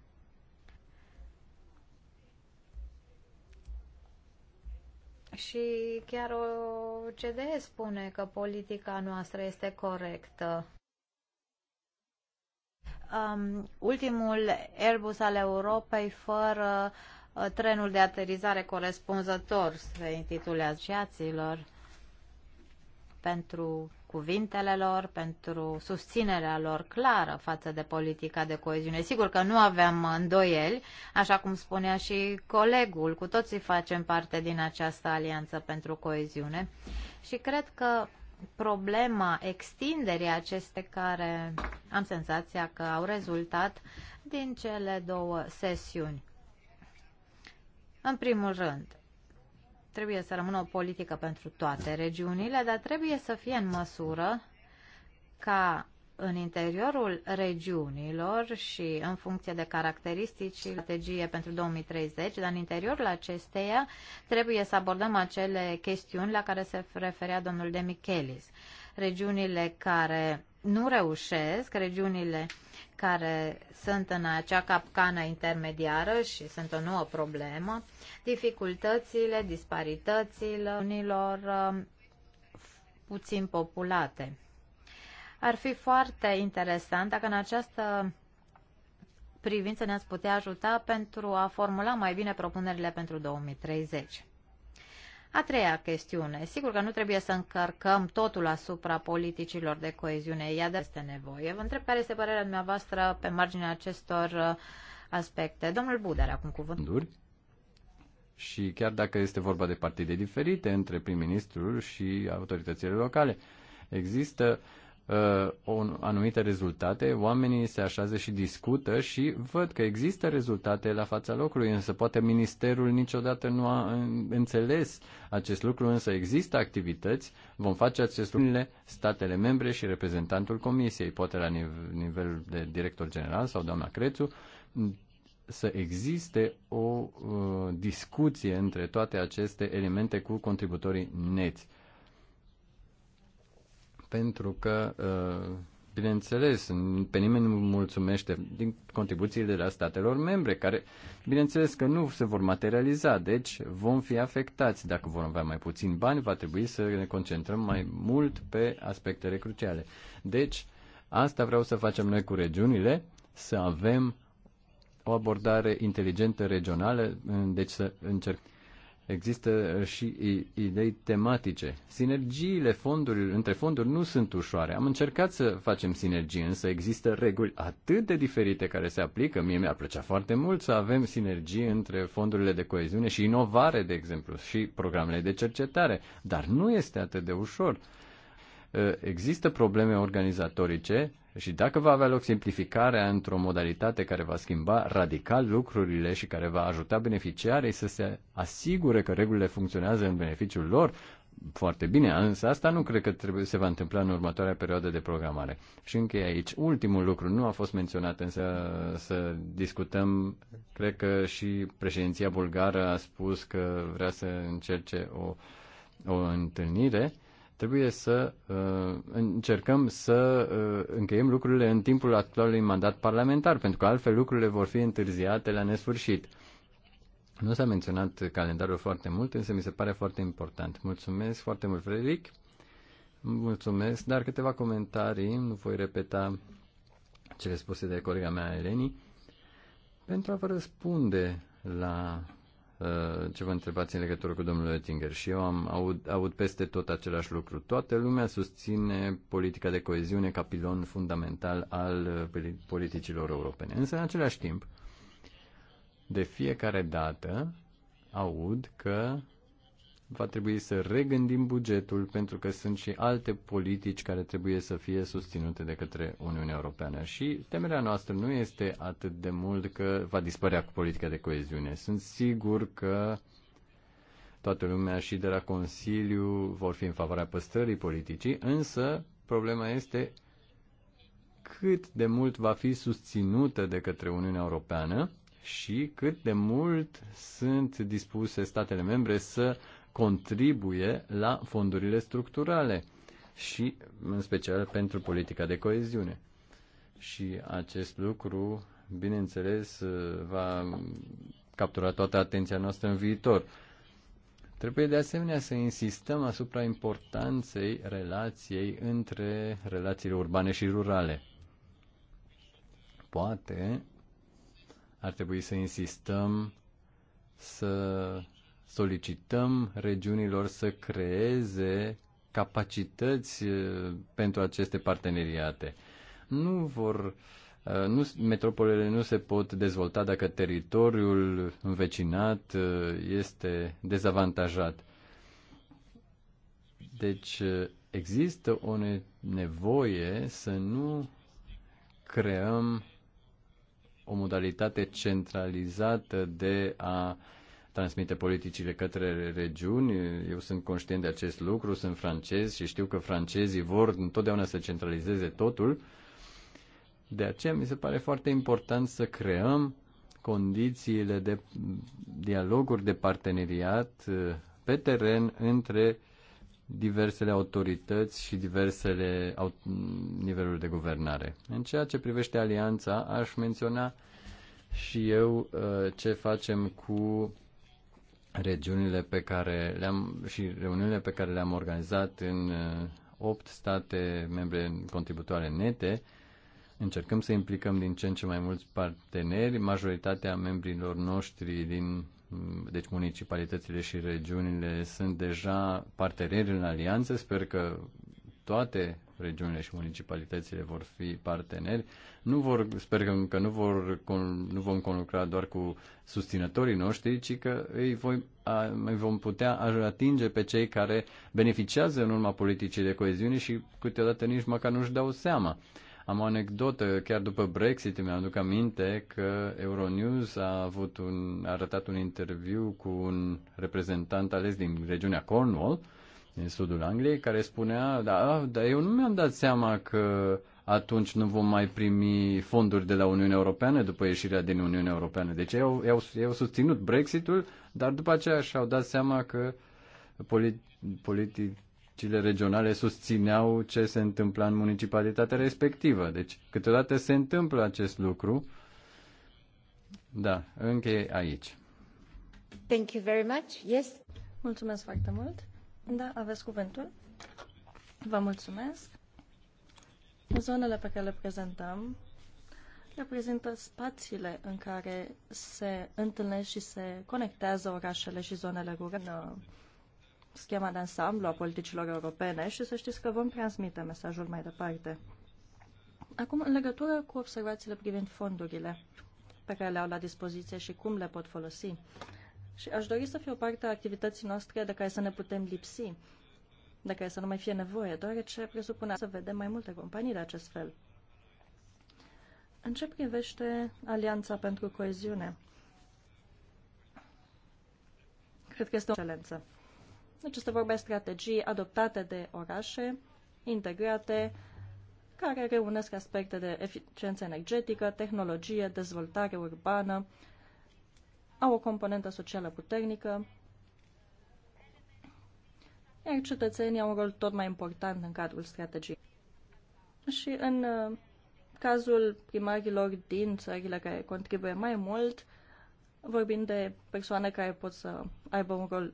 și chiar o CDE spune că politica noastră este corectă um, ultimul Airbus al Europei fără uh, trenul de aterizare corespunzător, se intitulează asociațiilor, pentru cuvintele lor, pentru susținerea lor clară față de politica de coeziune. Sigur că nu aveam îndoieli, așa cum spunea și colegul, cu toții facem parte din această alianță pentru coeziune și cred că problema extinderii aceste care am senzația că au rezultat din cele două sesiuni. În primul rând, trebuie să rămână o politică pentru toate regiunile, dar trebuie să fie în măsură ca în interiorul regiunilor și în funcție de caracteristici strategie pentru 2030, dar în interiorul acesteia trebuie să abordăm acele chestiuni la care se referea domnul de Michelis. Regiunile care nu reușesc, regiunile care sunt în acea capcană intermediară și sunt o nouă problemă, dificultățile, disparitățile unilor um, puțin populate. Ar fi foarte interesant dacă în această privință ne-ați putea ajuta pentru a formula mai bine propunerile pentru 2030. A treia chestiune. Sigur că nu trebuie să încărcăm totul asupra politicilor de coeziune. Ea de este nevoie. Vă întreb care este părerea dumneavoastră pe marginea acestor uh, aspecte. Domnul Budar, acum cuvântul. Și chiar dacă este vorba de partide diferite între prim-ministrul și autoritățile locale, există uh, uh, anumite rezultate, oamenii se așează și discută și văd că există rezultate la fața locului, însă poate ministerul niciodată nu a înțeles acest lucru, însă există activități, vom face acest lucru statele membre și reprezentantul comisiei, poate la nivel de director general sau doamna Crețu, să existe o uh, discuție între toate aceste elemente cu contributorii neți pentru că, uh, bineînțeles, pe nimeni nu mulțumește din contribuțiile de la statelor membre, care, bineînțeles că nu se vor materializa, deci vom fi afectați. Dacă vom avea mai puțin bani, va trebui să ne concentrăm mai mult pe aspectele cruciale. Deci, asta vreau să facem noi cu regiunile, să avem o abordare inteligentă regională, deci să încercăm Există uh, și idei tematice. Sinergiile fonduri, între fonduri nu sunt ușoare. Am încercat să facem sinergii, însă există reguli atât de diferite care se aplică. Mie mi-ar plăcea foarte mult să avem sinergii între fondurile de coeziune și inovare, de exemplu, și programele de cercetare. Dar nu este atât de ușor. Uh, există probleme organizatorice și dacă va avea loc simplificarea într-o modalitate care va schimba radical lucrurile și care va ajuta beneficiarii să se asigure că regulile funcționează în beneficiul lor, foarte bine, însă asta nu cred că trebuie, se va întâmpla în următoarea perioadă de programare. Și încă aici. Ultimul lucru nu a fost menționat, însă să discutăm, cred că și președinția bulgară a spus că vrea să încerce o, o întâlnire Trebuie să uh, încercăm să uh, încheiem lucrurile în timpul actualului mandat parlamentar, pentru că altfel lucrurile vor fi întârziate la nesfârșit. Nu s-a menționat calendarul foarte mult, însă mi se pare foarte important. Mulțumesc foarte mult, Frederic. Mulțumesc, dar câteva comentarii, nu voi repeta cele spuse de colega mea, Eleni, pentru a vă răspunde la Uh, ce vă întrebați în legătură cu domnul Oettinger și eu am aud, aud peste tot același lucru. Toată lumea susține politica de coeziune ca pilon fundamental al uh, politicilor europene. Însă, în același timp, de fiecare dată aud că va trebui să regândim bugetul pentru că sunt și alte politici care trebuie să fie susținute de către Uniunea Europeană și temerea noastră nu este atât de mult că va dispărea cu politica de coeziune. Sunt sigur că toată lumea și de la Consiliu vor fi în favoarea păstrării politicii, însă problema este cât de mult va fi susținută de către Uniunea Europeană și cât de mult sunt dispuse statele membre să contribuie la fondurile structurale și în special pentru politica de coeziune. Și acest lucru, bineînțeles, va captura toată atenția noastră în viitor. Trebuie de asemenea să insistăm asupra importanței relației între relațiile urbane și rurale. Poate ar trebui să insistăm să solicităm regiunilor să creeze capacități uh, pentru aceste parteneriate. Nu vor uh, nu, metropolele nu se pot dezvolta dacă teritoriul învecinat uh, este dezavantajat. Deci există o nevoie să nu creăm o modalitate centralizată de a transmite politicile către regiuni. Eu sunt conștient de acest lucru, sunt francez și știu că francezii vor întotdeauna să centralizeze totul. De aceea mi se pare foarte important să creăm condițiile de dialoguri de parteneriat pe teren între diversele autorități și diversele niveluri de guvernare. În ceea ce privește alianța, aș menționa și eu uh, ce facem cu regiunile pe care le-am și reuniunile pe care le-am organizat în 8 uh, state membre contributoare nete, încercăm să implicăm din ce în ce mai mulți parteneri, majoritatea membrilor noștri din mm, deci municipalitățile și regiunile sunt deja parteneri în alianță, sper că toate regiunile și municipalitățile vor fi parteneri. Nu vor, sper că, că nu, vor, nu vom conlucra doar cu susținătorii noștri, ci că îi, voi, îi vom putea atinge pe cei care beneficiază în urma politicii de coeziune și câteodată nici măcar nu-și dau seama. Am o anecdotă, chiar după Brexit mi-am aduc aminte că Euronews a, avut un, a arătat un interviu cu un reprezentant ales din regiunea Cornwall din sudul Angliei, care spunea, da, dar eu nu mi-am dat seama că atunci nu vom mai primi fonduri de la Uniunea Europeană după ieșirea din Uniunea Europeană. Deci ei au, ei au, ei au susținut Brexitul, dar după aceea și-au dat seama că polit- politicile regionale susțineau ce se întâmpla în municipalitatea respectivă. Deci câteodată se întâmplă acest lucru. Da, încheie aici. Thank you very much. Yes. Mulțumesc foarte mult. Da, aveți cuvântul. Vă mulțumesc. Zonele pe care le prezentăm reprezintă spațiile în care se întâlnesc și se conectează orașele și zonele rurale în uh, schema de ansamblu a politicilor europene și să știți că vom transmite mesajul mai departe. Acum, în legătură cu observațiile privind fondurile pe care le au la dispoziție și cum le pot folosi, și aș dori să fie o parte a activității noastre de care să ne putem lipsi, de care să nu mai fie nevoie, deoarece presupune să vedem mai multe companii de acest fel. În ce privește Alianța pentru Coeziune? Cred că este o excelență. Deci este vorba de strategii adoptate de orașe, integrate, care reunesc aspecte de eficiență energetică, tehnologie, dezvoltare urbană au o componentă socială puternică, iar cetățenii au un rol tot mai important în cadrul strategiei. Și în uh, cazul primarilor din țările care contribuie mai mult, vorbim de persoane care pot să aibă un rol